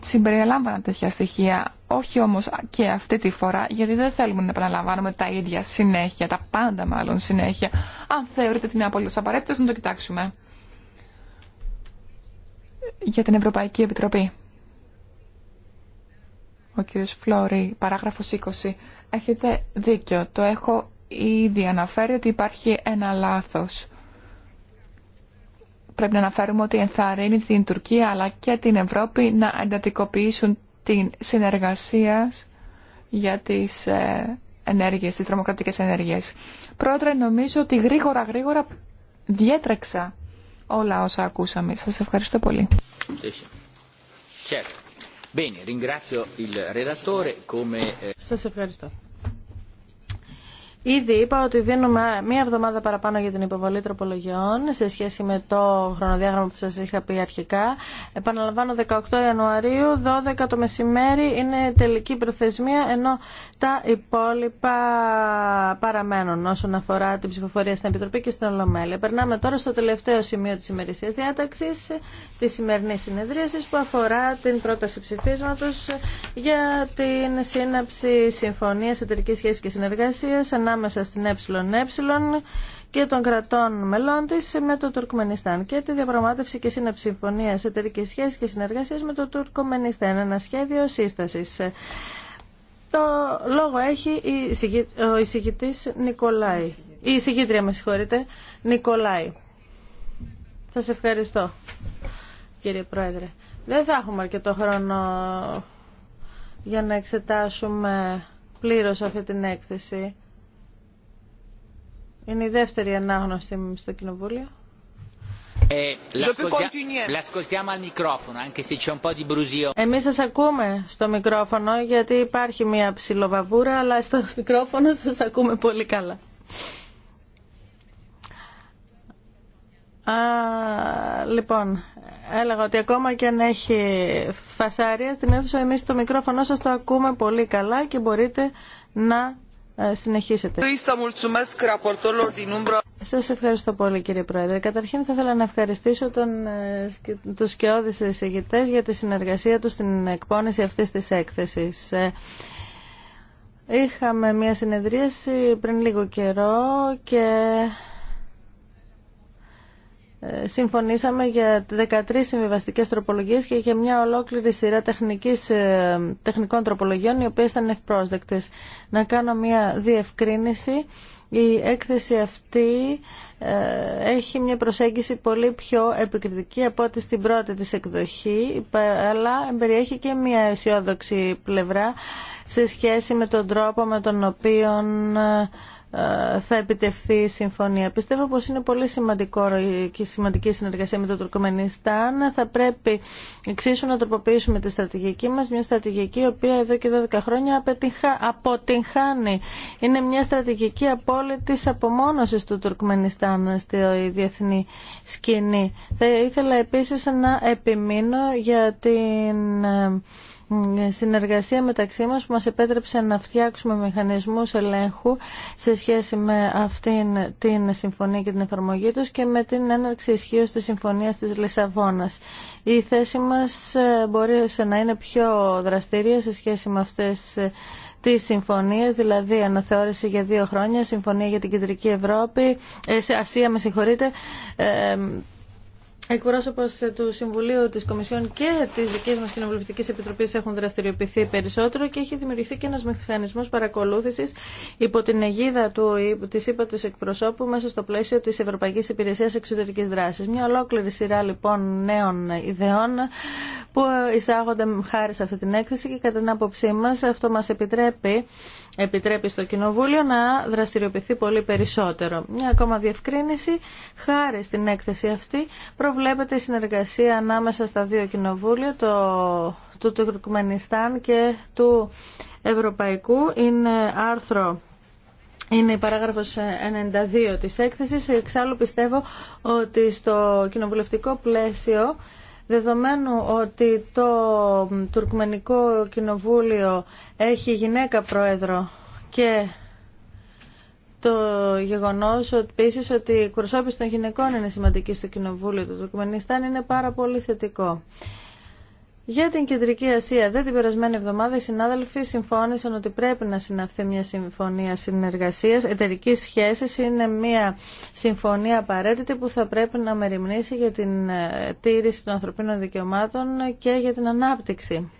συμπεριλάμβανα τέτοια στοιχεία, όχι όμω και αυτή τη φορά, γιατί δεν θέλουμε να επαναλαμβάνουμε τα ίδια συνέχεια, τα πάντα μάλλον συνέχεια. Αν θεωρείτε ότι είναι απολύτω απαραίτητο, να το κοιτάξουμε. Για την Ευρωπαϊκή Επιτροπή. Ο κύριος Φλόρη, παράγραφος 20 έχετε δίκιο. Το έχω ήδη αναφέρει ότι υπάρχει ένα λάθος. Πρέπει να αναφέρουμε ότι ενθαρρύνει την Τουρκία αλλά και την Ευρώπη να εντατικοποιήσουν την συνεργασία για τις ε, ενέργειες, τις τρομοκρατικές ενέργειες. Πρόεδρε, νομίζω ότι γρήγορα γρήγορα διέτρεξα όλα όσα ακούσαμε. Σας ευχαριστώ πολύ. Check. Bene, ringrazio il relatore come... Σας Ήδη είπα ότι δίνουμε μία εβδομάδα παραπάνω για την υποβολή τροπολογιών σε σχέση με το χρονοδιάγραμμα που σας είχα πει αρχικά. Επαναλαμβάνω 18 Ιανουαρίου, 12 το μεσημέρι είναι τελική προθεσμία ενώ τα υπόλοιπα παραμένουν όσον αφορά την ψηφοφορία στην Επιτροπή και στην Ολομέλεια. Περνάμε τώρα στο τελευταίο σημείο της ημερησίας διάταξης της σημερινής συνεδρίασης που αφορά την πρόταση ψηφίσματος για την σύναψη συμφωνία εταιρική σχέση και συνεργασία μέσα στην ΕΕ και των κρατών μελών τη με το Τουρκμενιστάν και τη διαπραγμάτευση και σύναψη συμφωνία εταιρική σχέση και συνεργασία με το Τουρκμενιστάν. Ένα σχέδιο σύσταση. Το λόγο έχει ο εισηγητή Νικολάη. Η εισηγήτρια, με συγχωρείτε, Νικολάη. Σα ευχαριστώ, κύριε Πρόεδρε. Δεν θα έχουμε αρκετό χρόνο για να εξετάσουμε πλήρως αυτή την έκθεση. Είναι η δεύτερη ανάγνωση στο Κοινοβούλιο. Εμείς σας ακούμε στο μικρόφωνο γιατί υπάρχει μια ψιλοβαβούρα αλλά στο μικρόφωνο σας ακούμε πολύ καλά. λοιπόν, έλεγα ότι ακόμα και αν έχει φασάρια στην αίθουσα εμείς στο μικρόφωνο σας το ακούμε πολύ καλά και μπορείτε να ε, συνεχίσετε. Σας ευχαριστώ πολύ κύριε Πρόεδρε. Καταρχήν θα ήθελα να ευχαριστήσω τον, ε, τους σκιώδεις εισηγητές για τη συνεργασία τους στην εκπόνηση αυτής της έκθεσης. Ε, είχαμε μια συνεδρίαση πριν λίγο καιρό και ε, συμφωνήσαμε για 13 συμβιβαστικέ τροπολογίε και για μια ολόκληρη σειρά τεχνικής, ε, τεχνικών τροπολογιών, οι οποίε ήταν ευπρόσδεκτε. Να κάνω μια διευκρίνηση. Η έκθεση αυτή ε, έχει μια προσέγγιση πολύ πιο επικριτική από ό,τι στην πρώτη της εκδοχή, αλλά περιέχει και μια αισιόδοξη πλευρά σε σχέση με τον τρόπο με τον οποίο θα επιτευχθεί η συμφωνία. Πιστεύω πως είναι πολύ σημαντικό και σημαντική συνεργασία με το Τουρκμενιστάν. Θα πρέπει εξίσου να τροποποιήσουμε τη στρατηγική μας, μια στρατηγική η οποία εδώ και 12 χρόνια αποτυγχάνει. Είναι μια στρατηγική απόλυτη απομόνωση του Τουρκμενιστάν στη διεθνή σκηνή. Θα ήθελα επίσης να επιμείνω για την ε, ε, συνεργασία μεταξύ μας που μας επέτρεψε να φτιάξουμε μηχανισμούς ελέγχου σε σχέση με αυτήν την συμφωνία και την εφαρμογή τους και με την έναρξη ισχύω της συμφωνίας της Λισαβόνας. Η θέση μας ε, μπορεί να είναι πιο δραστήρια σε σχέση με αυτές ε, τις συμφωνίες, δηλαδή αναθεώρηση για δύο χρόνια, συμφωνία για την Κεντρική Ευρώπη, Ασία με συγχωρείτε, Εκπρόσωπο του Συμβουλίου τη Κομισιόν και τη δική μα Κοινοβουλευτική Επιτροπή έχουν δραστηριοποιηθεί περισσότερο και έχει δημιουργηθεί και ένα μηχανισμό παρακολούθηση υπό την αιγίδα του ΥΠΑ εκπροσώπου μέσα στο πλαίσιο τη Ευρωπαϊκή Υπηρεσία Εξωτερική Δράση. Μια ολόκληρη σειρά λοιπόν νέων ιδεών που εισάγονται χάρη σε αυτή την έκθεση και κατά την άποψή μα αυτό μα επιτρέπει επιτρέπει στο Κοινοβούλιο να δραστηριοποιηθεί πολύ περισσότερο. Μια ακόμα διευκρίνηση, χάρη στην έκθεση αυτή, προβλέπεται η συνεργασία ανάμεσα στα δύο Κοινοβούλια, το του Τουρκμενιστάν και του Ευρωπαϊκού. Είναι άρθρο είναι η παράγραφος 92 της έκθεσης. Εξάλλου πιστεύω ότι στο κοινοβουλευτικό πλαίσιο Δεδομένου ότι το Τουρκμενικό Κοινοβούλιο έχει γυναίκα πρόεδρο και το γεγονό επίση ότι η εκπροσώπηση των γυναικών είναι σημαντική στο Κοινοβούλιο του Τουρκμενιστάν είναι πάρα πολύ θετικό. Για την Κεντρική Ασία, δεν την περασμένη εβδομάδα, οι συνάδελφοι συμφώνησαν ότι πρέπει να συναυθεί μια συμφωνία συνεργασία. Εταιρική σχέση είναι μια συμφωνία απαραίτητη που θα πρέπει να μεριμνήσει για την ε, τήρηση των ανθρωπίνων δικαιωμάτων και για την ανάπτυξη.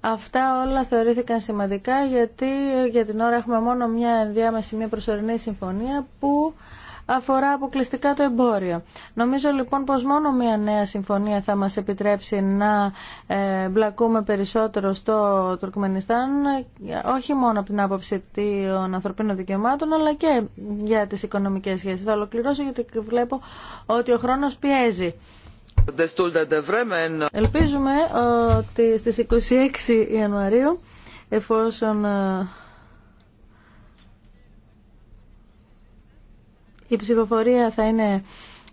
Αυτά όλα θεωρήθηκαν σημαντικά γιατί ε, για την ώρα έχουμε μόνο μια ενδιάμεση, μια προσωρινή συμφωνία που αφορά αποκλειστικά το εμπόριο. Νομίζω λοιπόν πως μόνο μια νέα συμφωνία θα μας επιτρέψει να ε, μπλακούμε περισσότερο στο Τουρκμενιστάν, ε, όχι μόνο από την άποψη των ανθρωπίνων δικαιωμάτων, αλλά και για τις οικονομικές σχέσεις. Θα ολοκληρώσω γιατί βλέπω ότι ο χρόνος πιέζει. Ελπίζουμε ότι στις 26 Ιανουαρίου, εφόσον ε, Η ψηφοφορία θα είναι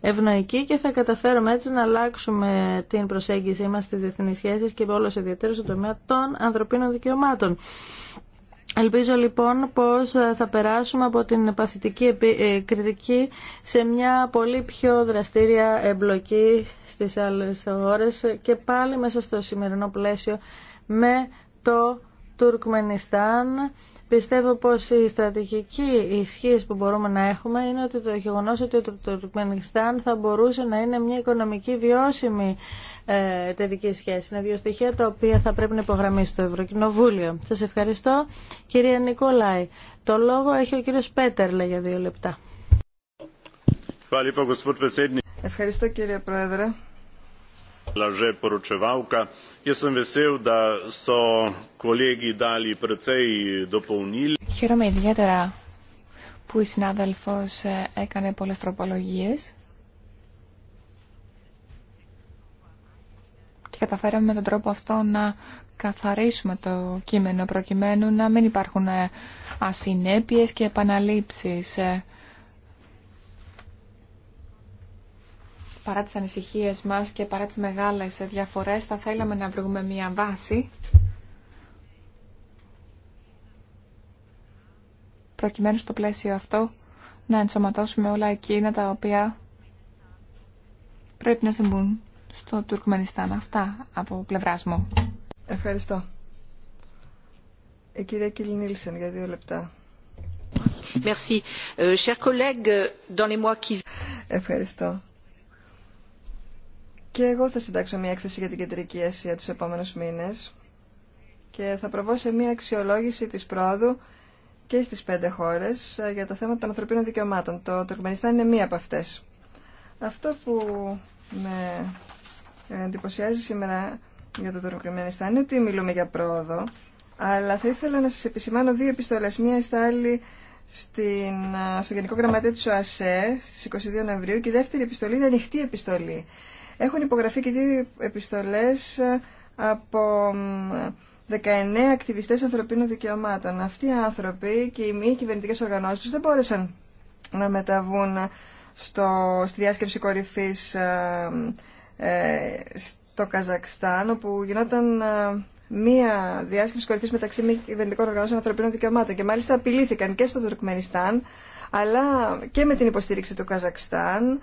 ευνοϊκή και θα καταφέρουμε έτσι να αλλάξουμε την προσέγγιση μας στις διεθνείς σχέσεις και σε ιδιαίτερο στον τομέα των ανθρωπίνων δικαιωμάτων. Ελπίζω λοιπόν πως θα περάσουμε από την παθητική ε, κριτική σε μια πολύ πιο δραστήρια εμπλοκή στις άλλες ώρες και πάλι μέσα στο σημερινό πλαίσιο με το Τουρκμενιστάν Πιστεύω πως η στρατηγική ισχύ που μπορούμε να έχουμε είναι ότι το γεγονό ότι το Τουρκμενιστάν θα μπορούσε να είναι μια οικονομική βιώσιμη ε, εταιρική σχέση. Είναι δύο στοιχεία τα οποία θα πρέπει να υπογραμμίσει το Ευρωκοινοβούλιο. Σα ευχαριστώ. Κυρία Νικολάη, το λόγο έχει ο κύριος Πέτερλε για δύο λεπτά. Ευχαριστώ κύριε Πρόεδρε. Χαίρομαι ιδιαίτερα που η συνάδελφος έκανε πολλές τροπολογίες και καταφέραμε με τον τρόπο αυτό να καθαρίσουμε το κείμενο προκειμένου να μην υπάρχουν ασυνέπειες και επαναλήψεις παρά τις ανησυχίες μας και παρά τις μεγάλες διαφορές θα θέλαμε να βρούμε μια βάση προκειμένου στο πλαίσιο αυτό να ενσωματώσουμε όλα εκείνα τα οποία πρέπει να συμβούν στο Τουρκμενιστάν. Αυτά από πλευράς μου. Ευχαριστώ. Η ε, κυρία Κιλ Νίλσεν για δύο λεπτά. Ε, Ευχαριστώ. Και εγώ θα συντάξω μια έκθεση για την Κεντρική Ασία τους επόμενους μήνες και θα προβώ σε μια αξιολόγηση της πρόοδου και στις πέντε χώρες ε, για τα θέματα των ανθρωπίνων δικαιωμάτων. Το Τουρκμενιστάν είναι μία από αυτές. Αυτό που με ε, εντυπωσιάζει σήμερα για το Τουρκμενιστάν είναι ότι μιλούμε για πρόοδο, αλλά θα ήθελα να σας επισημάνω δύο επιστολές, μία στα άλλη στην, ε, στο Γενικό Γραμματέα της ΟΑΣΕ στις 22 Νοεμβρίου και η δεύτερη επιστολή είναι ανοιχτή επιστολή. Έχουν υπογραφεί και δύο επιστολές από 19 ακτιβιστές ανθρωπίνων δικαιωμάτων. Αυτοί οι άνθρωποι και οι μη κυβερνητικέ οργανώσεις τους δεν μπόρεσαν να μεταβούν στο, στη διάσκεψη κορυφής ε, ε, στο Καζακστάν, όπου γινόταν ε, μία διάσκεψη κορυφή μεταξύ μη κυβερνητικών οργανώσεων ανθρωπίνων δικαιωμάτων. Και μάλιστα απειλήθηκαν και στο Τουρκμενιστάν, αλλά και με την υποστήριξη του Καζακστάν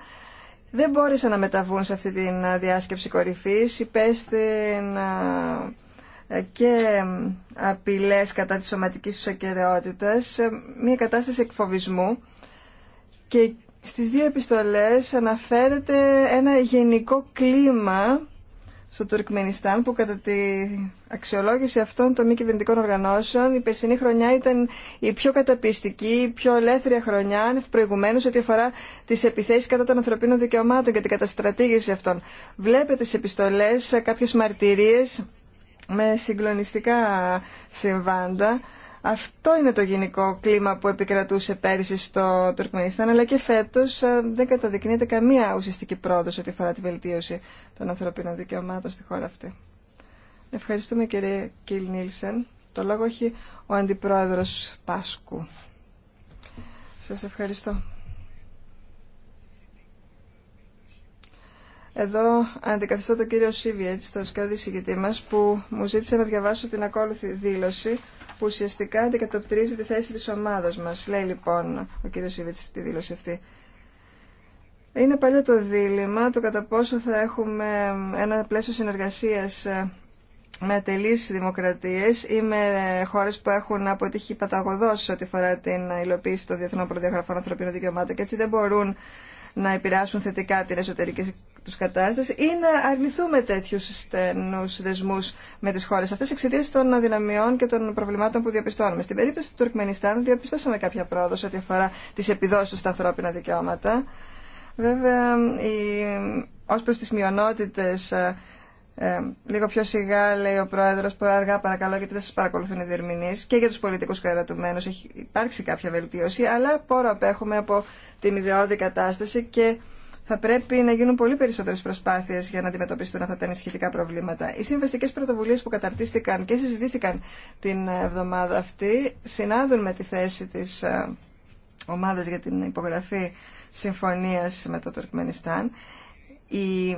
δεν μπόρεσαν να μεταβούν σε αυτή τη ε, διάσκεψη κορυφής. Υπέστην ε, ε, και απειλές κατά της σωματικής τους ακαιρεότητας, μια κατάσταση εκφοβισμού και στις δύο επιστολές αναφέρεται ένα γενικό κλίμα στο Τουρκμενιστάν που κατά τη αξιολόγηση αυτών των μη κυβερνητικών οργανώσεων η περσινή χρονιά ήταν η πιο καταπιστική, η πιο ελεύθερη χρονιά προηγουμένω ότι αφορά τι επιθέσει κατά των ανθρωπίνων δικαιωμάτων και την καταστρατήγηση αυτών. Βλέπετε τι επιστολές, κάποιε μαρτυρίες με συγκλονιστικά συμβάντα. Αυτό είναι το γενικό κλίμα που επικρατούσε πέρυσι στο Τουρκμενιστάν, αλλά και φέτο ε, δεν καταδεικνύεται καμία ουσιαστική πρόοδος ότι αφορά τη βελτίωση των ανθρωπίνων δικαιωμάτων στη χώρα αυτή. Ευχαριστούμε κύριε Κιλ Νίλσεν. Το λόγο έχει ο Αντιπρόεδρος Πάσκου. Σας ευχαριστώ. Εδώ αντικαθιστώ τον κύριο Σίβιετ τον σκιώδη συγκητή μας, που μου ζήτησε να διαβάσω την ακόλουθη δήλωση που ουσιαστικά αντικατοπτρίζει τη θέση της ομάδας μας. Λέει λοιπόν ο κύριος Σίβιετ τη δήλωση αυτή. Είναι παλιό το δίλημα το κατά πόσο θα έχουμε ένα πλαίσιο συνεργασίας ε, με ατελείς δημοκρατίες ή με χώρες που έχουν αποτύχει παταγωδός ό,τι φορά την υλοποίηση των διεθνών προδιαγραφών ανθρωπίνων δικαιωμάτων και έτσι δεν μπορούν να επηρεάσουν θετικά την εσωτερική του κατάσταση ή να αρνηθούμε τέτοιου στενού δεσμού με τι χώρε αυτέ εξαιτία των αδυναμιών και των προβλημάτων που διαπιστώνουμε. Στην περίπτωση του Τουρκμενιστάν, διαπιστώσαμε κάποια πρόοδο ό,τι αφορά τι επιδόσει στα ανθρώπινα δικαιώματα. Βέβαια, ω προ τι μειονότητε ε, λίγο πιο σιγά, λέει ο πρόεδρο, πιο αργά παρακαλώ, γιατί δεν σα παρακολουθούν οι διερμηνεί και για του πολιτικού κρατουμένου. Έχει υπάρξει κάποια βελτίωση, αλλά πόρο απέχουμε από την ιδεώδη κατάσταση και θα πρέπει να γίνουν πολύ περισσότερε προσπάθειε για να αντιμετωπιστούν αυτά τα ενισχυτικά προβλήματα. Οι συμβαστικέ πρωτοβουλίε που καταρτίστηκαν και συζητήθηκαν την εβδομάδα αυτή συνάδουν με τη θέση τη ε, ομάδα για την υπογραφή συμφωνία με το Τουρκμενιστάν η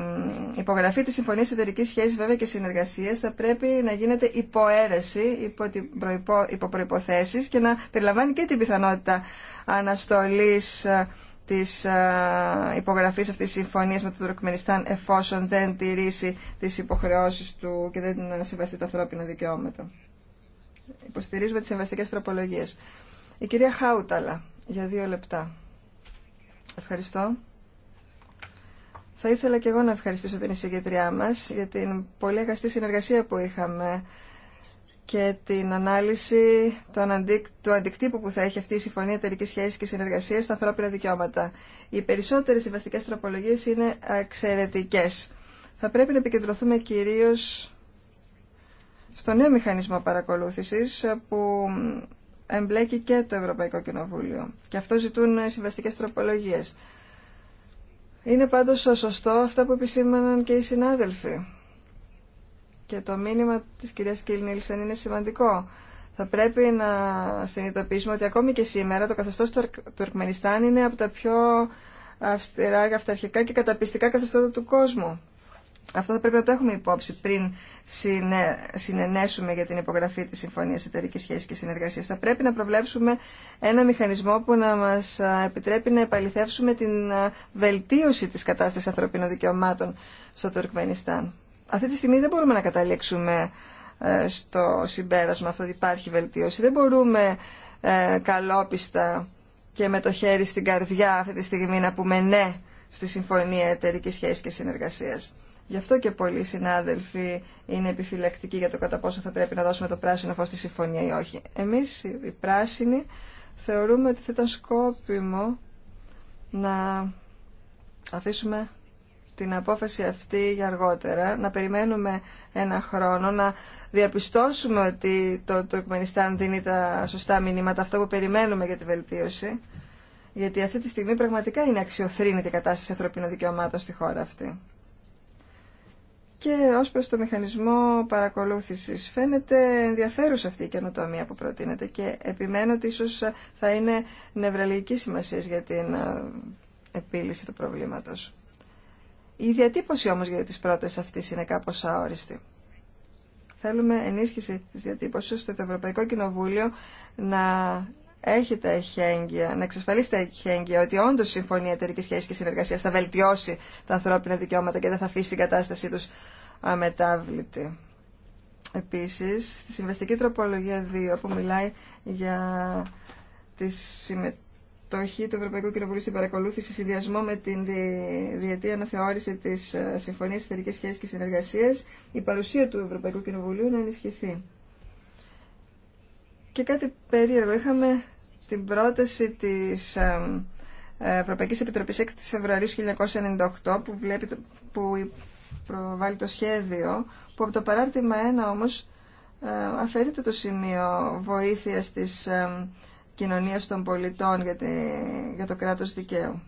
υπογραφή της Συμφωνίας Εταιρική σχέση βέβαια και συνεργασίας θα πρέπει να γίνεται υποαίρεση, υπό, υπό προϋποθέσεις και να περιλαμβάνει και την πιθανότητα αναστολής ε, της ε, υπογραφής αυτής της συμφωνίας με το Τουρκμενιστάν εφόσον δεν τηρήσει τις υποχρεώσεις του και δεν ανασυμβαστεί τα ανθρώπινα δικαιώματα. Υποστηρίζουμε τις συμβαστικές τροπολογίες. Η κυρία Χάουταλα, για δύο λεπτά. Ευχαριστώ. Θα ήθελα και εγώ να ευχαριστήσω την εισηγητριά μας για την πολύ αγαστή συνεργασία που είχαμε και την ανάλυση του αντικτύπου που θα έχει αυτή η Συμφωνία Εταιρική Σχέση και Συνεργασία στα ανθρώπινα δικαιώματα. Οι περισσότερε συμβαστικέ τροπολογίε είναι εξαιρετικέ. Θα πρέπει να επικεντρωθούμε κυρίω στο νέο μηχανισμό παρακολούθηση που εμπλέκει και το Ευρωπαϊκό Κοινοβούλιο. Και αυτό ζητούν συμβαστικέ τροπολογίε. Είναι πάντως σωστό αυτά που επισήμαναν και οι συνάδελφοι. Και το μήνυμα της κυρίας Κιλ είναι σημαντικό. Θα πρέπει να συνειδητοποιήσουμε ότι ακόμη και σήμερα το καθεστώς του Τουρκμενιστάν είναι από τα πιο αυστηρά, αυταρχικά και καταπιστικά καθεστώτα του κόσμου. Αυτό θα πρέπει να το έχουμε υπόψη πριν συνενέσουμε για την υπογραφή της Συμφωνίας Εταιρικής Σχέσης και Συνεργασίας. Θα πρέπει να προβλέψουμε ένα μηχανισμό που να μας επιτρέπει να επαληθεύσουμε την βελτίωση της κατάστασης ανθρωπίνων δικαιωμάτων στο Τουρκμενιστάν. Αυτή τη στιγμή δεν μπορούμε να καταλήξουμε ε, στο συμπέρασμα αυτό ότι υπάρχει βελτίωση. Δεν μπορούμε ε, καλόπιστα και με το χέρι στην καρδιά αυτή τη στιγμή να πούμε ναι στη Συμφωνία Εταιρικής Σχέσης και Συνεργασίας. Γι' αυτό και πολλοί συνάδελφοι είναι επιφυλακτικοί για το κατά πόσο θα πρέπει να δώσουμε το πράσινο φως στη συμφωνία ή όχι. Εμείς οι πράσινοι θεωρούμε ότι θα ήταν σκόπιμο να αφήσουμε την απόφαση αυτή για αργότερα, να περιμένουμε ένα χρόνο, να διαπιστώσουμε ότι το Τουρκμενιστάν δίνει τα σωστά μηνύματα, αυτό που περιμένουμε για τη βελτίωση. Γιατί αυτή τη στιγμή πραγματικά είναι αξιοθρύνητη η κατάσταση ανθρωπίνων δικαιωμάτων στη χώρα αυτή. Και ω προς το μηχανισμό παρακολούθησης φαίνεται ενδιαφέρουσα αυτή η καινοτομία που προτείνεται και επιμένω ότι ίσω θα είναι νευραλική σημασία για την ε, επίλυση του προβλήματος. Η διατύπωση όμως για τις πρώτες αυτέ είναι κάπως αόριστη. Θέλουμε ενίσχυση της διατύπωσης ώστε το Ευρωπαϊκό Κοινοβούλιο να έχει τα εχέγγυα, να εξασφαλίσει τα εχέγγυα ότι όντω η Συμφωνία Εταιρική Σχέση και Συνεργασία θα βελτιώσει τα ανθρώπινα δικαιώματα και δεν θα αφήσει την κατάστασή του αμετάβλητη. Επίση, στη συμβαστική τροπολογία 2 που μιλάει για τη συμμετοχή του Ευρωπαϊκού Κοινοβουλίου στην παρακολούθηση συνδυασμό με την διετή αναθεώρηση τη ε, Συμφωνία Εταιρική Σχέση και Συνεργασία, η παρουσία του Ευρωπαϊκού Κοινοβουλίου να ενισχυθεί. Και κάτι περίεργο. Είχαμε την πρόταση της Ευρωπαϊκής Επιτροπής 6 Φεβρουαρίου 1998 που, βλέπει, που προβάλλει το σχέδιο που από το παράρτημα 1 όμως ε, αφαιρείται το σημείο βοήθειας της κοινωνίας των πολιτών για, για το κράτος δικαίου.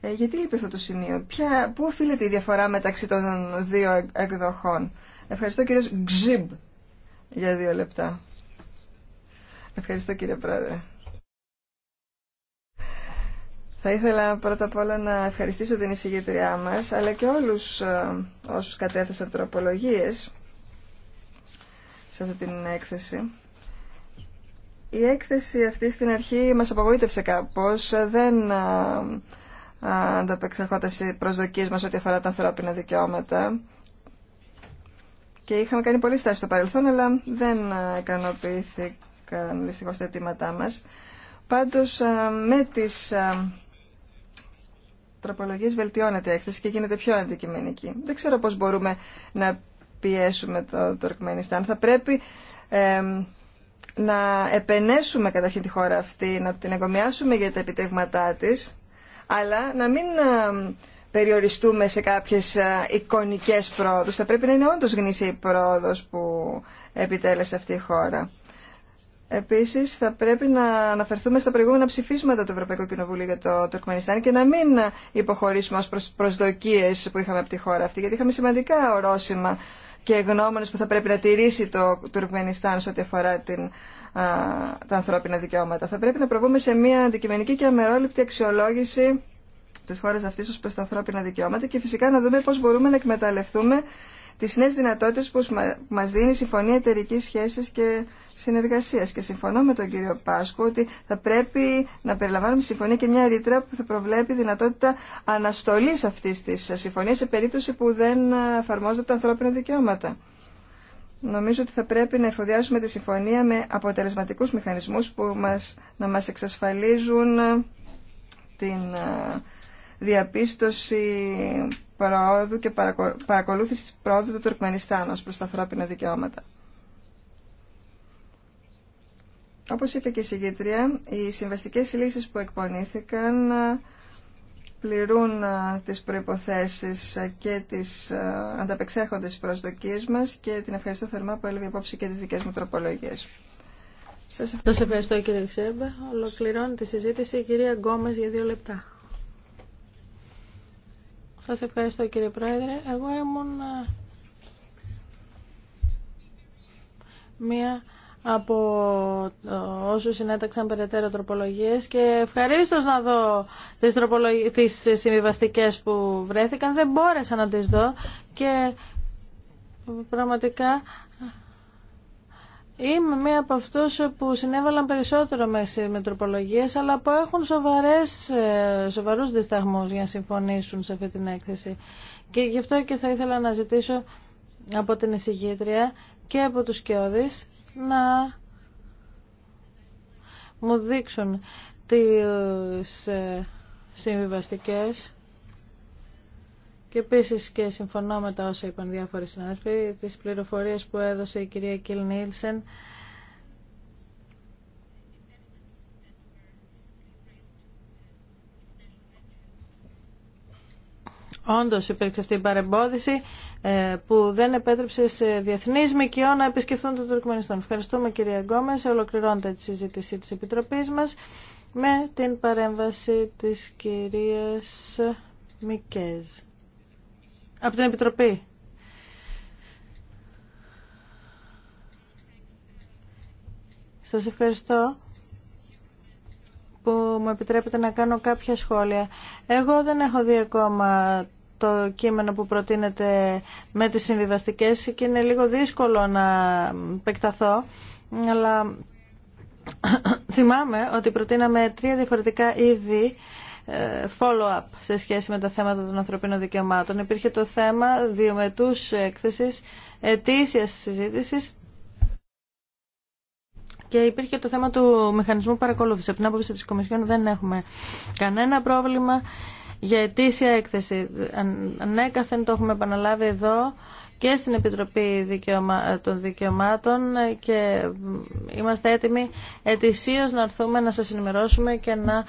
Ε, γιατί λείπει αυτό το σημείο, πού οφείλεται η διαφορά μεταξύ των δύο εκδοχών. Ευχαριστώ κύριος Γκζιμπ για δύο λεπτά. Ευχαριστώ κύριε Πρόεδρε. Θα ήθελα πρώτα απ' όλα να ευχαριστήσω την εισηγήτριά μας, αλλά και όλους ε, όσους κατέθεσαν τροπολογίες σε αυτή την έκθεση. Η έκθεση αυτή στην αρχή μας απογοήτευσε κάπως. Δεν ε, ε, ανταπεξερχόταν σε προσδοκίες μας ό,τι αφορά τα ανθρώπινα δικαιώματα και είχαμε κάνει πολλές στάσεις στο παρελθόν, αλλά δεν ε, ικανοποιήθηκαν δυστυχώς τα αιτήματά μας. Πάντως, ε, με τις ε, τροπολογίες βελτιώνεται η έκθεση και γίνεται πιο αντικειμενική. Δεν ξέρω πώς μπορούμε να πιέσουμε το Τουρκμενιστάν. Θα πρέπει να επενέσουμε καταρχήν τη χώρα αυτή, να την εγκομιάσουμε για τα επιτεύγματά της, αλλά να μην περιοριστούμε σε κάποιες εικονικές πρόοδους. Θα πρέπει να είναι όντως γνήσια η πρόοδος που επιτέλεσε αυτή η χώρα. Επίσης θα πρέπει να αναφερθούμε στα προηγούμενα ψηφίσματα του Ευρωπαϊκού Κοινοβουλίου για το Τουρκμενιστάν και να μην υποχωρήσουμε ως προσδοκίες που είχαμε από τη χώρα αυτή, γιατί είχαμε σημαντικά ορόσημα και γνώμονες που θα πρέπει να τηρήσει το Τουρκμενιστάν σε ό,τι αφορά την, α, τα ανθρώπινα δικαιώματα. Θα πρέπει να προβούμε σε μια αντικειμενική και αμερόληπτη αξιολόγηση τι χώρε αυτή ω προ τα ανθρώπινα δικαιώματα και φυσικά να δούμε πώ μπορούμε να εκμεταλλευτούμε τι νέε δυνατότητε που μα δίνει η Συμφωνία εταιρική σχέση και συνεργασία. Και συμφωνώ με τον κύριο Πάσκου ότι θα πρέπει να περιλαμβάνουμε συμφωνία και μια ρήτρα που θα προβλέπει δυνατότητα αναστολή αυτή τη συμφωνία σε περίπτωση που δεν εφαρμόζονται τα ανθρώπινα δικαιώματα. Νομίζω ότι θα πρέπει να εφοδιάσουμε τη συμφωνία με αποτελεσματικού μηχανισμού που μας, να μα εξασφαλίζουν την διαπίστωση πρόοδου και παρακολούθηση της πρόοδου του Τουρκμενιστάν ως προς τα ανθρώπινα δικαιώματα. Όπως είπε και η συγκήτρια, οι συμβαστικές λύσεις που εκπονήθηκαν ε, πληρούν ε, τις προϋποθέσεις ε, και τις ανταπεξέρχονται προσδοκίες μας και την ευχαριστώ θερμά που έλαβε υπόψη και τις δικές μου τροπολογίες. Σας ευχαριστώ, κύριε Ολοκληρώνει τη συζήτηση η κυρία Γκόμες για δύο λεπτά. Σας ευχαριστώ κύριε Πρόεδρε. Εγώ ήμουν μία από ε, όσους συνέταξαν περαιτέρω τροπολογίες και ευχαρίστω να δω τις, τροπολογίες, τις συμβιβαστικές που βρέθηκαν. Δεν μπόρεσα να τις δω και πραγματικά Είμαι μία από αυτού που συνέβαλαν περισσότερο με μετροπολογίε, αλλά που έχουν ε, σοβαρού δισταγμού για να συμφωνήσουν σε αυτή την έκθεση. Και γι' αυτό και θα ήθελα να ζητήσω από την εισηγήτρια και από τους Κιώδη να μου δείξουν τι ε, συμβιβαστικές και επίση και συμφωνώ με τα όσα είπαν διάφοροι συνάδελφοι, τι πληροφορίε που έδωσε η κυρία Κιλ Νίλσεν. Όντως υπήρξε αυτή η παρεμπόδιση ε, που δεν επέτρεψε σε διεθνεί ΜΚΟ να επισκεφθούν το Τουρκμενιστάν. Ευχαριστούμε κυρία Γκόμε. Ολοκληρώνεται τη συζήτηση τη Επιτροπή μα με την παρέμβαση τη κυρία Μικέζ από την Επιτροπή. Σας ευχαριστώ που μου επιτρέπετε να κάνω κάποια σχόλια. Εγώ δεν έχω δει ακόμα το κείμενο που προτείνεται με τις συμβιβαστικές και είναι λίγο δύσκολο να επεκταθώ, αλλά θυμάμαι ότι προτείναμε τρία διαφορετικά είδη follow-up σε σχέση με τα θέματα των ανθρωπίνων δικαιωμάτων. Υπήρχε το θέμα διομετούς έκθεσης, ετήσιας συζήτησης και υπήρχε το θέμα του μηχανισμού παρακολούθησης. Από την άποψη της Κομισιόν δεν έχουμε κανένα πρόβλημα για ετήσια έκθεση. Ανέκαθεν το έχουμε επαναλάβει εδώ και στην Επιτροπή των Δικαιωμάτων και είμαστε έτοιμοι ετησίως να έρθουμε να σας ενημερώσουμε και να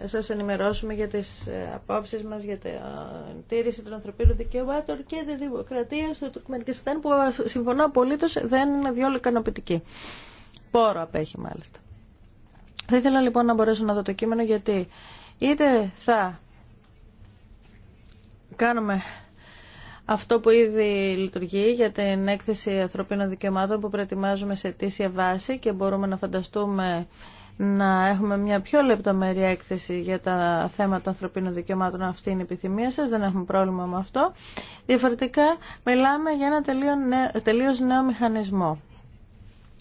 ε, σας ενημερώσουμε για τις ε, απόψεις μας για την ε, τήρηση των ανθρωπίνων δικαιωμάτων και τη δημοκρατία στο Τουρκμενικιστάν που ε, συμφωνώ απολύτω δεν είναι διόλου ικανοποιητική. Πόρο απέχει μάλιστα. Θα ήθελα λοιπόν να μπορέσω να δω το κείμενο γιατί είτε θα κάνουμε αυτό που ήδη λειτουργεί για την έκθεση ανθρωπίνων δικαιωμάτων που προετοιμάζουμε σε αιτήσια βάση και μπορούμε να φανταστούμε να έχουμε μια πιο λεπτομερή έκθεση για τα θέματα ανθρωπίνων δικαιωμάτων. Αυτή είναι η επιθυμία σας, δεν έχουμε πρόβλημα με αυτό. Διαφορετικά μιλάμε για ένα τελείως νέο μηχανισμό.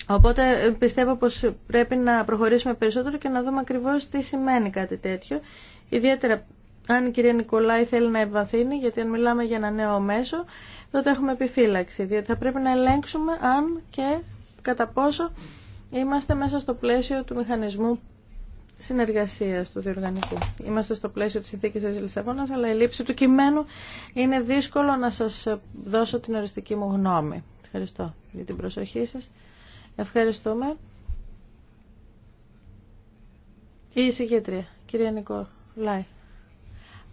Οπότε πιστεύω πως πρέπει να προχωρήσουμε περισσότερο και να δούμε ακριβώς τι σημαίνει κάτι τέτοιο. Ιδιαίτερα αν η κυρία Νικολάη θέλει να ευαθύνει, γιατί αν μιλάμε για ένα νέο μέσο, τότε έχουμε επιφύλαξη, διότι θα πρέπει να ελέγξουμε αν και κατά πόσο είμαστε μέσα στο πλαίσιο του μηχανισμού συνεργασία του διοργανικού. Είμαστε στο πλαίσιο τη συνθήκη τη Λισαβόνα, αλλά η λήψη του κειμένου είναι δύσκολο να σα δώσω την οριστική μου γνώμη. Ευχαριστώ για την προσοχή σα. Ευχαριστούμε. Η εισηγήτρια, κυρία Νικολάη.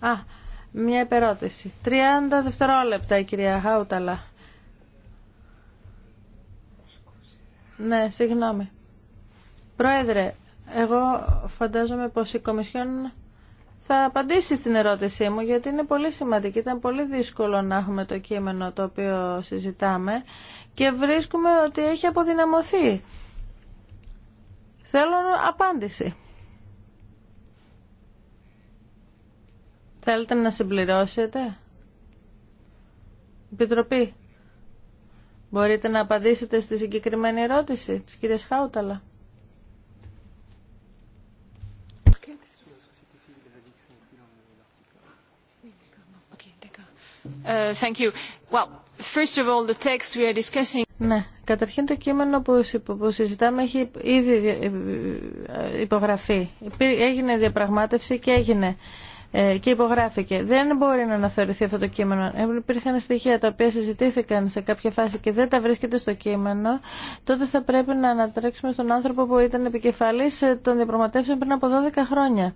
Α, μια υπερώτηση. 30 δευτερόλεπτα η κυρία Χάουταλα. Ναι, συγγνώμη. Πρόεδρε, εγώ φαντάζομαι πως η Κομισιόν θα απαντήσει στην ερώτησή μου γιατί είναι πολύ σημαντική. Ήταν πολύ δύσκολο να έχουμε το κείμενο το οποίο συζητάμε και βρίσκουμε ότι έχει αποδυναμωθεί. Θέλω απάντηση. Θέλετε να συμπληρώσετε. Επιτροπή, μπορείτε να απαντήσετε στη συγκεκριμένη ερώτηση της κυρίας Χάουταλα. Ναι, καταρχήν το κείμενο που συζητάμε έχει ήδη ε, ε, υπογραφεί. Έγινε διαπραγμάτευση και έγινε ε, και υπογράφηκε. Δεν μπορεί να αναθεωρηθεί αυτό το κείμενο. Ε, υπήρχαν στοιχεία τα οποία συζητήθηκαν σε κάποια φάση και δεν τα βρίσκεται στο κείμενο. Τότε θα πρέπει να ανατρέξουμε στον άνθρωπο που ήταν επικεφαλή ε, των διαπραγματεύσεων πριν από 12 χρόνια.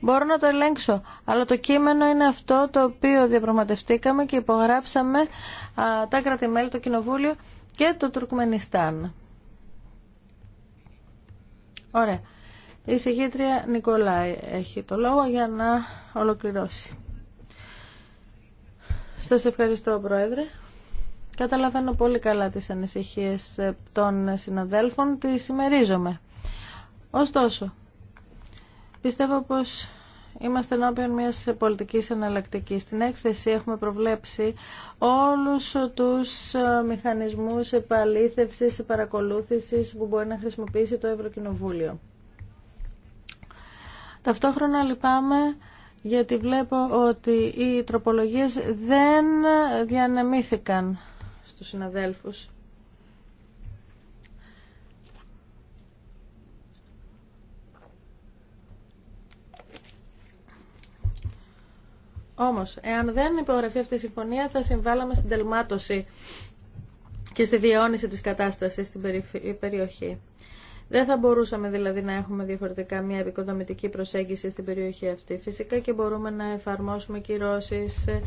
Μπορώ να το ελέγξω, αλλά το κείμενο είναι αυτό το οποίο διαπραγματευτήκαμε και υπογράψαμε τα κρατημέλη, το Κοινοβούλιο και το Τουρκμενιστάν. Ωραία. Η εισηγήτρια Νικολάη έχει το λόγο για να ολοκληρώσει. Σας ευχαριστώ, Πρόεδρε. Καταλαβαίνω πολύ καλά τις ανησυχίες των συναδέλφων, τις συμμερίζομαι. Ωστόσο, πιστεύω πως Είμαστε ενώπιον μιας πολιτικής εναλλακτική. Στην έκθεση έχουμε προβλέψει όλους τους μηχανισμούς επαλήθευσης, παρακολούθησης που μπορεί να χρησιμοποιήσει το Ευρωκοινοβούλιο. Ταυτόχρονα λυπάμαι γιατί βλέπω ότι οι τροπολογίες δεν διανεμήθηκαν στους συναδέλφους. Όμως, εάν δεν υπογραφεί αυτή η συμφωνία, θα συμβάλαμε στην τελμάτωση και στη διαιώνιση της κατάστασης στην περιοχή. Δεν θα μπορούσαμε δηλαδή να έχουμε διαφορετικά μια επικοδομητική προσέγγιση στην περιοχή αυτή. Φυσικά και μπορούμε να εφαρμόσουμε κυρώσεις, ε,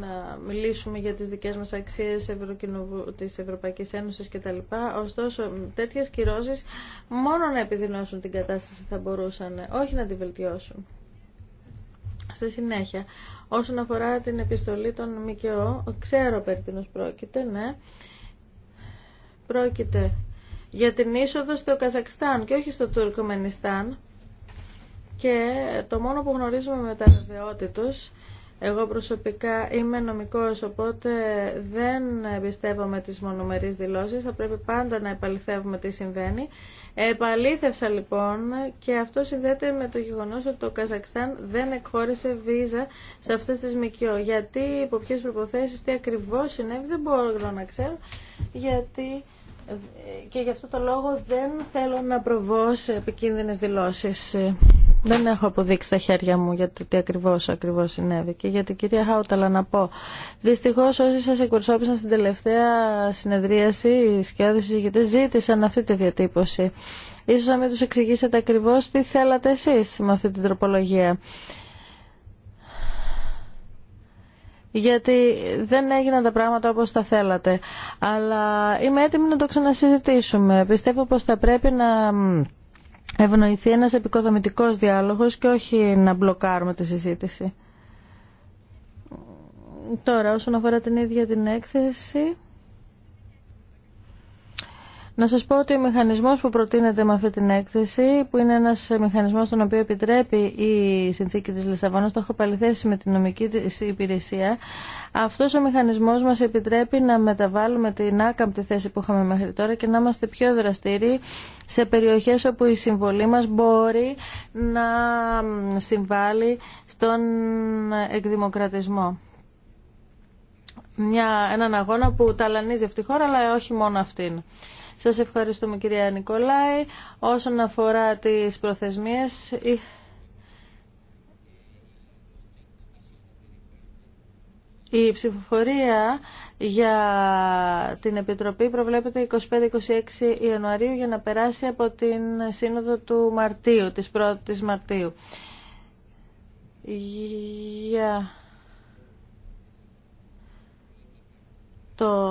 να μιλήσουμε για τις δικές μας αξίες της Ευρωπαϊκής Ένωσης κτλ. Ωστόσο, τέτοιες κυρώσεις μόνο να επιδεινώσουν την κατάσταση θα μπορούσαν, όχι να την βελτιώσουν. Στη συνέχεια, όσον αφορά την επιστολή των ΜΚΟ, ξέρω περί πρόκειται, ναι, πρόκειται για την είσοδο στο Καζακστάν και όχι στο Τουρκμενιστάν και το μόνο που γνωρίζουμε με τα βεβαιότητος εγώ προσωπικά είμαι νομικός, οπότε δεν εμπιστεύομαι τις μονομερείς δηλώσεις. Θα πρέπει πάντα να επαληθεύουμε τι συμβαίνει. Επαλήθευσα λοιπόν και αυτό συνδέεται με το γεγονός ότι το Καζακστάν δεν εκχώρησε βίζα σε αυτές τις ΜΚΟ. Γιατί, υπό ποιες προποθέσεις, τι ακριβώς συνέβη, δεν μπορώ να ξέρω. Γιατί ε, και γι' αυτό το λόγο δεν θέλω να προβώ σε επικίνδυνες δηλώσεις. Δεν έχω αποδείξει τα χέρια μου για το τι ακριβώς, ακριβώς συνέβη. Και για την κυρία Χάουταλα να πω. Δυστυχώς όσοι σας εκπροσώπησαν στην τελευταία συνεδρίαση, οι σκιώδεις συζητητές ζήτησαν αυτή τη διατύπωση. Ίσως να μην τους εξηγήσετε ακριβώς τι θέλατε εσείς με αυτή την τροπολογία. γιατί δεν έγιναν τα πράγματα όπως τα θέλατε. Αλλά είμαι έτοιμη να το ξανασυζητήσουμε. Πιστεύω πως θα πρέπει να ευνοηθεί ένας επικοδομητικός διάλογος και όχι να μπλοκάρουμε τη συζήτηση. Τώρα, όσον αφορά την ίδια την έκθεση, να σας πω ότι ο μηχανισμός που προτείνεται με αυτή την έκθεση, που είναι ένας μηχανισμός τον οποίο επιτρέπει η συνθήκη της Λισαβόνας, το έχω παλιθέσει με την νομική υπηρεσία, αυτός ο μηχανισμός μας επιτρέπει να μεταβάλουμε την άκαμπτη θέση που είχαμε μέχρι τώρα και να είμαστε πιο δραστήριοι σε περιοχές όπου η συμβολή μας μπορεί να συμβάλλει στον εκδημοκρατισμό μια, έναν αγώνα που ταλανίζει αυτή τη χώρα, αλλά όχι μόνο αυτήν. Σας ευχαριστούμε κυρία Νικολάη. Όσον αφορά τις προθεσμίες, Η ψηφοφορία για την Επιτροπή προβλέπεται 25-26 Ιανουαρίου για να περάσει από την Σύνοδο του Μαρτίου, της 1ης Μαρτίου. Για το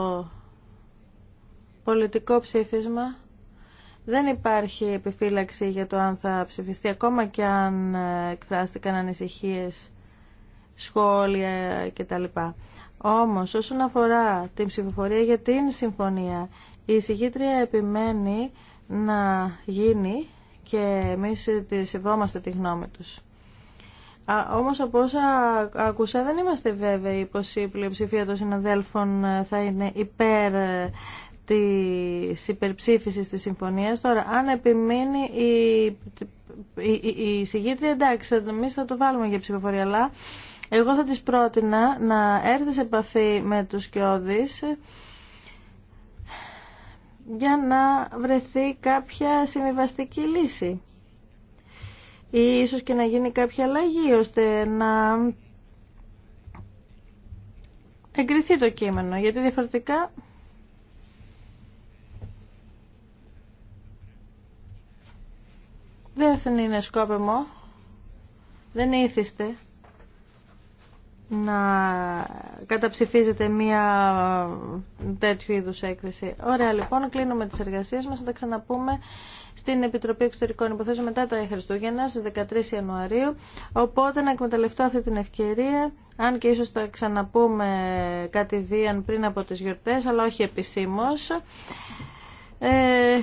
πολιτικό ψήφισμα δεν υπάρχει επιφύλαξη για το αν θα ψηφιστεί ακόμα και αν ε, εκφράστηκαν ανησυχίες, σχόλια κτλ. Όμως όσον αφορά την ψηφοφορία για την συμφωνία η εισηγήτρια επιμένει να γίνει και εμείς τη σεβόμαστε τη γνώμη τους. Α, όμως από όσα άκουσα δεν είμαστε βέβαιοι πως η πλειοψηφία των συναδέλφων ε, θα είναι υπέρ ε, τη υπερψήφισης της συμφωνίας. Τώρα, αν επιμείνει η, η, η εντάξει, εμεί θα το βάλουμε για ψηφοφορία, αλλά εγώ θα της πρότεινα να έρθει σε επαφή με τους Κιώδης για να βρεθεί κάποια συμβιβαστική λύση. Ή ίσως και να γίνει κάποια αλλαγή, ώστε να εγκριθεί το κείμενο, γιατί διαφορετικά Δεν είναι σκόπεμο, δεν ήθιστε να καταψηφίζετε μία τέτοιου είδους έκθεση. Ωραία λοιπόν, κλείνουμε τις εργασίες μας, θα τα ξαναπούμε στην Επιτροπή Εξωτερικών Υποθέσεων μετά τα Χριστούγεννα στις 13 Ιανουαρίου, οπότε να εκμεταλλευτώ αυτή την ευκαιρία, αν και ίσως τα ξαναπούμε κάτι δίαν πριν από τις γιορτές, αλλά όχι επισήμως. Ε,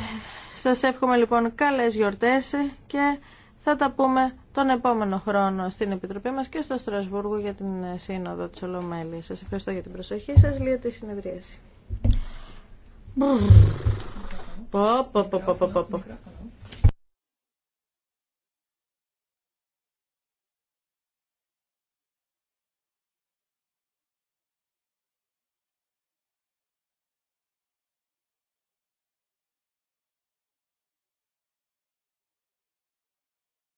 σας εύχομαι λοιπόν καλές γιορτές και θα τα πούμε τον επόμενο χρόνο στην Επιτροπή μας και στο Στρασβούργο για την Σύνοδο της Ολομέλειας. Σας ευχαριστώ για την προσοχή σας. Λύεται τη συνεδρίαση.